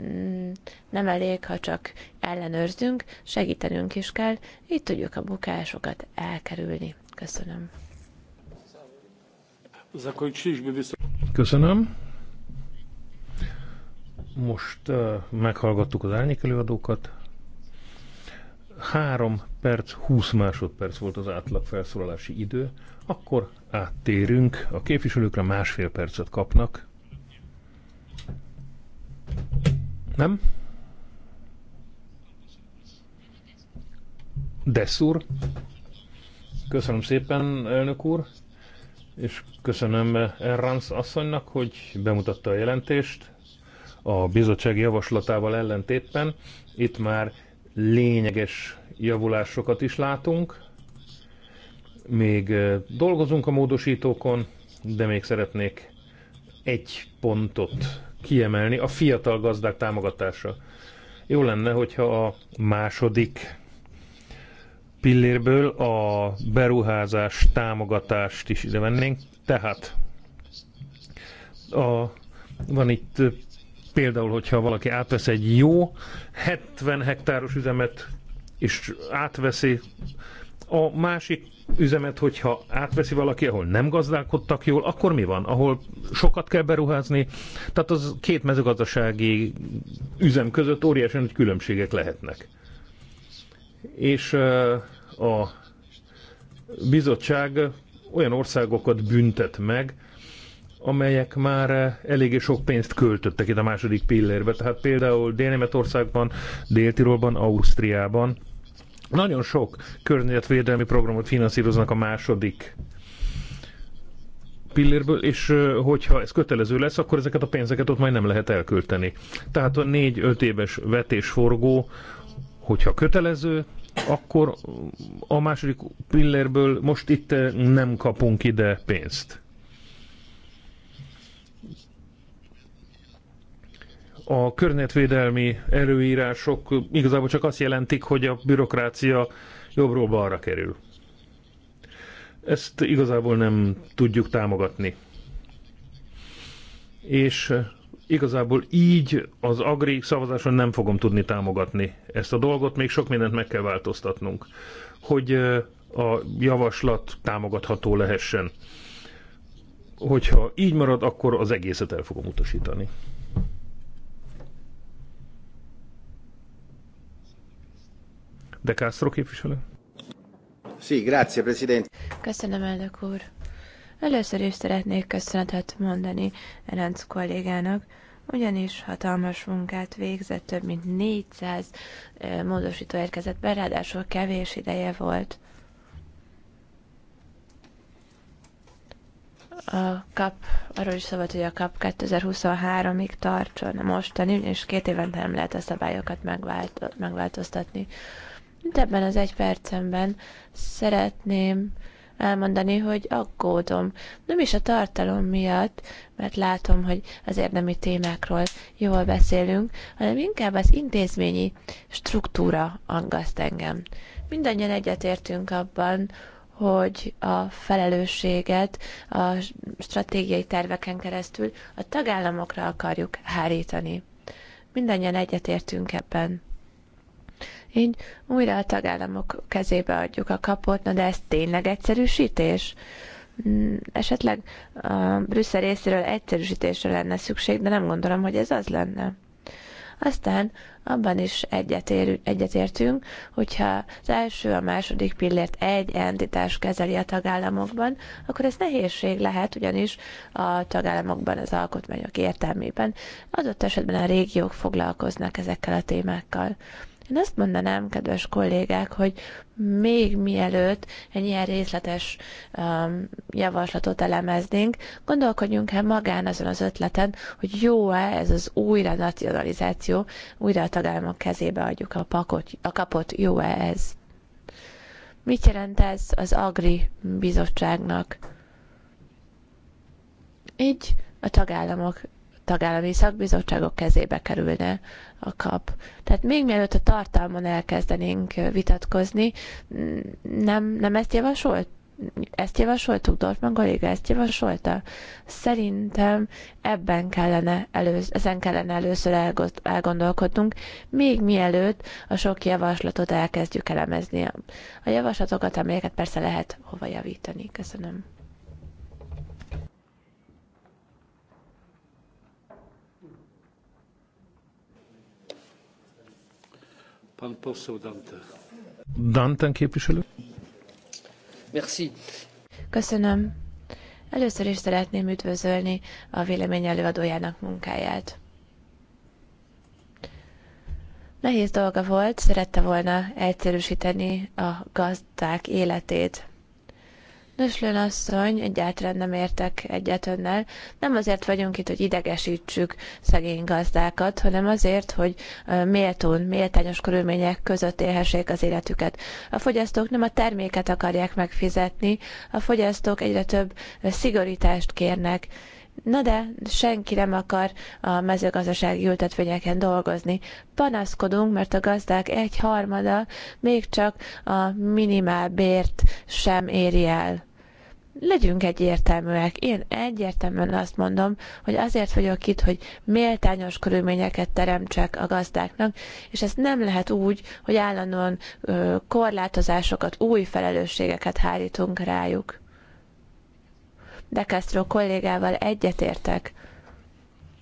mm, nem elég, ha csak ellenőrzünk, segítenünk is kell, így tudjuk a bukásokat elkerülni. Köszönöm. Köszönöm. Most uh, meghallgattuk az árnyékelőadókat. 3 perc, 20 másodperc volt az átlag felszólalási idő. Akkor áttérünk. A képviselőkre másfél percet kapnak. Nem? Dessur. Köszönöm szépen, elnök úr és köszönöm Erranz asszonynak, hogy bemutatta a jelentést a bizottság javaslatával ellentétben. Itt már lényeges javulásokat is látunk. Még eh, dolgozunk a módosítókon, de még szeretnék egy pontot kiemelni, a fiatal gazdák támogatása. Jó lenne, hogyha a második pillérből a beruházás támogatást is ide vennénk. Tehát a, van itt például, hogyha valaki átvesz egy jó 70 hektáros üzemet, és átveszi a másik üzemet, hogyha átveszi valaki, ahol nem gazdálkodtak jól, akkor mi van? Ahol sokat kell beruházni, tehát az két mezőgazdasági üzem között óriási nagy különbségek lehetnek és a bizottság olyan országokat büntet meg, amelyek már eléggé sok pénzt költöttek itt a második pillérbe. Tehát például Dél-Németországban, Dél-Tirolban, Ausztriában nagyon sok környezetvédelmi programot finanszíroznak a második pillérből, és hogyha ez kötelező lesz, akkor ezeket a pénzeket ott majd nem lehet elkölteni. Tehát a négy öt éves vetésforgó hogyha kötelező, akkor a második pillérből most itt eh, nem kapunk ide pénzt. A környezetvédelmi előírások igazából csak azt jelentik, hogy a bürokrácia jobbról balra kerül. Ezt igazából nem tudjuk támogatni. És eh, Igazából így az agri szavazáson nem fogom tudni támogatni ezt a dolgot, még sok mindent meg kell változtatnunk, hogy a javaslat támogatható lehessen. Hogyha így marad, akkor az egészet el fogom utasítani. De Castro képviselő? Sí, grazie, Presidente. Köszönöm, elnök úr. Először is szeretnék köszönetet mondani Renc kollégának, ugyanis hatalmas munkát végzett, több mint 400 módosító érkezett be, ráadásul kevés ideje volt. a kap, arról is szabad, hogy a kap 2023-ig tartson a mostani, és két évente nem lehet a szabályokat megvált, megváltoztatni. Itt ebben az egy percemben szeretném elmondani, hogy aggódom. Nem is a tartalom miatt, mert látom, hogy az érdemi témákról jól beszélünk, hanem inkább az intézményi struktúra angaszt engem. Mindannyian egyetértünk abban, hogy a felelősséget a stratégiai terveken keresztül a tagállamokra akarjuk hárítani. Mindannyian egyetértünk ebben. Így újra a tagállamok kezébe adjuk a kapot, na de ez tényleg egyszerűsítés? Mm, esetleg a Brüsszel részéről egyszerűsítésre lenne szükség, de nem gondolom, hogy ez az lenne. Aztán abban is egyetér, egyetértünk, hogyha az első, a második pillért egy entitás kezeli a tagállamokban, akkor ez nehézség lehet, ugyanis a tagállamokban az alkotmányok értelmében adott esetben a régiók foglalkoznak ezekkel a témákkal. Én azt mondanám, kedves kollégák, hogy még mielőtt egy ilyen részletes um, javaslatot elemeznénk, gondolkodjunk el magán azon az ötleten, hogy jó-e ez az újra nacionalizáció, újra a tagállamok kezébe adjuk a, pakot, a kapot, jó-e ez? Mit jelent ez az Agri bizottságnak? Így a tagállamok tagállami szakbizottságok kezébe kerülne a kap. Tehát még mielőtt a tartalmon elkezdenénk vitatkozni, nem, nem ezt javasolt? Ezt javasoltuk, Dortmund kolléga ezt javasolta? Szerintem ebben kellene előz, ezen kellene először elgondolkodnunk, még mielőtt a sok javaslatot elkezdjük elemezni. A javaslatokat, amelyeket persze lehet hova javítani. Köszönöm. Pan poseł Dante. Danten képviselő. Merci. Köszönöm. Először is szeretném üdvözölni a vélemény előadójának munkáját. Nehéz dolga volt, szerette volna egyszerűsíteni a gazdák életét. Nöslön asszony, egyáltalán nem értek egyet önnel. Nem azért vagyunk itt, hogy idegesítsük szegény gazdákat, hanem azért, hogy méltón, méltányos körülmények között élhessék az életüket. A fogyasztók nem a terméket akarják megfizetni, a fogyasztók egyre több szigorítást kérnek Na de senki nem akar a mezőgazdasági ültetvényeken dolgozni. Panaszkodunk, mert a gazdák egy harmada még csak a minimál bért sem éri el. Legyünk egyértelműek. Én egyértelműen azt mondom, hogy azért vagyok itt, hogy méltányos körülményeket teremtsek a gazdáknak, és ezt nem lehet úgy, hogy állandóan korlátozásokat, új felelősségeket hárítunk rájuk. De Castro kollégával egyetértek.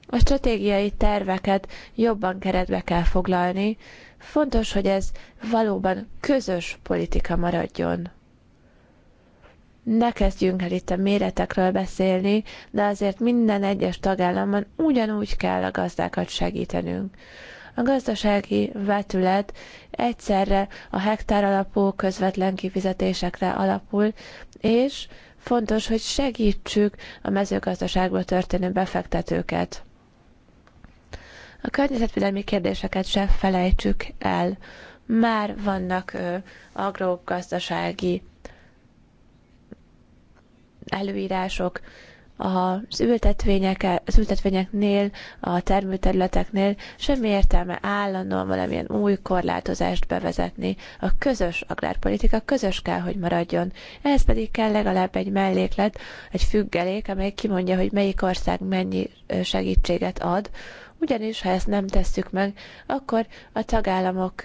A stratégiai terveket jobban keretbe kell foglalni. Fontos, hogy ez valóban közös politika maradjon ne kezdjünk el itt a méretekről beszélni, de azért minden egyes tagállamban ugyanúgy kell a gazdákat segítenünk. A gazdasági vetület egyszerre a hektár alapú közvetlen kifizetésekre alapul, és Fontos, hogy segítsük a mezőgazdaságba történő befektetőket. A környezetvédelmi kérdéseket se felejtsük el. Már vannak ö, agrogazdasági előírások, az, ültetvények, az ültetvényeknél, a termőterületeknél semmi értelme állandóan valamilyen új korlátozást bevezetni. A közös agrárpolitika közös kell, hogy maradjon. Ehhez pedig kell legalább egy melléklet, egy függelék, amely kimondja, hogy melyik ország mennyi segítséget ad, ugyanis ha ezt nem tesszük meg, akkor a tagállamok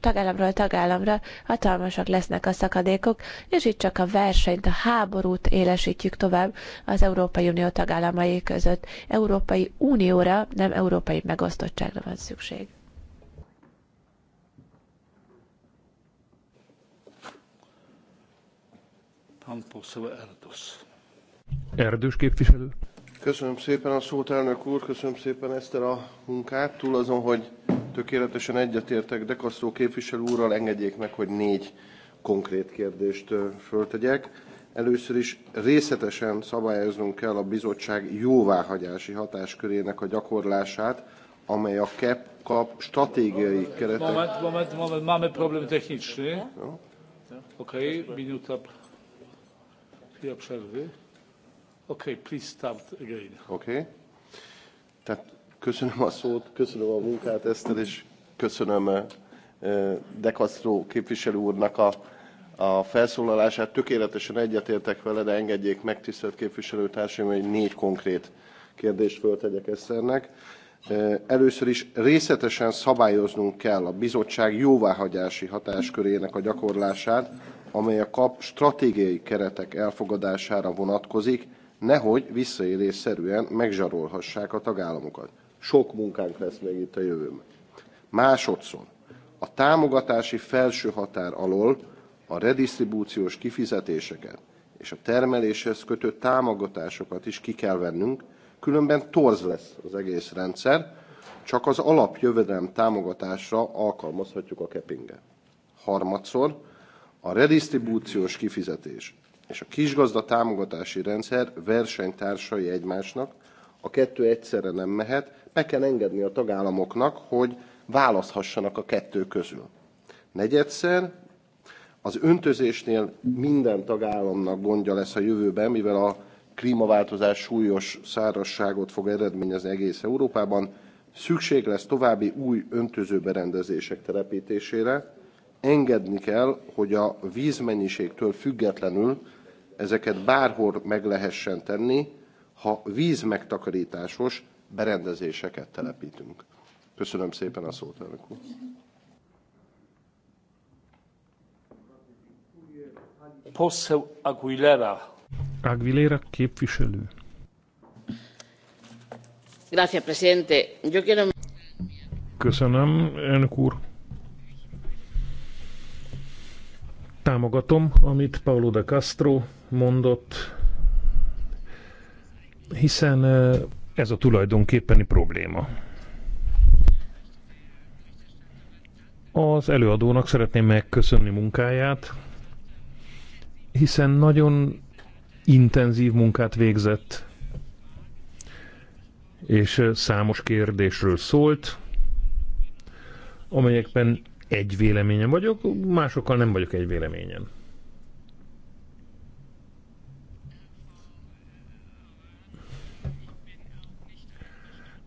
tagállamról tagállamra hatalmasak lesznek a szakadékok, és itt csak a versenyt, a háborút élesítjük tovább az Európai Unió tagállamai között. Európai Unióra, nem európai megosztottságra van szükség. Erdős képviselő. Köszönöm szépen a szót, elnök úr, köszönöm szépen ezt a munkát. Túl azon, hogy tökéletesen egyetértek Dekasztó képviselő úrral, engedjék meg, hogy négy konkrét kérdést föltegyek. Először is részletesen szabályoznunk kell a bizottság jóváhagyási hatáskörének a gyakorlását, amely a KEP kap stratégiai keretek... Moment, moment, moment, máme problém techniczny. Oké, okay, minuta chwila przerwy. Okay, please start again. Okay. Tehát köszönöm a szót, köszönöm a munkát, Eszter, és köszönöm eh, De Castro képviselő úrnak a, a felszólalását. Tökéletesen egyetértek vele, de engedjék meg, tisztelt képviselőtársaim, hogy négy konkrét kérdést föltegyek Eszternek. Eh, először is részletesen szabályoznunk kell a bizottság jóváhagyási hatáskörének a gyakorlását, amely a kap stratégiai keretek elfogadására vonatkozik, nehogy visszaélésszerűen megzsarolhassák a tagállamokat. Sok munkánk lesz még itt a jövőben. Másodszor, a támogatási felső határ alól a redistribúciós kifizetéseket és a termeléshez kötő támogatásokat is ki kell vennünk, különben torz lesz az egész rendszer, csak az alapjövedelem támogatásra alkalmazhatjuk a kepinget. Harmadszor, a redistribúciós kifizetés és a kisgazda támogatási rendszer versenytársai egymásnak, a kettő egyszerre nem mehet, meg kell engedni a tagállamoknak, hogy választhassanak a kettő közül. Negyedszer, az öntözésnél minden tagállamnak gondja lesz a jövőben, mivel a klímaváltozás súlyos szárazságot fog eredményezni egész Európában, szükség lesz további új öntözőberendezések telepítésére, engedni kell, hogy a vízmennyiségtől függetlenül ezeket bárhol meg lehessen tenni, ha vízmegtakarításos berendezéseket telepítünk. Köszönöm szépen a szót, elnök úr. Aguilera. Aguilera képviselő. Gracias, presidente. Yo quiero... Köszönöm, elnök úr. Támogatom, amit Paulo de Castro mondott, hiszen ez a tulajdonképpeni probléma. Az előadónak szeretném megköszönni munkáját, hiszen nagyon intenzív munkát végzett, és számos kérdésről szólt, amelyekben egy véleményen vagyok, másokkal nem vagyok egy véleményen.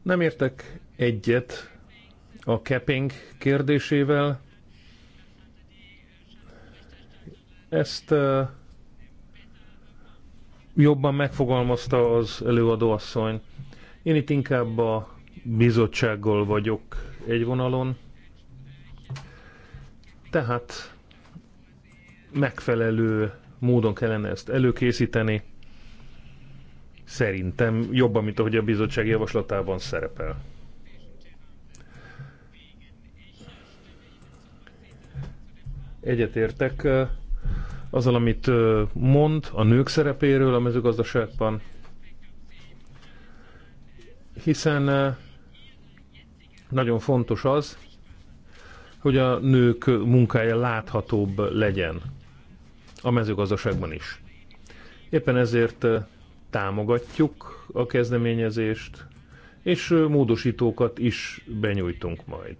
Nem értek egyet a capping kérdésével. Ezt jobban megfogalmazta az előadóasszony. Én itt inkább a bizottsággal vagyok egy vonalon. Tehát megfelelő módon kellene ezt előkészíteni szerintem jobban, mint ahogy a bizottság javaslatában szerepel. Egyetértek azzal, amit mond a nők szerepéről a mezőgazdaságban, hiszen nagyon fontos az, hogy a nők munkája láthatóbb legyen a mezőgazdaságban is. Éppen ezért támogatjuk a kezdeményezést, és módosítókat is benyújtunk majd.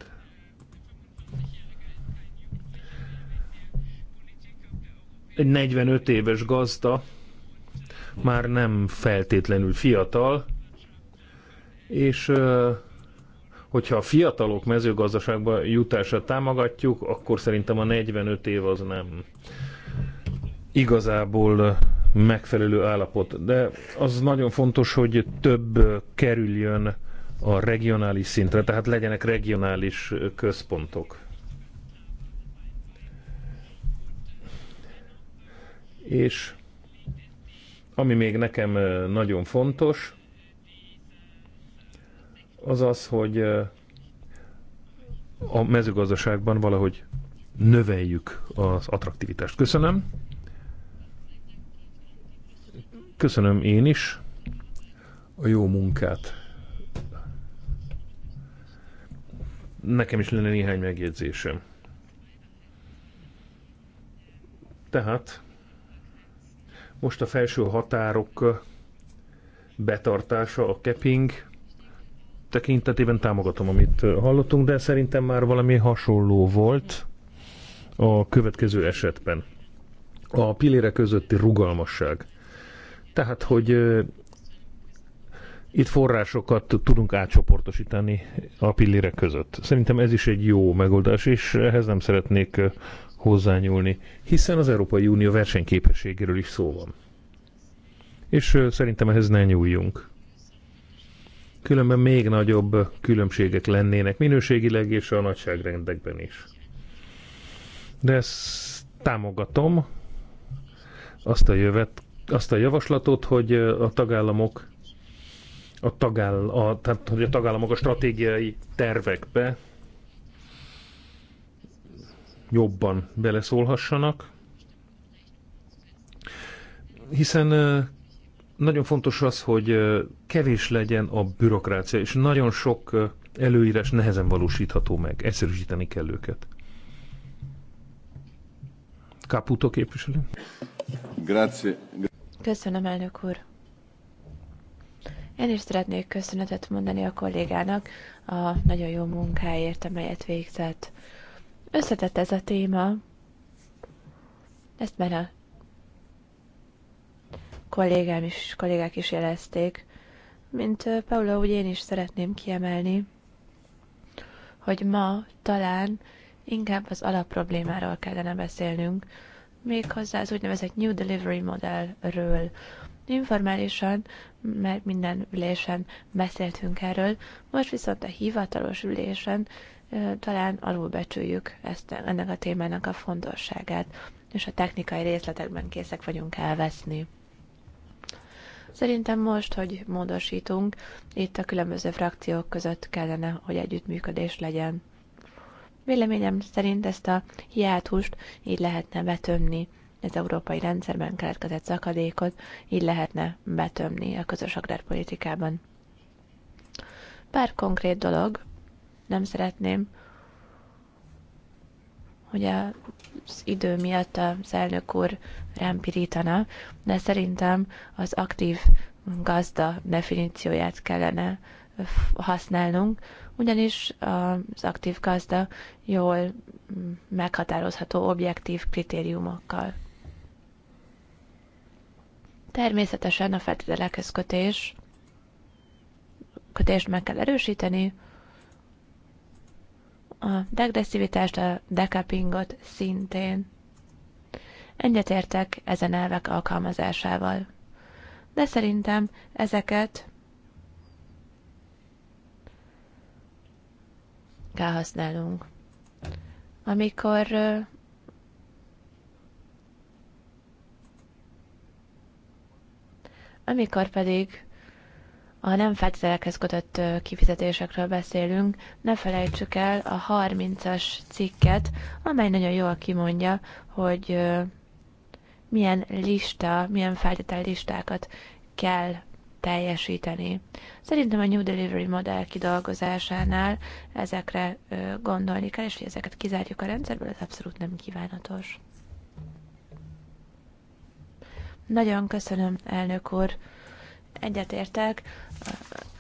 Egy 45 éves gazda már nem feltétlenül fiatal, és hogyha a fiatalok mezőgazdaságba jutását támogatjuk, akkor szerintem a 45 év az nem igazából megfelelő állapot. De az nagyon fontos, hogy több kerüljön a regionális szintre, tehát legyenek regionális központok. És ami még nekem eh, nagyon fontos, az az, hogy eh, a mezőgazdaságban valahogy növeljük az attraktivitást. Köszönöm. Köszönöm én is a jó munkát. Nekem is lenne néhány megjegyzésem. Tehát most a felső határok betartása, a keping tekintetében támogatom, amit hallottunk, de szerintem már valami hasonló volt a következő esetben. A pillére közötti rugalmasság. Tehát, hogy itt forrásokat tudunk átcsoportosítani a pillérek között. Szerintem ez is egy jó megoldás, és ehhez nem szeretnék hozzányúlni, hiszen az Európai Unió versenyképességéről is szó van. És szerintem ehhez ne nyúljunk. Különben még nagyobb különbségek lennének minőségileg és a nagyságrendekben is. De ezt támogatom, azt a jövet, azt a javaslatot, hogy a tagállamok a, tagáll, a, tehát, hogy a tagállamok a stratégiai tervekbe jobban beleszólhassanak, hiszen nagyon fontos az, hogy kevés legyen a bürokrácia, és nagyon sok előírás nehezen valósítható meg. Egyszerűsíteni kell őket. Caputo képviselő. Grazie. Köszönöm, elnök úr. Én is szeretnék köszönetet mondani a kollégának a nagyon jó munkáért, amelyet végzett. Összetett ez a téma. Ezt már a kollégám is, kollégák is jelezték. Mint Paula, úgy én is szeretném kiemelni, hogy ma talán inkább az alapproblémáról kellene beszélnünk, méghozzá az úgynevezett New Delivery Modellről. Informálisan, mert minden ülésen beszéltünk erről, most viszont a hivatalos ülésen talán alulbecsüljük ezt, ennek a témának a fontosságát, és a technikai részletekben készek vagyunk elveszni. Szerintem most, hogy módosítunk, itt a különböző frakciók között kellene, hogy együttműködés legyen. Véleményem szerint ezt a hiátust így lehetne betömni, az európai rendszerben keletkezett szakadékot így lehetne betömni a közös agrárpolitikában. Pár konkrét dolog, nem szeretném, hogy az idő miatt az elnök úr rám pirítana, de szerintem az aktív gazda definícióját kellene használnunk, ugyanis az aktív gazda jól meghatározható objektív kritériumokkal. Természetesen a feltételekhez kötés, kötést meg kell erősíteni, a degresszivitást, a decappingot szintén. Egyetértek ezen elvek alkalmazásával. De szerintem ezeket használnunk. Amikor amikor pedig a nem feltételekhez kötött kifizetésekről beszélünk, ne felejtsük el a 30-as cikket, amely nagyon jól kimondja, hogy milyen lista, milyen feltétel listákat kell teljesíteni. Szerintem a New Delivery modell kidolgozásánál ezekre gondolni kell, és hogy ezeket kizárjuk a rendszerből, ez abszolút nem kívánatos. Nagyon köszönöm, elnök úr. Egyetértek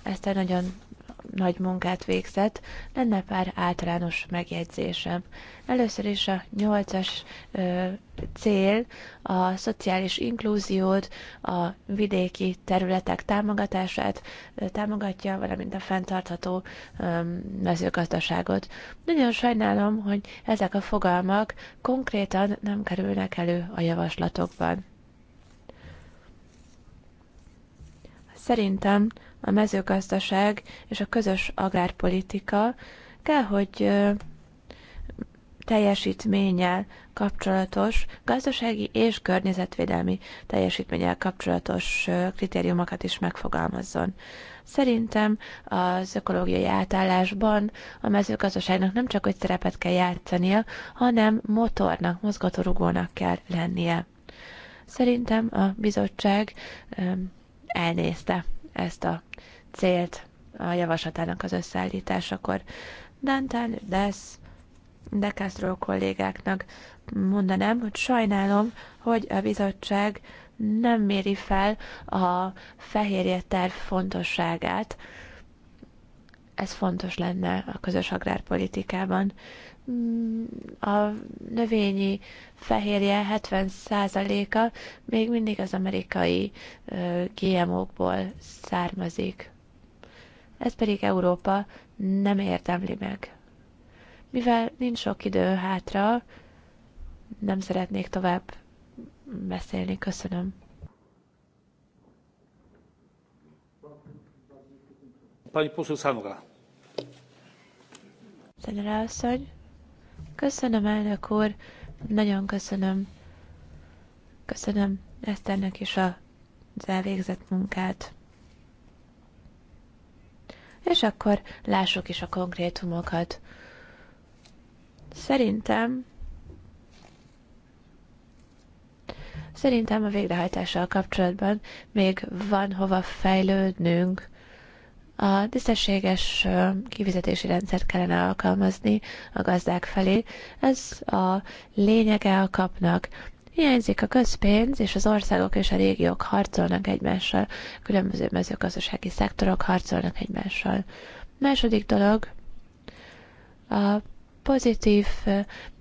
ezt a nagyon nagy munkát végzett, lenne pár általános megjegyzésem. Először is a nyolcas cél a szociális inklúziót, a vidéki területek támogatását támogatja, valamint a fenntartható mezőgazdaságot. Nagyon sajnálom, hogy ezek a fogalmak konkrétan nem kerülnek elő a javaslatokban. Szerintem a mezőgazdaság és a közös agrárpolitika kell, hogy teljesítménnyel kapcsolatos, gazdasági és környezetvédelmi teljesítménnyel kapcsolatos kritériumokat is megfogalmazzon. Szerintem az ökológiai átállásban a mezőgazdaságnak nem csak egy szerepet kell játszania, hanem motornak, mozgatórugónak kell lennie. Szerintem a bizottság elnézte ezt a célt a javaslatának az összeállításakor. Dantán, Dess, De Castro kollégáknak mondanám, hogy sajnálom, hogy a bizottság nem méri fel a fehérje terv fontosságát. Ez fontos lenne a közös agrárpolitikában a növényi fehérje 70%-a még mindig az amerikai GMO-kból származik. Ez pedig Európa nem érdemli meg. Mivel nincs sok idő hátra, nem szeretnék tovább beszélni. Köszönöm. Pani poseł Sanora. Szenere asszony. Köszönöm, elnök úr, nagyon köszönöm. Köszönöm Eszternek is a, az elvégzett munkát. És akkor lássuk is a konkrétumokat. Szerintem Szerintem a végrehajtással kapcsolatban még van hova fejlődnünk. A tisztességes kifizetési rendszert kellene alkalmazni a gazdák felé. Ez a lényege a kapnak. Hiányzik a közpénz, és az országok és a régiók harcolnak egymással, különböző mezőgazdasági szektorok harcolnak egymással. Második dolog, a pozitív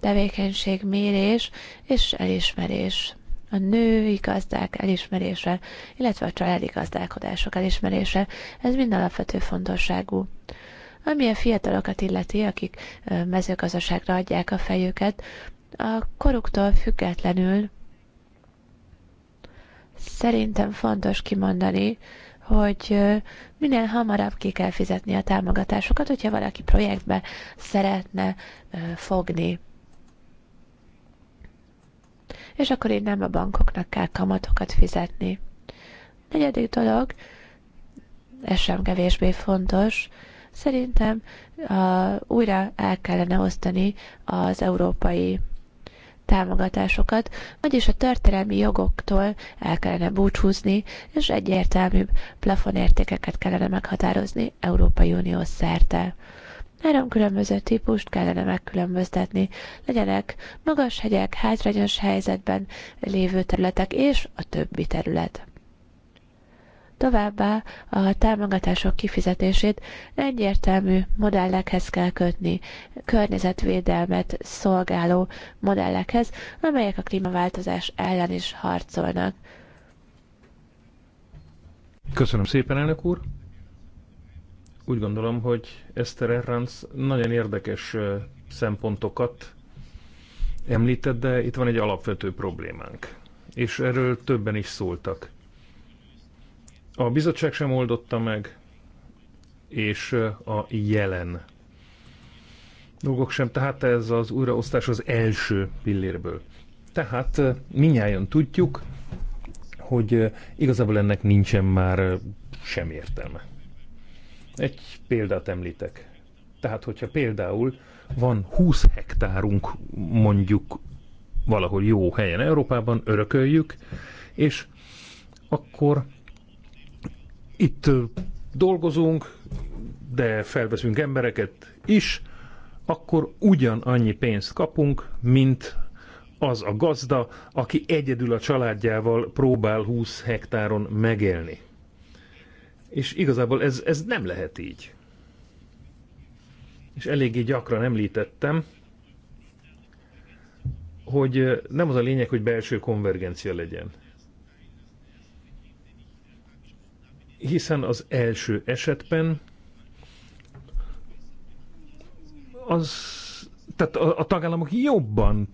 tevékenység mérés és elismerés a női gazdák elismerése, illetve a családi gazdálkodások elismerése, ez mind alapvető fontosságú. Ami a fiatalokat illeti, akik mezőgazdaságra adják a fejüket, a koruktól függetlenül szerintem fontos kimondani, hogy minél hamarabb ki kell fizetni a támogatásokat, hogyha valaki projektbe szeretne fogni és akkor így nem a bankoknak kell kamatokat fizetni. Negyedik dolog, ez sem kevésbé fontos, szerintem a, újra el kellene osztani az európai támogatásokat, vagyis a történelmi jogoktól el kellene búcsúzni, és egyértelműbb plafonértékeket kellene meghatározni Európai Unió szerte. Három különböző típust kellene megkülönböztetni. Legyenek magas hegyek, hátrányos helyzetben lévő területek és a többi terület. Továbbá a támogatások kifizetését egyértelmű modellekhez kell kötni, környezetvédelmet szolgáló modellekhez, amelyek a klímaváltozás ellen is harcolnak. Köszönöm szépen, elnök úr! Úgy gondolom, hogy Eszter Erranz nagyon érdekes szempontokat említett, de itt van egy alapvető problémánk. És erről többen is szóltak. A bizottság sem oldotta meg, és a jelen dolgok sem, tehát ez az újraosztás az első pillérből. Tehát minnyáján tudjuk, hogy igazából ennek nincsen már sem értelme. Egy példát említek. Tehát, hogyha például van 20 hektárunk mondjuk valahol jó helyen Európában, örököljük, és akkor itt dolgozunk, de felveszünk embereket is, akkor ugyanannyi pénzt kapunk, mint az a gazda, aki egyedül a családjával próbál 20 hektáron megélni. És igazából ez, ez nem lehet így. És eléggé gyakran említettem, hogy nem az a lényeg, hogy belső konvergencia legyen. Hiszen az első esetben az, tehát a, a tagállamok jobban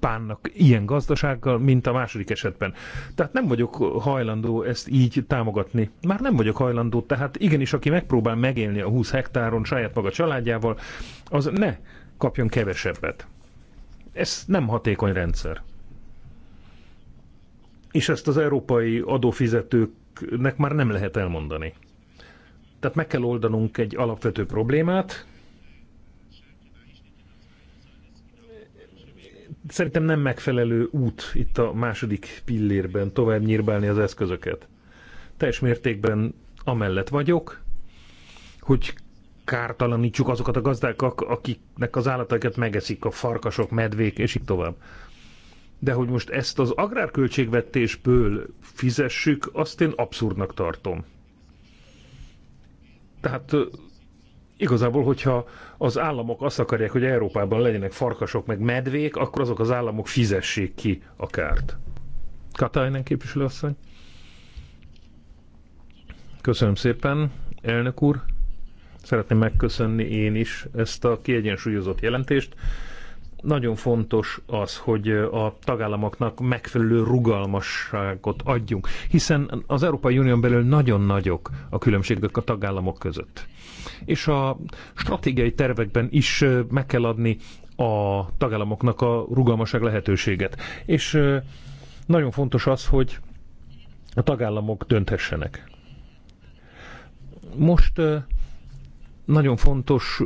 bánnak ilyen gazdasággal, mint a második esetben. Tehát nem vagyok hajlandó ezt így támogatni. Már nem vagyok hajlandó, tehát igenis, aki megpróbál megélni a 20 hektáron saját maga családjával, az ne kapjon kevesebbet. Ez nem hatékony rendszer. És ezt az európai adófizetőknek már nem lehet elmondani. Tehát meg kell oldanunk egy alapvető problémát, szerintem nem megfelelő út itt a második pillérben tovább nyírbálni az eszközöket. Teljes mértékben amellett vagyok, hogy kártalanítsuk azokat a gazdákat, akiknek az állataikat megeszik a farkasok, medvék, és így tovább. De hogy most ezt az agrárköltségvetésből fizessük, azt én abszurdnak tartom. Tehát Igazából, hogyha az államok azt akarják, hogy Európában legyenek farkasok meg medvék, akkor azok az államok fizessék ki a kárt. Katajnen képviselőasszony. Köszönöm szépen, elnök úr. Szeretném megköszönni én is ezt a kiegyensúlyozott jelentést nagyon fontos az, hogy a tagállamoknak megfelelő rugalmasságot adjunk, hiszen az Európai Unión belül nagyon nagyok a különbségek a tagállamok között. És a stratégiai tervekben is meg kell adni a tagállamoknak a rugalmaság lehetőséget. És nagyon fontos az, hogy a tagállamok dönthessenek. Most nagyon fontos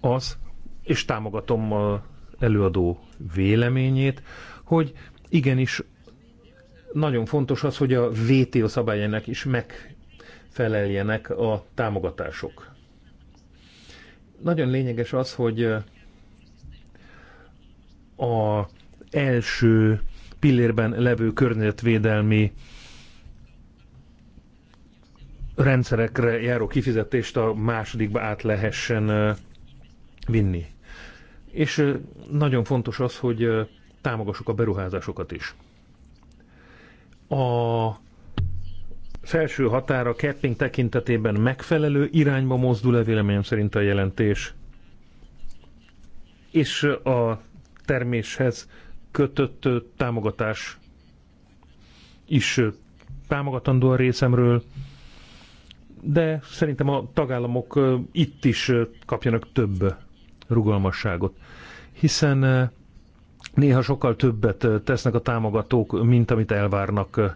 az, és támogatom a előadó véleményét, hogy igenis nagyon fontos az, hogy a VTO szabályának is megfeleljenek a támogatások. Nagyon lényeges az, hogy a első pillérben levő környezetvédelmi rendszerekre járó kifizetést a másodikba át lehessen vinni. És nagyon fontos az, hogy támogassuk a beruházásokat is. A felső határa capping tekintetében megfelelő irányba mozdul-e véleményem szerint a jelentés, és a terméshez kötött támogatás is támogatandó a részemről, de szerintem a tagállamok itt is kapjanak több rugalmasságot hiszen eh, néha sokkal többet eh, tesznek a támogatók, mint amit elvárnak eh,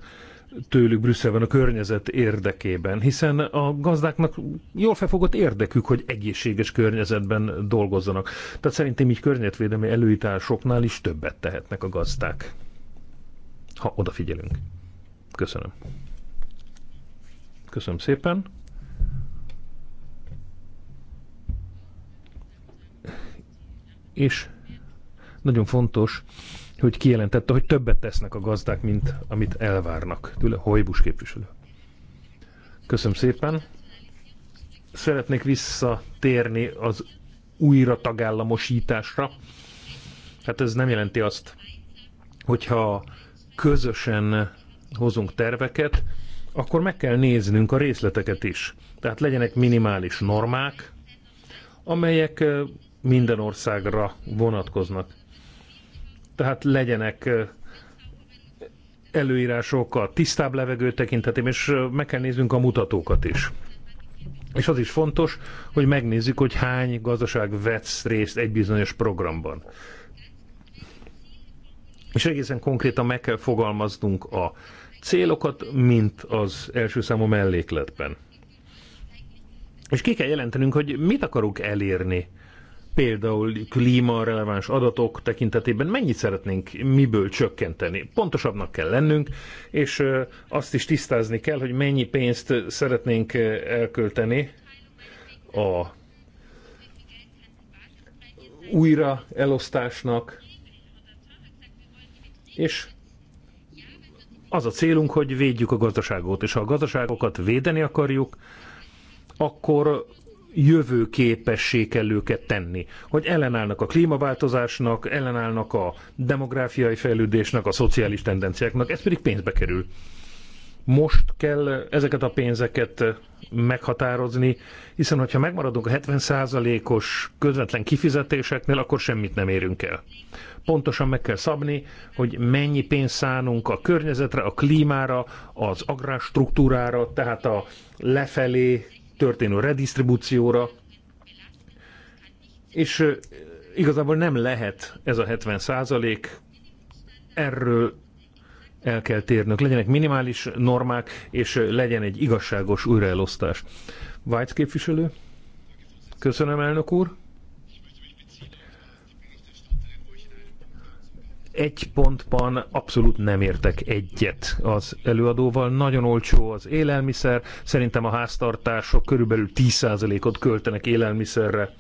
tőlük Brüsszelben a környezet érdekében, hiszen a gazdáknak jól felfogott érdekük, hogy egészséges környezetben dolgozzanak. Tehát szerintem így környezetvédelmi előításoknál is többet tehetnek a gazdák, ha odafigyelünk. Köszönöm. Köszönöm szépen. és nagyon fontos, hogy kijelentette, hogy többet tesznek a gazdák, mint amit elvárnak tőle. Hojbus képviselő. Köszönöm szépen. Szeretnék visszatérni az újra tagállamosításra. Hát ez nem jelenti azt, hogyha közösen hozunk terveket, akkor meg kell néznünk a részleteket is. Tehát legyenek minimális normák, amelyek minden országra vonatkoznak. Tehát legyenek előírások a tisztább levegő tekintetében, és meg kell néznünk a mutatókat is. És az is fontos, hogy megnézzük, hogy hány gazdaság vesz részt egy bizonyos programban. És egészen konkrétan meg kell fogalmaznunk a célokat, mint az első számú mellékletben. És ki kell jelentenünk, hogy mit akarunk elérni például klíma-releváns adatok tekintetében mennyit szeretnénk miből csökkenteni. Pontosabbnak kell lennünk, és azt is tisztázni kell, hogy mennyi pénzt szeretnénk elkölteni a újra elosztásnak, és az a célunk, hogy védjük a gazdaságot, és ha a gazdaságokat védeni akarjuk, akkor jövőképessé kell őket tenni, hogy ellenállnak a klímaváltozásnak, ellenállnak a demográfiai fejlődésnek, a szociális tendenciáknak, ez pedig pénzbe kerül. Most kell ezeket a pénzeket meghatározni, hiszen hogyha megmaradunk a 70%-os közvetlen kifizetéseknél, akkor semmit nem érünk el. Pontosan meg kell szabni, hogy mennyi pénzt szánunk a környezetre, a klímára, az agrárstruktúrára, tehát a lefelé történő redistribúcióra, és igazából nem lehet ez a 70 százalék, erről el kell térnünk. Legyenek minimális normák, és legyen egy igazságos újraelosztás. Vájc képviselő? Köszönöm, elnök úr. egy pontban abszolút nem értek egyet az előadóval. Nagyon olcsó az élelmiszer, szerintem a háztartások körülbelül 10%-ot költenek élelmiszerre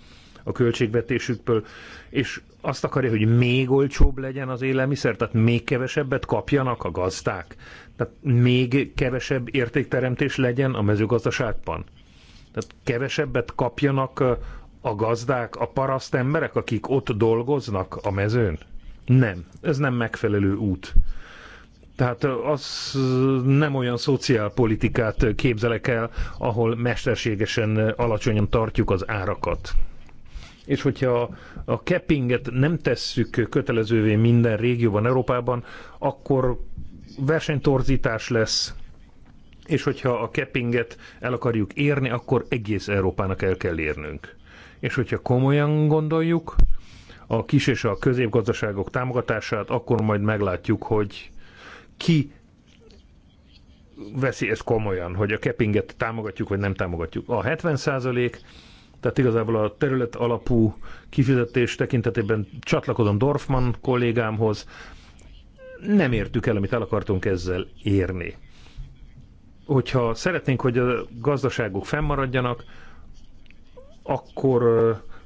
a költségvetésükből, és azt akarja, hogy még olcsóbb legyen az élelmiszer, tehát még kevesebbet kapjanak a gazdák, tehát még kevesebb értékteremtés legyen a mezőgazdaságban. Tehát kevesebbet kapjanak a gazdák, a paraszt emberek, akik ott dolgoznak a mezőn? Nem, ez nem megfelelő út. Tehát az nem olyan szociálpolitikát képzelek el, ahol mesterségesen alacsonyan tartjuk az árakat. És hogyha a cappinget nem tesszük kötelezővé minden régióban, Európában, akkor versenytorzítás lesz, és hogyha a cappinget el akarjuk érni, akkor egész Európának el kell érnünk. És hogyha komolyan gondoljuk, a kis és a középgazdaságok támogatását, akkor majd meglátjuk, hogy ki veszi ezt komolyan, hogy a kepinget támogatjuk, vagy nem támogatjuk. A 70 százalék, tehát igazából a terület alapú kifizetés tekintetében csatlakozom Dorfman kollégámhoz, nem értük el, amit el akartunk ezzel érni. Hogyha szeretnénk, hogy a gazdaságok fennmaradjanak, akkor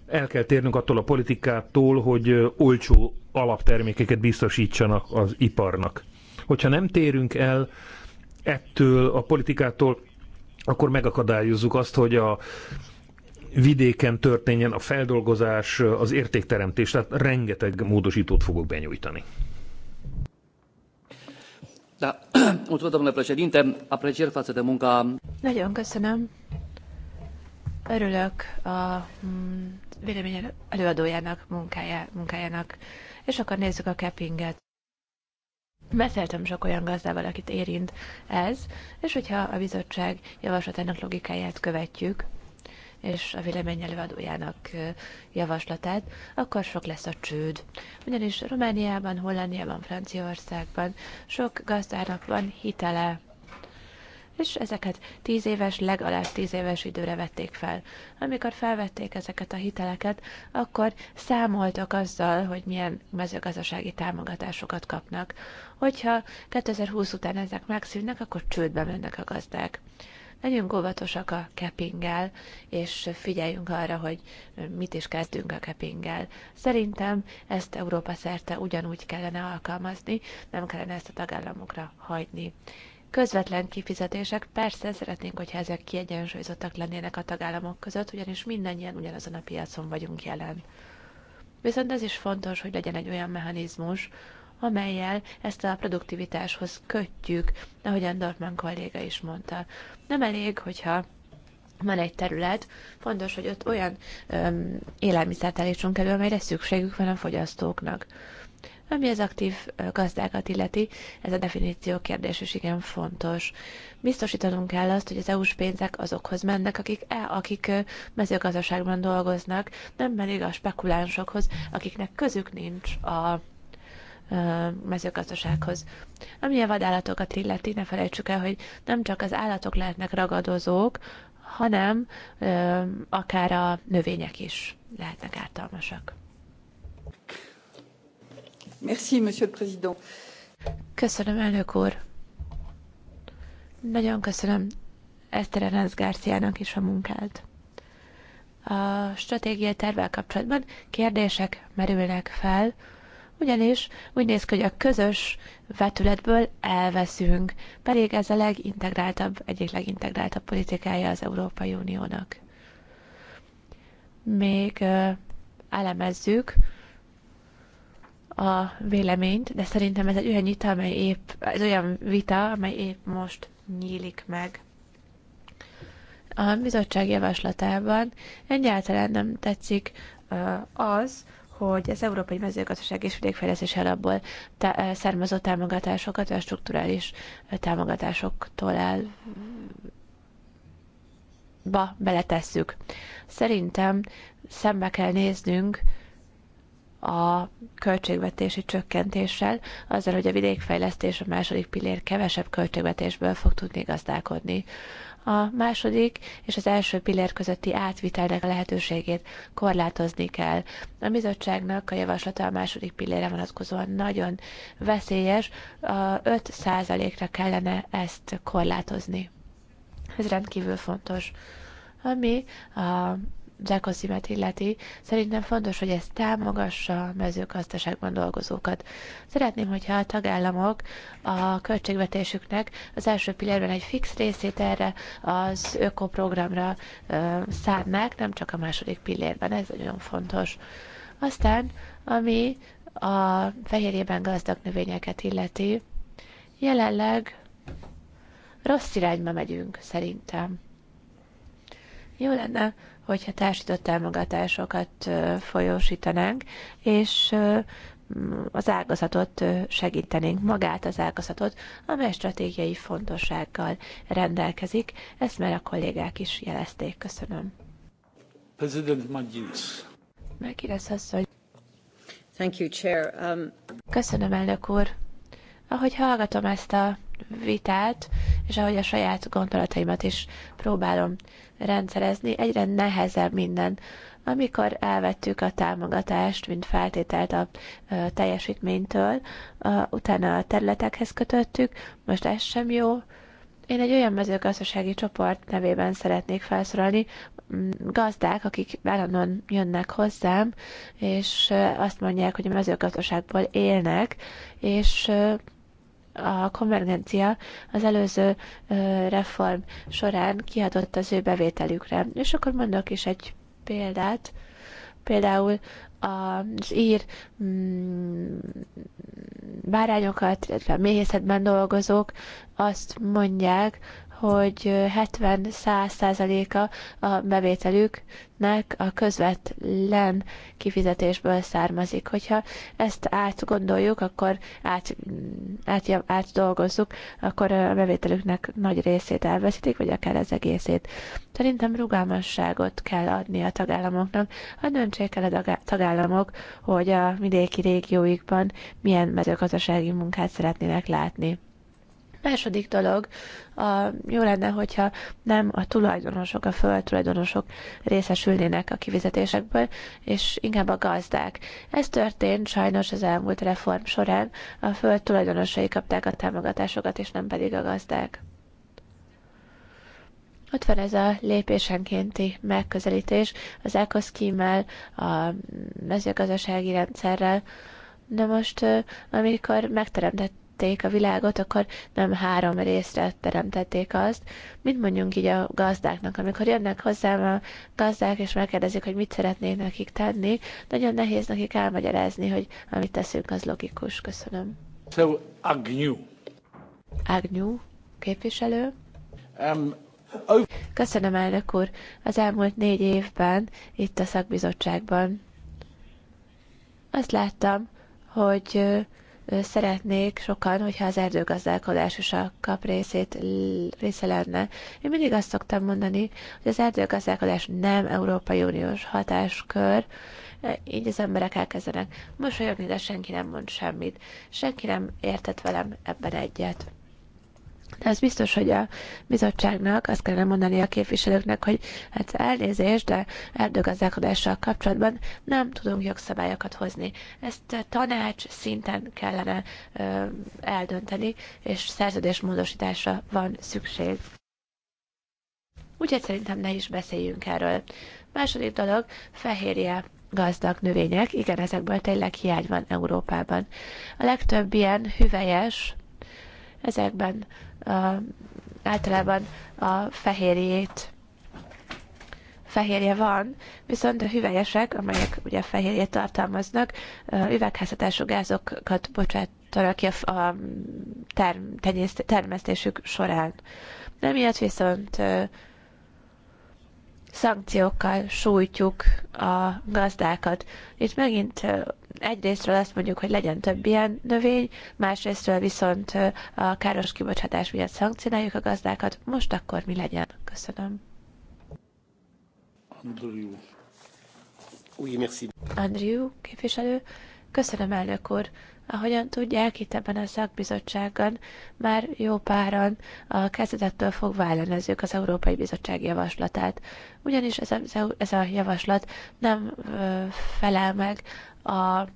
el kell térnünk attól a politikától, hogy olcsó alaptermékeket biztosítsanak az iparnak. Hogyha nem térünk el ettől a politikától, akkor megakadályozzuk azt, hogy a vidéken történjen a feldolgozás, az értékteremtés, tehát rengeteg módosítót fogok benyújtani. Nagyon köszönöm. Örülök a mm, vélemény előadójának munkájá, munkájának. És akkor nézzük a cappinget. Beszéltem sok olyan gazdával, akit érint ez, és hogyha a bizottság javaslatának logikáját követjük, és a vélemény előadójának javaslatát, akkor sok lesz a csőd. Ugyanis Romániában, Hollandiában, Franciaországban sok gazdának van hitele és ezeket tíz éves, legalább tíz éves időre vették fel. Amikor felvették ezeket a hiteleket, akkor számoltak azzal, hogy milyen mezőgazdasági támogatásokat kapnak. Hogyha 2020 után ezek megszűnnek, akkor csődbe mennek a gazdák legyünk óvatosak a keppinggel, és figyeljünk arra, hogy mit is kezdünk a keppinggel. Szerintem ezt Európa szerte ugyanúgy kellene alkalmazni, nem kellene ezt a tagállamokra hagyni. Közvetlen kifizetések, persze szeretnénk, hogyha ezek kiegyensúlyozottak lennének a tagállamok között, ugyanis mindannyian ugyanazon a piacon vagyunk jelen. Viszont ez is fontos, hogy legyen egy olyan mechanizmus, amelyel ezt a produktivitáshoz kötjük, ahogyan Dortman kolléga is mondta. Nem elég, hogyha van egy terület, fontos, hogy ott olyan öm, élelmiszert állítsunk elő, amelyre szükségük van a fogyasztóknak. Ami az aktív gazdákat illeti, ez a definíció kérdés is igen fontos. Biztosítanunk kell azt, hogy az EU-s pénzek azokhoz mennek, akik, e, akik mezőgazdaságban dolgoznak, nem pedig a spekulánsokhoz, akiknek közük nincs a mezőgazdasághoz. Ami a vadállatokat illeti, ne felejtsük el, hogy nem csak az állatok lehetnek ragadozók, hanem ö, akár a növények is lehetnek ártalmasak. Merci, Monsieur le Président. Köszönöm, elnök úr. Nagyon köszönöm Eszter Erenc is a munkát. A stratégiai tervvel kapcsolatban kérdések merülnek fel, ugyanis úgy néz ki, hogy a közös vetületből elveszünk, pedig ez a legintegráltabb, egyik legintegráltabb politikája az Európai Uniónak. Még elemezzük, a véleményt, de szerintem ez egy olyan vita, amely épp, ez olyan vita, amely épp most nyílik meg. A bizottság javaslatában egyáltalán nem tetszik az, hogy az Európai Mezőgazdaság és Vidékfejlesztés alapból tá- származó támogatásokat a strukturális támogatásoktól el ba beletesszük. Szerintem szembe kell néznünk a költségvetési csökkentéssel, azzal, hogy a vidékfejlesztés a második pillér kevesebb költségvetésből fog tudni gazdálkodni. A második és az első pillér közötti átvitelnek a lehetőségét korlátozni kell. A bizottságnak a javaslata a második pillére vonatkozóan nagyon veszélyes, a 5%-ra kellene ezt korlátozni. Ez rendkívül fontos. Ami a Zsákoszimet illeti, szerintem fontos, hogy ez támogassa a mezőgazdaságban dolgozókat. Szeretném, hogyha a tagállamok a költségvetésüknek az első pillérben egy fix részét erre az ökoprogramra szánnák, nem csak a második pillérben, ez nagyon fontos. Aztán, ami a fehérjében gazdag növényeket illeti, jelenleg rossz irányba megyünk, szerintem. Jó lenne, hogyha társított támogatásokat folyósítanánk, és az ágazatot segítenénk, magát az ágazatot, amely stratégiai fontossággal rendelkezik. Ezt már a kollégák is jelezték. Köszönöm. President Magyins. Megkérdez asszony. Thank you, Chair. Um... Köszönöm, elnök úr. Ahogy hallgatom ezt a vitát, és ahogy a saját gondolataimat is próbálom rendszerezni, egyre nehezebb minden. Amikor elvettük a támogatást, mint feltételt a teljesítménytől, utána a területekhez kötöttük, most ez sem jó, én egy olyan mezőgazdasági csoport nevében szeretnék felszorolni, gazdák, akik állandóan jönnek hozzám, és azt mondják, hogy a mezőgazdaságból élnek, és a konvergencia az előző reform során kiadott az ő bevételükre. És akkor mondok is egy példát. Például az ír mm, bárányokat, illetve a méhészetben dolgozók azt mondják, hogy 70-100%-a a bevételüknek a közvetlen kifizetésből származik. Hogyha ezt átgondoljuk, akkor át, át, átdolgozzuk, akkor a bevételüknek nagy részét elveszítik, vagy akár az egészét. Szerintem rugalmasságot kell adni a tagállamoknak. Ha döntsék el a tagállamok, hogy a vidéki régióikban milyen mezőgazdasági munkát szeretnének látni. Második dolog, a, jó lenne, hogyha nem a tulajdonosok, a földtulajdonosok részesülnének a kivizetésekből, és inkább a gazdák. Ez történt sajnos az elmúlt reform során, a földtulajdonosai kapták a támogatásokat, és nem pedig a gazdák. Ott van ez a lépésenkénti megközelítés az mel a mezőgazdasági rendszerrel. Na most, amikor megteremtett teremtették a világot, akkor nem három részre teremtették azt, Mit mondjunk így a gazdáknak. Amikor jönnek hozzám a gazdák, és megkérdezik, hogy mit szeretnék nekik tenni, nagyon nehéz nekik elmagyarázni, hogy amit teszünk, az logikus. Köszönöm. So, Agnew. Agnew, képviselő. Um, oh. Köszönöm, elnök úr. Az elmúlt négy évben itt a szakbizottságban azt láttam, hogy szeretnék sokan, hogyha az erdőgazdálkodás is a kap részét, része lenne. Én mindig azt szoktam mondani, hogy az erdőgazdálkodás nem Európai Uniós hatáskör, e, így az emberek elkezdenek mosolyogni, de senki nem mond semmit. Senki nem értett velem ebben egyet. De az biztos, hogy a bizottságnak azt kellene mondani a képviselőknek, hogy hát elnézést, de erdőgazdálkodással kapcsolatban nem tudunk jogszabályokat hozni. Ezt tanács szinten kellene ö, eldönteni, és szerződésmódosításra van szükség. Úgyhogy szerintem ne is beszéljünk erről. Második dolog, fehérje gazdag növények. Igen, ezekből tényleg hiány van Európában. A legtöbb ilyen hüvelyes, ezekben uh, általában a fehérjét fehérje van, viszont a hüvelyesek, amelyek ugye fehérjét tartalmaznak, üvegházhatású gázokat bocsátanak ki a term, tenyészt, termesztésük során. nem ilyet viszont szankciókkal sújtjuk a gazdákat. Itt megint egyrésztről azt mondjuk, hogy legyen több ilyen növény, másrésztről viszont a káros kibocsátás miatt szankcionáljuk a gazdákat. Most akkor mi legyen? Köszönöm. Andrew. képviselő. Köszönöm, elnök úr. Ahogyan tudják, itt ebben a szakbizottságban már jó páran a kezdetettől fogva ellenezzük az Európai Bizottság javaslatát. Ugyanis ez a, ez a javaslat nem ö, felel meg a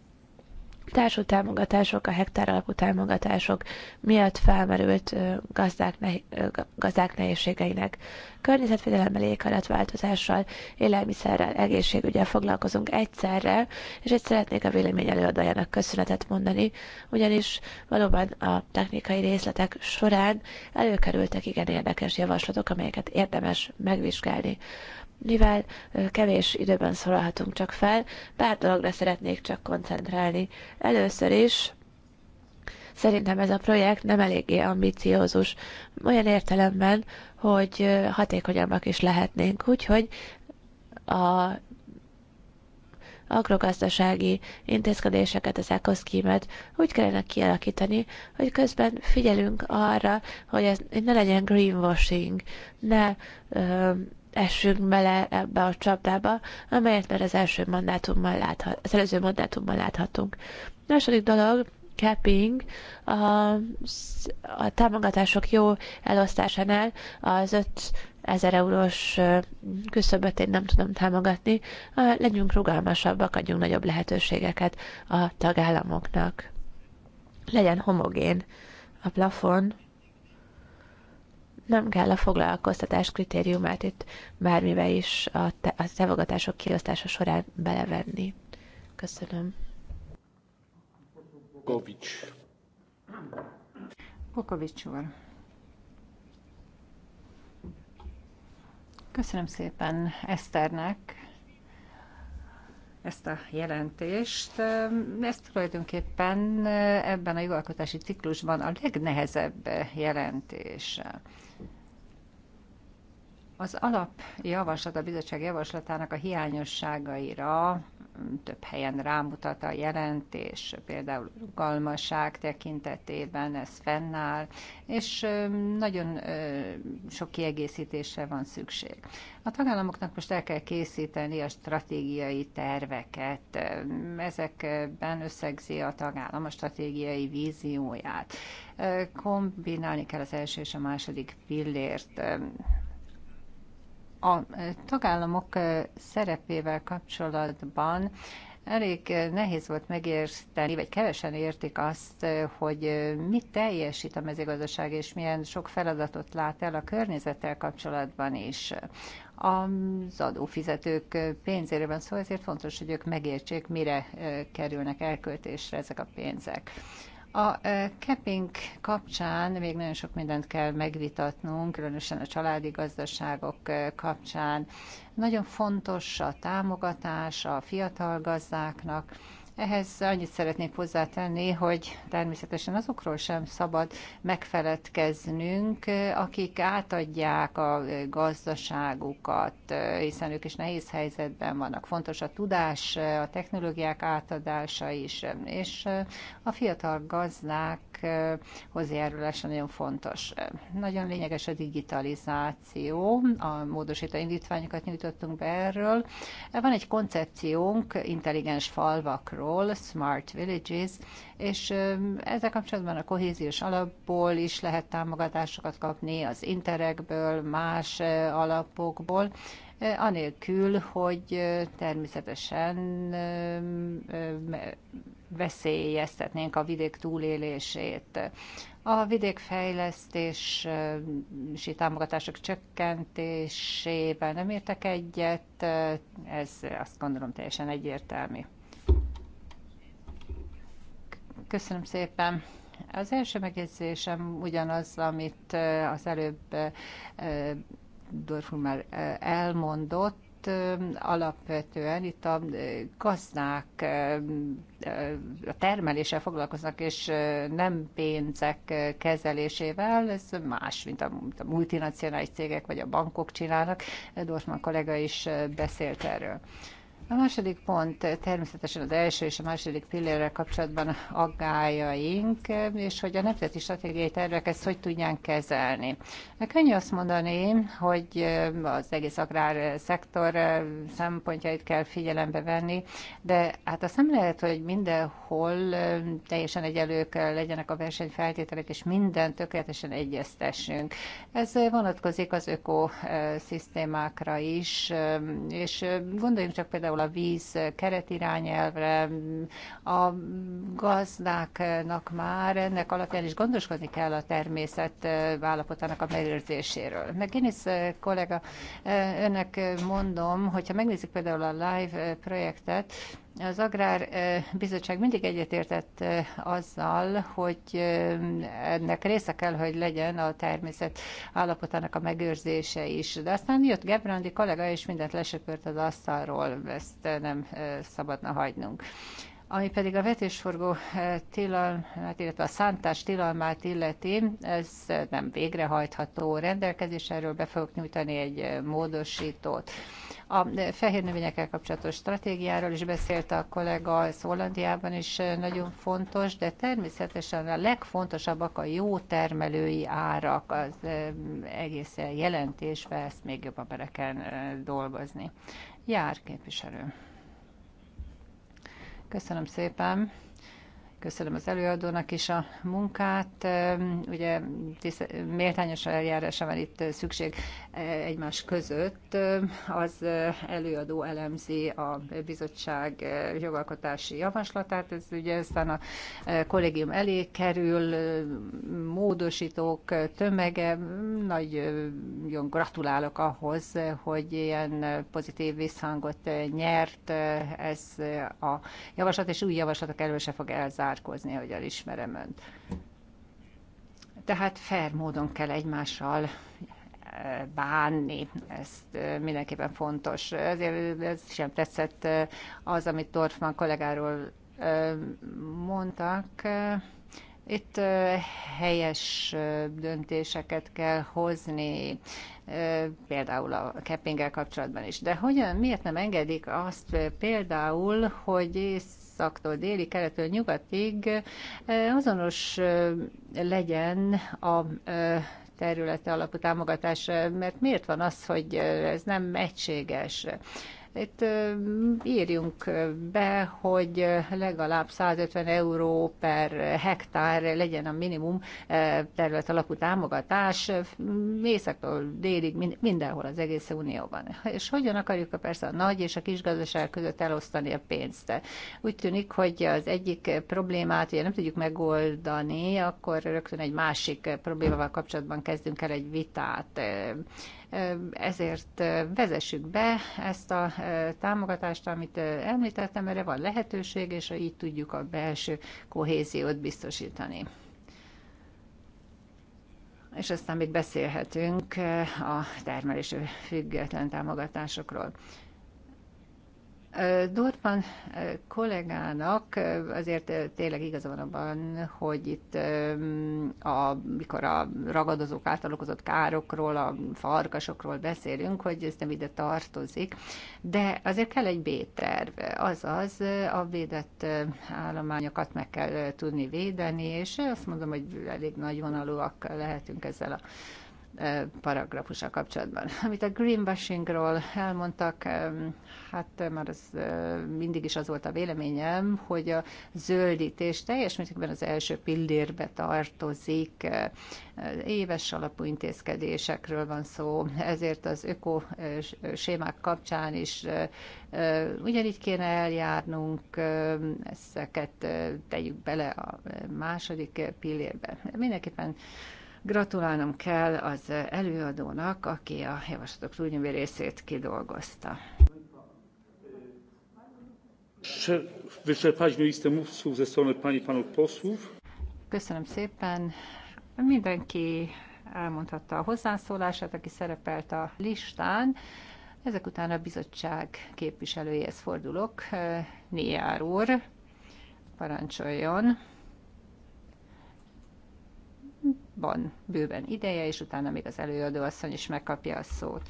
társult támogatások, a hektár alapú támogatások miatt felmerült gazdák, ne, gazdák nehézségeinek. Környezetvédelemmel, éghajlatváltozással, élelmiszerrel, egészségügyel foglalkozunk egyszerre, és egy szeretnék a vélemény előadójának köszönetet mondani, ugyanis valóban a technikai részletek során előkerültek igen érdekes javaslatok, amelyeket érdemes megvizsgálni mivel kevés időben szólalhatunk csak fel, pár hát dologra szeretnék csak koncentrálni. Először is szerintem ez a projekt nem eléggé ambiciózus, olyan értelemben, hogy hatékonyabbak is lehetnénk, úgyhogy a agrogazdasági intézkedéseket, az ekoszkímet úgy kellene kialakítani, hogy közben figyelünk arra, hogy ez ne legyen greenwashing, ne ö, essünk bele ebbe a csapdába, amelyet már az első mandátummal láthat, az előző mandátummal láthatunk. Második dolog, capping a, a támogatások jó elosztásánál az 5000 eurós küszöböt én nem tudom támogatni. Legyünk rugalmasabbak, adjunk nagyobb lehetőségeket a tagállamoknak. Legyen homogén a plafon, nem kell a foglalkoztatás kritériumát itt bármivel is a, te- a tevogatások kiosztása során belevenni. Köszönöm. Kovics. Pokovics úr. Köszönöm szépen Eszternek ezt a jelentést. Ez tulajdonképpen ebben a jogalkotási ciklusban a legnehezebb jelentés. Az alapjavaslat, a bizottság javaslatának a hiányosságaira több helyen rámutat a jelentés, például rugalmaság tekintetében ez fennáll, és nagyon sok kiegészítésre van szükség. A tagállamoknak most el kell készíteni a stratégiai terveket, ezekben összegzi a tagállam a stratégiai vízióját. Kombinálni kell az első és a második pillért, a tagállamok szerepével kapcsolatban elég nehéz volt megérteni, vagy kevesen értik azt, hogy mit teljesít a mezőgazdaság, és milyen sok feladatot lát el a környezettel kapcsolatban is. Az adófizetők pénzéről van szó, ezért fontos, hogy ők megértsék, mire kerülnek elköltésre ezek a pénzek. A capping kapcsán még nagyon sok mindent kell megvitatnunk, különösen a családi gazdaságok kapcsán. Nagyon fontos a támogatás a fiatal gazdáknak, ehhez annyit szeretnék hozzátenni, hogy természetesen azokról sem szabad megfeledkeznünk, akik átadják a gazdaságukat, hiszen ők is nehéz helyzetben vannak. Fontos a tudás, a technológiák átadása is, és a fiatal gazdák hozzájárulása nagyon fontos. Nagyon lényeges a digitalizáció, a módosító indítványokat nyújtottunk be erről. Van egy koncepciónk intelligens falvakról, Smart Villages, és ezzel kapcsolatban a kohéziós alapból is lehet támogatásokat kapni, az interekből, más alapokból, anélkül, hogy természetesen veszélyeztetnénk a vidék túlélését. A vidékfejlesztési támogatások csökkentésében nem értek egyet, ez azt gondolom teljesen egyértelmű. Köszönöm szépen. Az első megjegyzésem ugyanaz, amit az előbb eh, Dorfur már eh, elmondott, alapvetően itt a gazdák a termeléssel foglalkoznak, és nem pénzek kezelésével, ez más, mint a, mint a multinacionális cégek vagy a bankok csinálnak. Dorsman kollega is beszélt erről. A második pont természetesen az első és a második pillérrel kapcsolatban aggájaink, és hogy a nemzeti stratégiai tervek ezt hogy tudják kezelni. Könnyű azt mondani, hogy az egész agrár szektor szempontjait kell figyelembe venni, de hát azt nem lehet, hogy mindenhol teljesen egyelők legyenek a versenyfeltételek, és minden tökéletesen egyeztessünk. Ez vonatkozik az ökoszisztémákra is, és gondoljunk csak például például a víz keretirányelvre, a gazdáknak már ennek alapján is gondoskodni kell a természet állapotának a megőrzéséről. Meg is, kollega, önnek mondom, hogyha megnézzük például a live projektet, az agrár Bizottság mindig egyetértett azzal, hogy ennek része kell, hogy legyen a természet állapotának a megőrzése is. De aztán jött Gebrandi kollega, és mindent lesöpört az asztalról, ezt nem szabadna hagynunk. Ami pedig a vetésforgó eh, tilalmát, illetve a szántás tilalmát illeti, ez eh, nem végrehajtható rendelkezés, erről be fogok nyújtani egy eh, módosítót. A fehér növényekkel kapcsolatos stratégiáról is beszélt a kollega, ez Hollandiában is nagyon fontos, de természetesen a legfontosabbak a jó termelői árak, az egész jelentésben ezt még jobban bele kell dolgozni. Jár képviselő. Köszönöm szépen. Köszönöm az előadónak is a munkát. Ugye méltányos eljárása van itt szükség egymás között. Az előadó elemzi a bizottság jogalkotási javaslatát, ez ugye aztán a kollégium elé kerül, módosítók tömege, nagyon gratulálok ahhoz, hogy ilyen pozitív visszhangot nyert ez a javaslat, és új javaslatok elő se fog elzárkozni, hogy elismerem önt. Tehát fair módon kell egymással bánni. Ez mindenképpen fontos. Ezért ez sem tetszett az, amit Dorfman kollégáról mondtak. Itt helyes döntéseket kell hozni, például a keppinggel kapcsolatban is. De hogyan, miért nem engedik azt például, hogy északtól déli, keletől nyugatig azonos legyen a területe alapú támogatás, mert miért van az, hogy ez nem egységes? Itt írjunk be, hogy legalább 150 euró per hektár legyen a minimum terület alapú támogatás, északtól délig, mindenhol az egész unióban. És hogyan akarjuk a persze a nagy és a kis gazdaság között elosztani a pénzt? Úgy tűnik, hogy az egyik problémát ugye nem tudjuk megoldani, akkor rögtön egy másik problémával kapcsolatban kezdünk el egy vitát. Ezért vezessük be ezt a támogatást, amit említettem, erre van lehetőség, és így tudjuk a belső kohéziót biztosítani és aztán még beszélhetünk a termelésű független támogatásokról. Dorpan kollégának azért tényleg igaza van abban, hogy itt amikor a ragadozók által okozott károkról, a farkasokról beszélünk, hogy ez nem ide tartozik, de azért kell egy B-terv, azaz a védett állományokat meg kell tudni védeni, és azt mondom, hogy elég nagyvonalúak lehetünk ezzel a paragrafusa kapcsolatban. Amit a greenwashingról elmondtak, hát már az mindig is az volt a véleményem, hogy a zöldítés teljes mértékben az első pillérbe tartozik, éves alapú intézkedésekről van szó, ezért az ökosémák kapcsán is ugyanígy kéne eljárnunk, ezeket tegyük bele a második pillérbe. Mindenképpen Gratulálnom kell az előadónak, aki a javaslatok túlnyomó részét kidolgozta. Köszönöm szépen. Mindenki elmondhatta a hozzászólását, aki szerepelt a listán. Ezek után a bizottság képviselőjéhez fordulok. Néjár úr, parancsoljon van bőven ideje, és utána még az előadó asszony is megkapja a szót.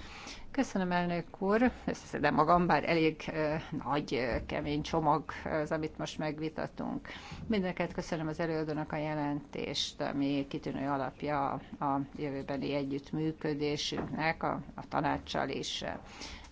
Köszönöm, elnök úr. Összeszedem magam, bár elég eh, nagy, eh, kemény csomag az, amit most megvitatunk. Mindenket köszönöm az előadónak a jelentést, ami kitűnő alapja a jövőbeni együttműködésünknek, a, a tanácssal is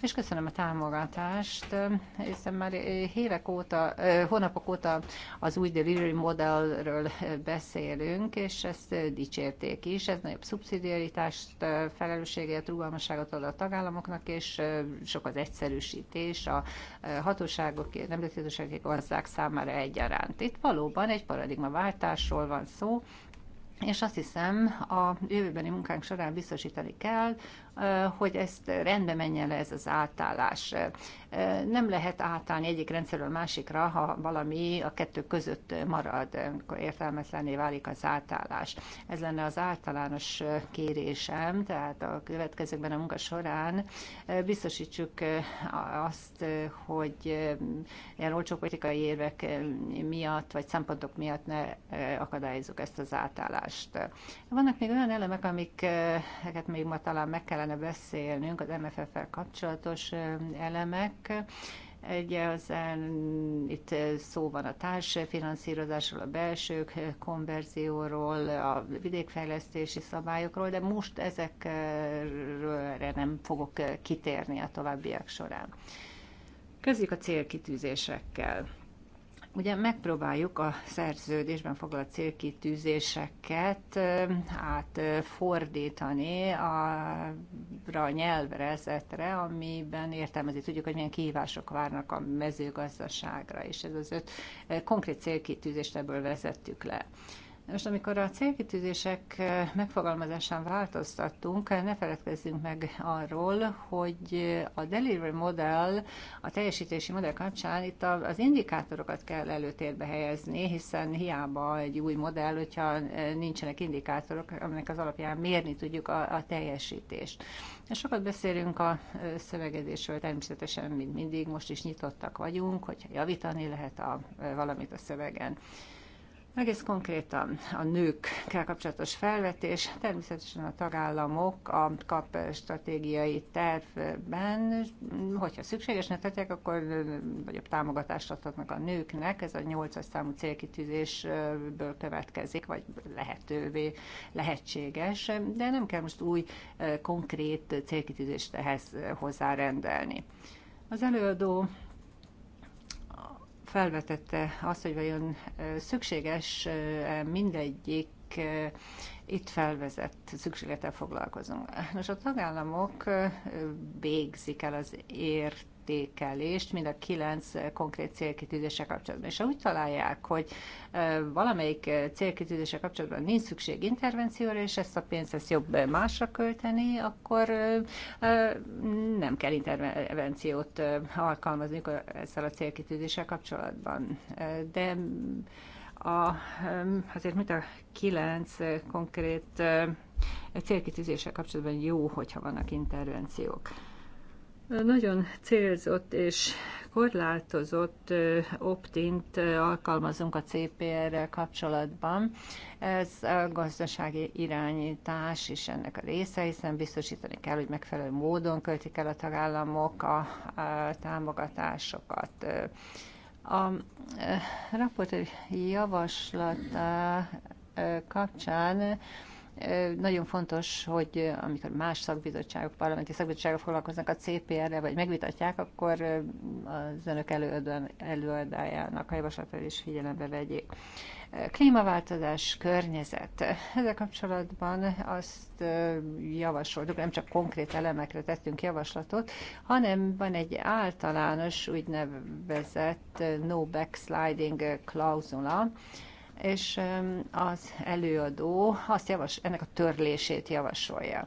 és köszönöm a támogatást, hiszen már hívek eh, óta, eh, hónapok óta az új delivery modellről eh, beszélünk, és ezt dicsérték is. Ez nagyobb szubszidiaritást, felelősséget, rugalmasságot ad a tagállamoknak, és sok az egyszerűsítés a hatóságok, nemzeti hatóságok gazdák számára egyaránt. Itt valóban egy paradigmaváltásról van szó, és azt hiszem, a jövőbeni munkánk során biztosítani kell, Eh, hogy ezt rendbe menjen le ez az átállás. Eh, nem lehet átállni egyik rendszerről másikra, ha valami a kettő között marad, akkor értelmetlené válik az átállás. Ez lenne az általános eh, kérésem, tehát a következőkben a munka során biztosítsuk azt, hogy ilyen olcsó politikai érvek miatt, vagy szempontok miatt ne akadályozzuk ezt az átállást. Vannak még olyan elemek, amiket még ma talán meg kellene kellene beszélnünk, az MFF-fel kapcsolatos elemek. Egy az, itt szó van a társfinanszírozásról, a belső konverzióról, a vidékfejlesztési szabályokról, de most ezekre nem fogok kitérni a továbbiak során. Kezdjük a célkitűzésekkel. Ugye megpróbáljuk a szerződésben foglalt célkitűzéseket átfordítani arra a ezetre, amiben értelmezni tudjuk, hogy milyen kihívások várnak a mezőgazdaságra, és ez az öt konkrét célkitűzést ebből vezettük le. Most, amikor a célkitűzések eh, megfogalmazásán változtattunk, eh, ne feledkezzünk meg arról, hogy eh, a delivery model, a teljesítési modell kapcsán itt az indikátorokat kell előtérbe helyezni, hiszen hiába egy új modell, hogyha nincsenek indikátorok, aminek az alapján mérni tudjuk a, a teljesítést. Sokat beszélünk a szövegezésről, természetesen, mint mindig, most is nyitottak vagyunk, hogyha javítani lehet a, valamit a szövegen. Egész konkrétan a nőkkel kapcsolatos felvetés, természetesen a tagállamok a kap stratégiai tervben, hogyha szükségesnek tartják, akkor nagyobb támogatást adhatnak a nőknek, ez a 8 számú célkitűzésből következik, vagy lehetővé, lehetséges, de nem kell most új eh, konkrét célkitűzést ehhez eh, hozzárendelni. Az előadó felvetette azt, hogy vajon szükséges e, mindegyik itt felvezett szükségletel foglalkozunk. Nos, a tagállamok végzik el az ért értékelést, mind a kilenc eh, konkrét célkitűzése kapcsolatban. És ha úgy találják, hogy eh, valamelyik eh, célkitűzése kapcsolatban nincs szükség intervencióra, és ezt a pénzt ezt jobb másra költeni, akkor nem kell intervenciót alkalmazni ezzel a célkitűzéssel kapcsolatban. De a, azért mint a kilenc konkrét célkitűzéssel kapcsolatban jó, hogyha vannak intervenciók. Nagyon célzott és korlátozott optint alkalmazunk a CPR-rel kapcsolatban. Ez a gazdasági irányítás is ennek a része, hiszen biztosítani kell, hogy megfelelő módon költik el a tagállamok a, támogatásokat. A raport javaslata kapcsán nagyon fontos, hogy amikor más szakbizottságok, parlamenti szakbizottságok foglalkoznak a CPR-re, vagy megvitatják, akkor az önök előadájának a javaslatot is figyelembe vegyék. Klímaváltozás, környezet. Ezzel kapcsolatban azt javasoltuk, nem csak konkrét elemekre tettünk javaslatot, hanem van egy általános úgynevezett no backsliding klauzula, és az előadó azt javas, ennek a törlését javasolja.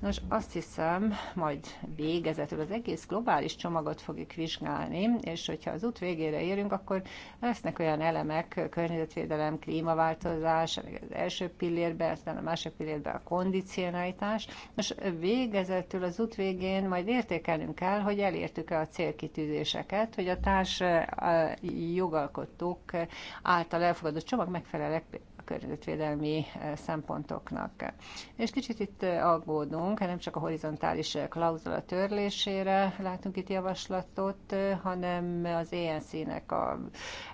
Nos, azt hiszem, majd végezetül az egész globális csomagot fogjuk vizsgálni, és hogyha az út végére érünk, akkor lesznek olyan elemek, környezetvédelem, klímaváltozás, az első pillérbe, aztán a másik pillérbe a kondicionálítás. Nos, végezetül az út végén majd értékelnünk kell, hogy elértük-e a célkitűzéseket, hogy a társ jogalkotók által elfogadott csomag valóban megfelelek a környezetvédelmi eh, szempontoknak. És kicsit itt eh, aggódunk, nem csak a horizontális eh, klauzula törlésére látunk itt javaslatot, hanem az ENC-nek a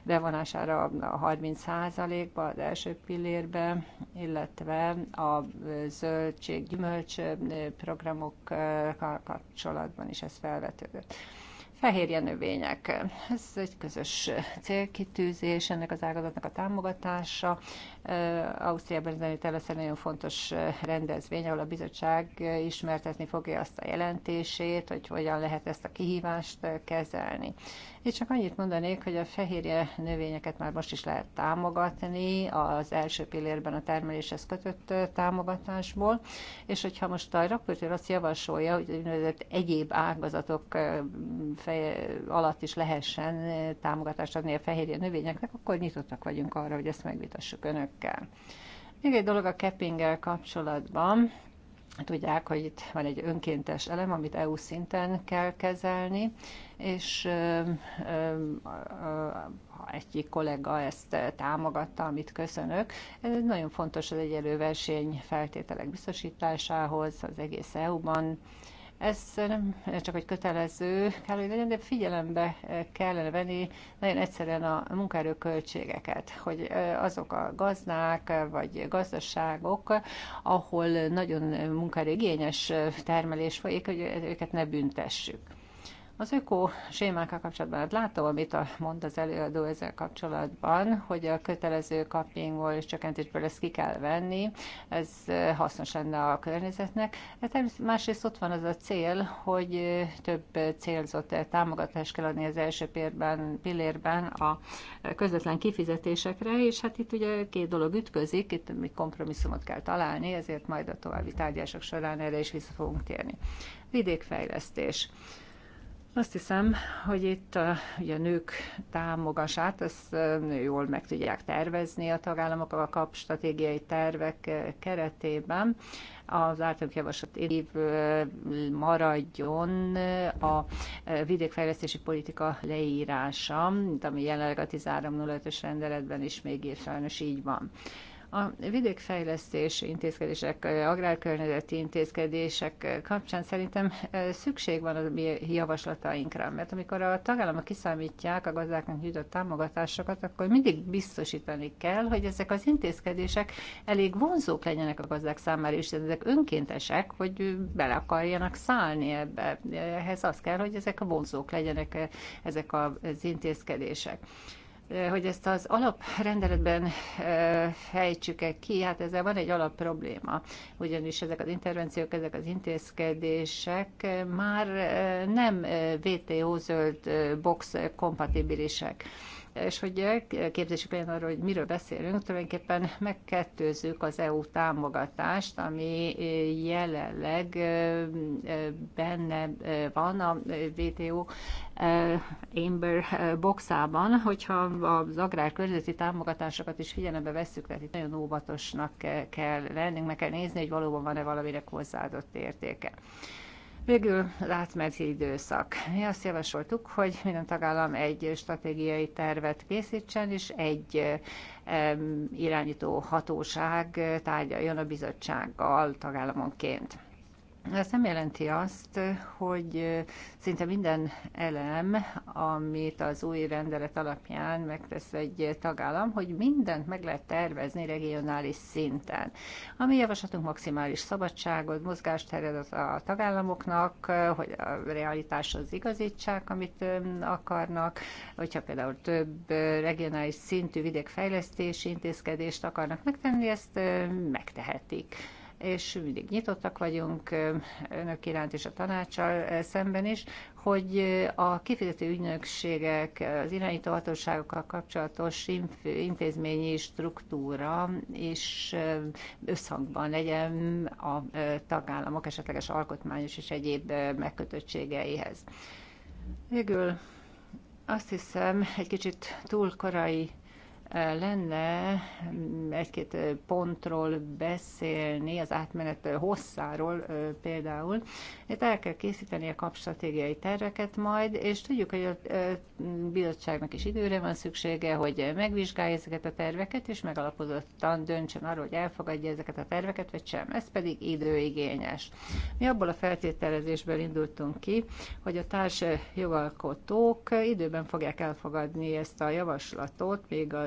bevonására a 30%-ba, az első pillérbe, illetve a zöldség-gyümölcs programokkal kapcsolatban is ez felvetődött fehérje növények. Ez egy közös célkitűzés, ennek az ágazatnak a támogatása. Ausztriában ez lesz egy nagyon fontos rendezvény, ahol a bizottság ismertetni fogja azt a jelentését, hogy hogyan lehet ezt a kihívást kezelni. Én csak annyit mondanék, hogy a fehérje növényeket már most is lehet támogatni, az első pillérben a termeléshez kötött támogatásból, és hogyha most a raportőr azt javasolja, hogy egyéb ágazatok alatt is lehessen támogatást adni a fehérje növényeknek, akkor nyitottak vagyunk arra, hogy ezt megvitassuk önökkel. Még egy dolog a keppinggel kapcsolatban. Tudják, hogy itt van egy önkéntes elem, amit EU szinten kell kezelni, és egyik kollega ezt támogatta, amit köszönök. Ez nagyon fontos az egyenlő verseny feltételek biztosításához az egész EU-ban ez nem csak egy kötelező kell, hogy legyen, de figyelembe kellene venni nagyon egyszerűen a munkaerő költségeket, hogy azok a gazdák vagy gazdaságok, ahol nagyon munkaerőigényes termelés folyik, hogy őket ne büntessük. Az öko sémákkal kapcsolatban, hát látom, amit a, mond az előadó ezzel kapcsolatban, hogy a kötelező kapingból és csökkentésből ezt ki kell venni, ez hasznos lenne a környezetnek. Hát másrészt ott van az a cél, hogy több célzott támogatást kell adni az első pérben, pillérben a közvetlen kifizetésekre, és hát itt ugye két dolog ütközik, itt mi kompromisszumot kell találni, ezért majd a további tárgyások során erre is vissza fogunk térni. Vidékfejlesztés. Azt hiszem, hogy itt a, ugye a nők támogasát, ezt jól meg tudják tervezni a tagállamok a kap stratégiai tervek keretében. Az általunk javasolt év maradjon a vidékfejlesztési politika leírása, ami jelenleg a 13.05-ös rendeletben is még sajnos így van. A vidékfejlesztés intézkedések, agrárkörnyezeti intézkedések kapcsán szerintem eh, szükség van a mi javaslatainkra, mert amikor a tagállamok kiszámítják a gazdáknak nyújtott támogatásokat, akkor mindig biztosítani kell, hogy ezek az intézkedések elég vonzók legyenek a gazdák számára, és ezek önkéntesek, hogy bele akarjanak szállni ebbe. Ehhez az kell, hogy ezek a vonzók legyenek eh, ezek az intézkedések hogy ezt az alaprendeletben fejtsük-e ki, hát ezzel van egy probléma, ugyanis ezek az intervenciók, ezek az intézkedések már nem VTO zöld box kompatibilisek és hogy eh, képzésük legyen arról, hogy miről beszélünk, tulajdonképpen megkettőzzük az EU támogatást, ami eh, jelenleg eh, benne van a WTO Amber boxában, hogyha az környezeti támogatásokat is figyelembe vesszük, tehát itt nagyon óvatosnak kell lennünk, meg kell nézni, hogy valóban van-e valaminek hozzáadott értéke. Végül látmeneti időszak. Mi azt javasoltuk, hogy minden tagállam egy stratégiai tervet készítsen, és egy irányító hatóság tárgyaljon a bizottsággal tagállamonként. Ez nem jelenti azt, hogy szinte minden elem, amit az új rendelet alapján megtesz egy tagállam, hogy mindent meg lehet tervezni regionális szinten. A mi javaslatunk maximális szabadságot, mozgást az a tagállamoknak, hogy a realitáshoz igazítsák, amit akarnak, hogyha például több regionális szintű vidékfejlesztési intézkedést akarnak megtenni, ezt megtehetik és mindig nyitottak vagyunk önök iránt és a tanácsal szemben is, hogy a kifizető ügynökségek, az irányítóhatóságokkal kapcsolatos intézményi struktúra is összhangban legyen a tagállamok esetleges alkotmányos és egyéb megkötöttségeihez. Végül azt hiszem, egy kicsit túl korai lenne mm, egy-két pontról beszélni, az átmenet hosszáról például. Itt el kell készíteni a kapstratégiai terveket majd, és tudjuk, hogy a bizottságnak is időre van szüksége, hogy megvizsgálja ezeket a terveket, és megalapozottan döntsön arról, hogy elfogadja ezeket a terveket, vagy sem. Ez pedig időigényes. Mi abból a feltételezésből indultunk ki, hogy a társ jogalkotók időben fogják elfogadni ezt a javaslatot, még a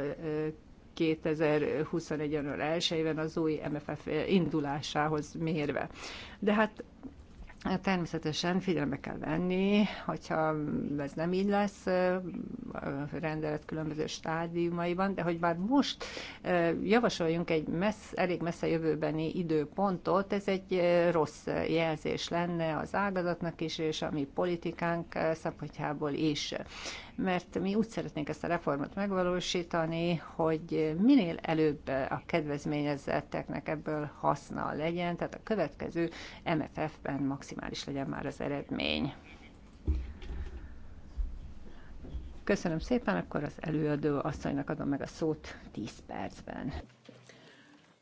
2021. január 1 az új MFF indulásához mérve. De hát, hát Természetesen figyelme kell venni, hogyha ez nem így lesz a rendelet különböző stádiumaiban, de hogy már most javasoljunk egy messz, elég messze jövőbeni időpontot, ez egy rossz jelzés lenne az ágazatnak is, és a mi politikánk szempontjából is mert mi úgy szeretnénk ezt a reformot megvalósítani, hogy minél előbb a kedvezményezetteknek ebből haszna legyen, tehát a következő MFF-ben maximális legyen már az eredmény. Köszönöm szépen, akkor az előadó asszonynak adom meg a szót 10 percben.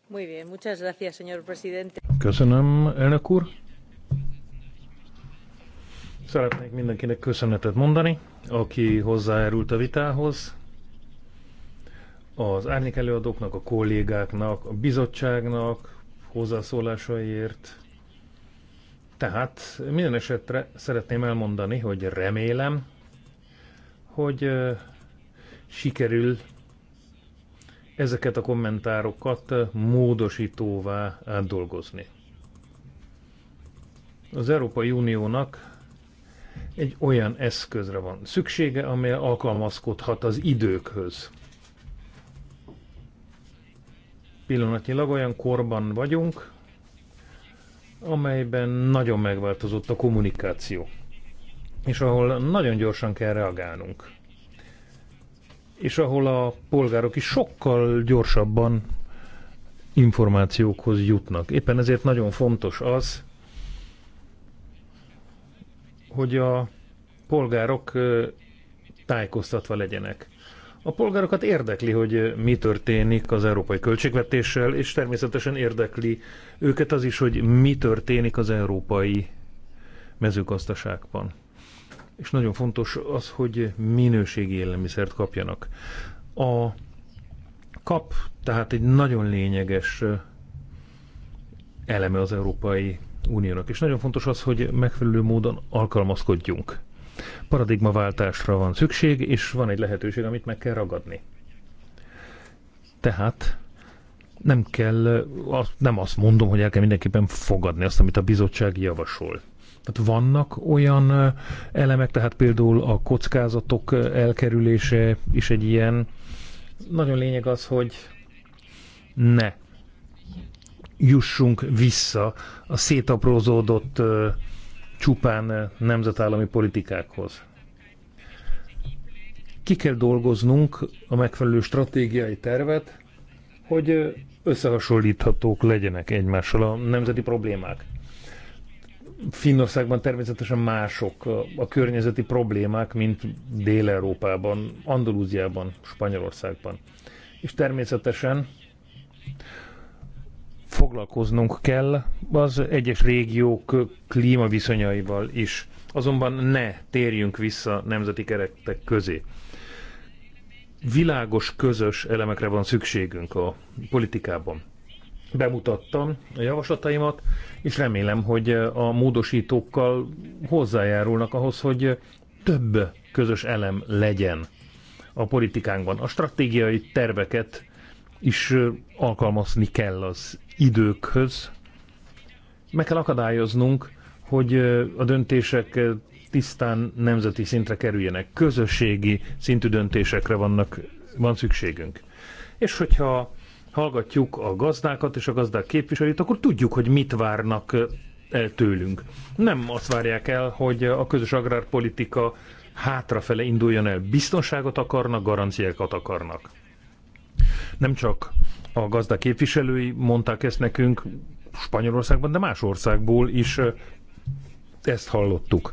Muy bien, muchas gracias, señor presidente. Köszönöm, elnök úr. Szeretnék mindenkinek köszönetet mondani aki hozzájárult a vitához, az árnyék előadóknak, a kollégáknak, a bizottságnak hozzászólásaiért. Tehát minden esetre szeretném elmondani, hogy remélem, hogy sikerül ezeket a kommentárokat módosítóvá átdolgozni. Az Európai Uniónak egy olyan eszközre van szüksége, amely alkalmazkodhat az időkhöz. Pillanatnyilag olyan korban vagyunk, amelyben nagyon megváltozott a kommunikáció, és ahol nagyon gyorsan kell reagálnunk, és ahol a polgárok is sokkal gyorsabban információkhoz jutnak. Éppen ezért nagyon fontos az, hogy a polgárok tájékoztatva legyenek. A polgárokat érdekli, hogy mi történik az európai költségvetéssel, és természetesen érdekli őket az is, hogy mi történik az európai mezőgazdaságban. És nagyon fontos az, hogy minőségi élelmiszert kapjanak. A kap tehát egy nagyon lényeges eleme az európai Uniónak, és nagyon fontos az, hogy megfelelő módon alkalmazkodjunk. Paradigmaváltásra van szükség, és van egy lehetőség, amit meg kell ragadni. Tehát nem kell, nem azt mondom, hogy el kell mindenképpen fogadni azt, amit a bizottság javasol. Tehát vannak olyan elemek, tehát például a kockázatok elkerülése is egy ilyen. Nagyon lényeg az, hogy ne jussunk vissza a szétaprózódott csupán nemzetállami politikákhoz. Ki kell dolgoznunk a megfelelő stratégiai tervet, hogy összehasonlíthatók legyenek egymással a nemzeti problémák. Finnországban természetesen mások a környezeti problémák, mint Dél-Európában, Andalúziában, Spanyolországban. És természetesen foglalkoznunk kell az egyes régiók klímaviszonyaival is. Azonban ne térjünk vissza nemzeti keretek közé. Világos, közös elemekre van szükségünk a politikában. Bemutattam a javaslataimat, és remélem, hogy a módosítókkal hozzájárulnak ahhoz, hogy több közös elem legyen a politikánkban. A stratégiai terveket is alkalmazni kell az időkhöz. Meg kell akadályoznunk, hogy a döntések tisztán nemzeti szintre kerüljenek. Közösségi szintű döntésekre vannak, van szükségünk. És hogyha hallgatjuk a gazdákat és a gazdák képviselőit, akkor tudjuk, hogy mit várnak el tőlünk. Nem azt várják el, hogy a közös agrárpolitika hátrafele induljon el. Biztonságot akarnak, garanciákat akarnak. Nem csak a gazda képviselői mondták ezt nekünk Spanyolországban, de más országból is ezt hallottuk.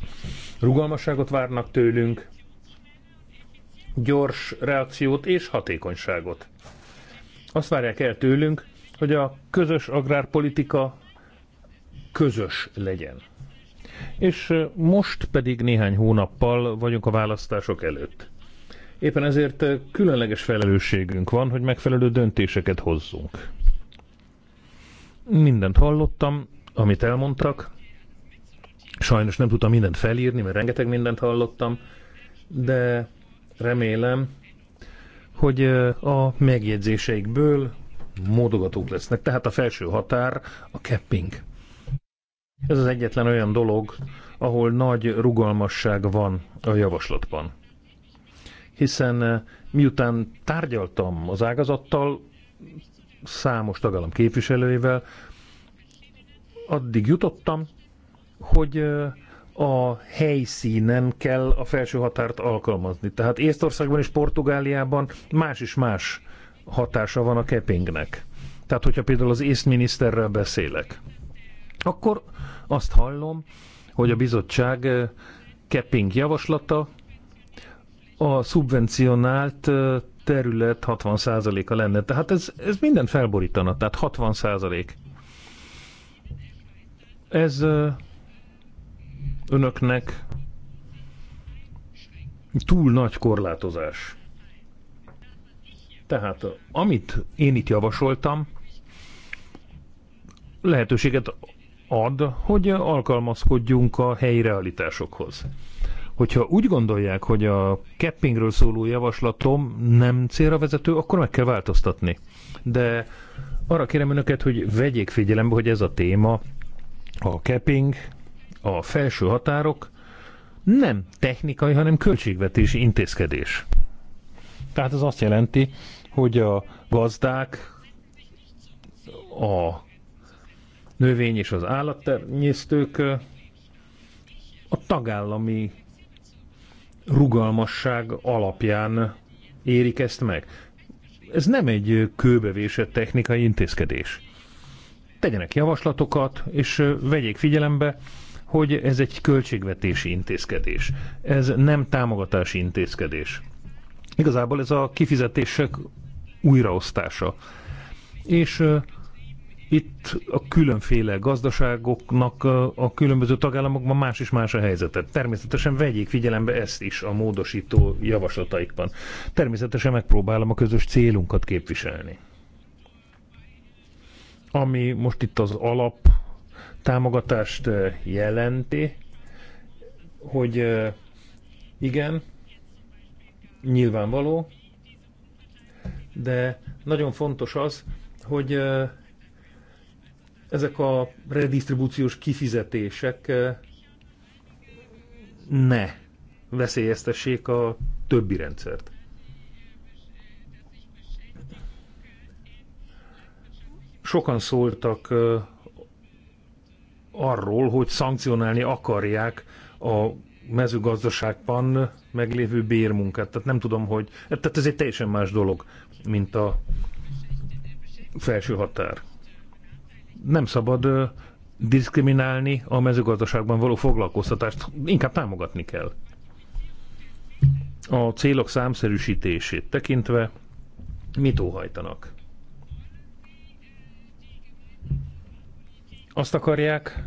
Rugalmasságot várnak tőlünk, gyors reakciót és hatékonyságot. Azt várják el tőlünk, hogy a közös agrárpolitika közös legyen. És most pedig néhány hónappal vagyunk a választások előtt. Éppen ezért különleges felelősségünk van, hogy megfelelő döntéseket hozzunk. Mindent hallottam, amit elmondtak. Sajnos nem tudtam mindent felírni, mert rengeteg mindent hallottam, de remélem, hogy a megjegyzéseikből módogatók lesznek. Tehát a felső határ a capping. Ez az egyetlen olyan dolog, ahol nagy rugalmasság van a javaslatban hiszen eh, miután tárgyaltam az ágazattal, számos tagállam képviselőivel, addig jutottam, hogy eh, a helyszínen kell a felső határt alkalmazni. Tehát Észtországban és Portugáliában más is más hatása van a kepingnek. Tehát, hogyha például az észminiszterrel beszélek, akkor azt hallom, hogy a bizottság keping eh, javaslata a szubvencionált terület 60%-a lenne. Tehát ez, ez minden felborítana, tehát 60%. Ez önöknek túl nagy korlátozás. Tehát amit én itt javasoltam, lehetőséget ad, hogy alkalmazkodjunk a helyi realitásokhoz. Hogyha úgy gondolják, hogy a cappingről szóló javaslatom nem célra vezető, akkor meg kell változtatni. De arra kérem önöket, hogy vegyék figyelembe, hogy ez a téma, a capping, a felső határok nem technikai, hanem költségvetési intézkedés. Tehát ez azt jelenti, hogy a gazdák, a növény és az állattenyésztők a tagállami rugalmasság alapján érik ezt meg. Ez nem egy kőbevésett technikai intézkedés. Tegyenek javaslatokat, és vegyék figyelembe, hogy ez egy költségvetési intézkedés. Ez nem támogatási intézkedés. Igazából ez a kifizetések újraosztása. És itt a különféle gazdaságoknak a különböző tagállamokban más és más a helyzetet. Természetesen vegyék figyelembe ezt is a módosító javaslataikban. Természetesen megpróbálom a közös célunkat képviselni. Ami most itt az alap támogatást jelenti, hogy igen, nyilvánvaló, de nagyon fontos az, hogy ezek a redistribúciós kifizetések eh, ne veszélyeztessék a többi rendszert. Sokan szóltak eh, arról, hogy szankcionálni akarják a mezőgazdaságban meglévő bérmunkát. Tehát nem tudom, hogy... Tehát ez egy teljesen más dolog, mint a felső határ nem szabad diszkriminálni a mezőgazdaságban való foglalkoztatást, inkább támogatni kell. A célok számszerűsítését tekintve mit óhajtanak? Azt akarják,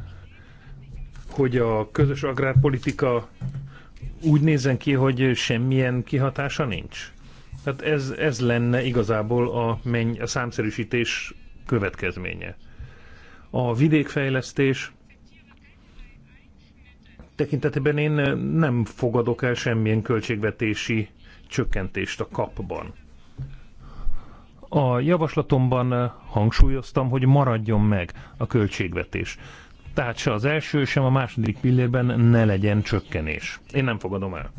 hogy a közös agrárpolitika úgy nézzen ki, hogy semmilyen kihatása nincs? Tehát ez, ez lenne igazából a, menny, a számszerűsítés következménye a vidékfejlesztés tekintetében én eh, nem fogadok el semmilyen költségvetési csökkentést a kapban. A javaslatomban eh, hangsúlyoztam, hogy maradjon meg a költségvetés. Tehát se az első, sem a második pillérben ne legyen csökkenés. Én nem fogadom el.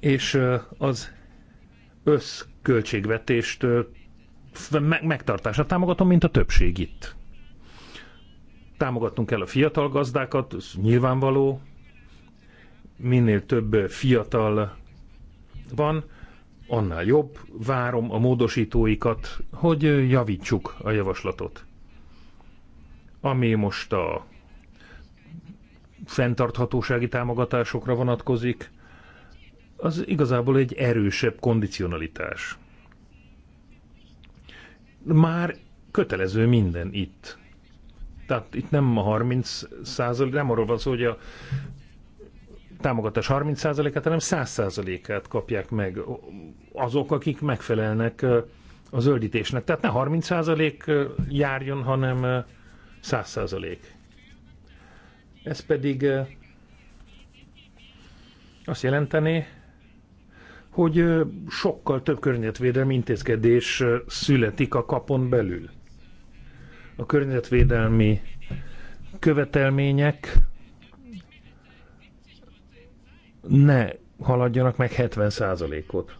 És eh, az összköltségvetést megtartását támogatom, mint a többség itt. Támogatnunk kell a fiatal gazdákat, ez nyilvánvaló, minél több fiatal van, annál jobb, várom a módosítóikat, hogy javítsuk a javaslatot. Ami most a fenntarthatósági támogatásokra vonatkozik, az igazából egy erősebb kondicionalitás már kötelező minden itt. Tehát itt nem a 30 százalék, nem arról van szó, hogy a támogatás 30 százalékát, hanem 100 százalékát kapják meg azok, akik megfelelnek a zöldítésnek. Tehát ne 30 százalék járjon, hanem 100 százalék. Ez pedig azt jelenteni, hogy sokkal több környezetvédelmi intézkedés születik a kapon belül. A környezetvédelmi követelmények ne haladjanak meg 70%-ot.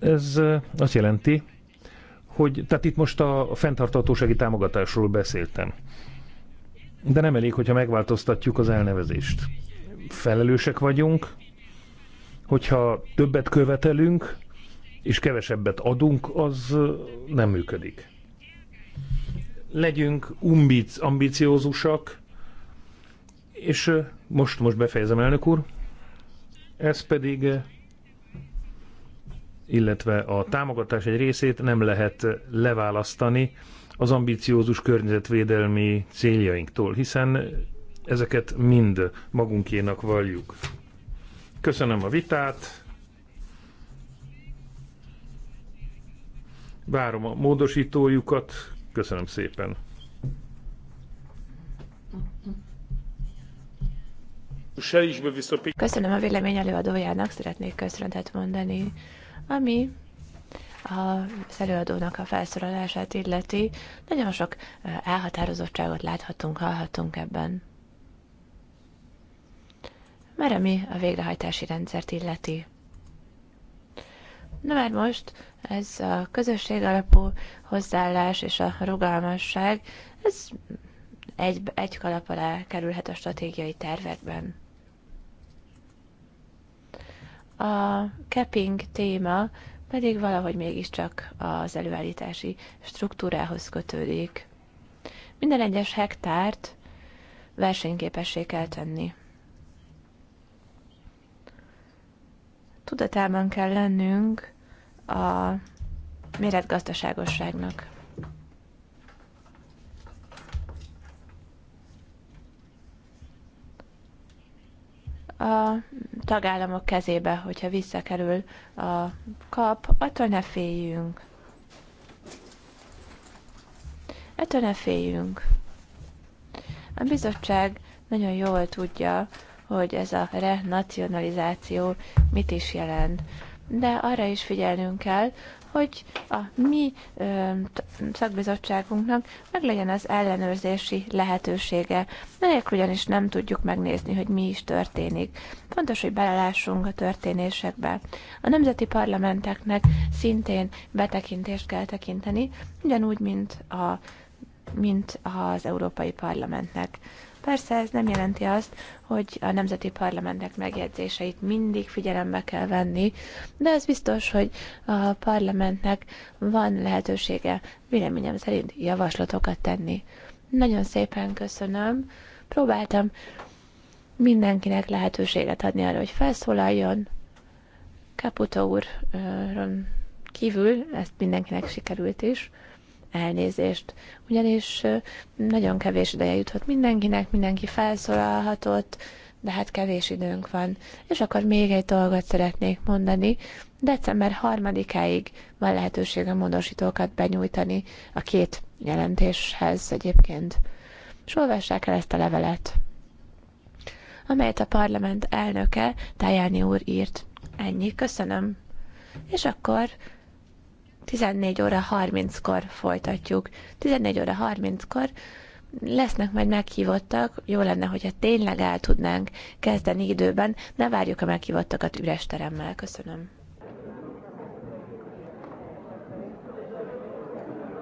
Ez azt jelenti, hogy, tehát itt most a fenntartatósági támogatásról beszéltem. De nem elég, hogyha megváltoztatjuk az elnevezést felelősek vagyunk, hogyha többet követelünk, és kevesebbet adunk, az nem működik. Legyünk umbic, ambiciózusak, és most, most befejezem, elnök úr, ez pedig, illetve a támogatás egy részét nem lehet leválasztani az ambiciózus környezetvédelmi céljainktól, hiszen ezeket mind magunkénak valljuk. Köszönöm a vitát. Várom a módosítójukat. Köszönöm szépen. Köszönöm a vélemény előadójának, szeretnék köszönetet mondani, ami az előadónak a felszólalását illeti. Nagyon sok eh, elhatározottságot láthatunk, hallhatunk ebben mert ami a végrehajtási rendszert illeti. Na már most ez a közösség alapú hozzáállás és a rugalmasság, ez egy, egy kalap alá kerülhet a stratégiai tervekben. A capping téma pedig valahogy mégiscsak az előállítási struktúrához kötődik. Minden egyes hektárt versenyképessé kell tenni. Tudatában kell lennünk a méretgazdaságosságnak. a tagállamok kezébe, hogyha visszakerül a kap, attól ne féljünk. Ettől ne féljünk. A bizottság nagyon jól tudja, hogy ez a renacionalizáció mit is jelent. De arra is figyelnünk kell, hogy a mi ö, szakbizottságunknak meg legyen az ellenőrzési lehetősége, melyek ugyanis nem tudjuk megnézni, hogy mi is történik. Fontos, hogy belelássunk a történésekbe. A nemzeti parlamenteknek szintén betekintést kell tekinteni, ugyanúgy, mint, a, mint az Európai Parlamentnek. Persze ez nem jelenti azt, hogy a nemzeti parlamentek megjegyzéseit mindig figyelembe kell venni, de ez biztos, hogy a parlamentnek van lehetősége véleményem szerint javaslatokat tenni. Nagyon szépen köszönöm. Próbáltam mindenkinek lehetőséget adni arra, hogy felszólaljon. Caputo úr kívül, ezt mindenkinek sikerült is elnézést, ugyanis nagyon kevés ideje jutott mindenkinek, mindenki felszólalhatott, de hát kevés időnk van. És akkor még egy dolgot szeretnék mondani. December 3-áig van lehetőség a módosítókat benyújtani a két jelentéshez egyébként. És olvassák el ezt a levelet, amelyet a parlament elnöke Tajani úr írt. Ennyi, köszönöm. És akkor 14 óra 30-kor folytatjuk. 14 óra 30-kor lesznek majd meghívottak, jó lenne, hogyha tényleg el tudnánk kezdeni időben, ne várjuk a meghívottakat üres teremmel. Köszönöm.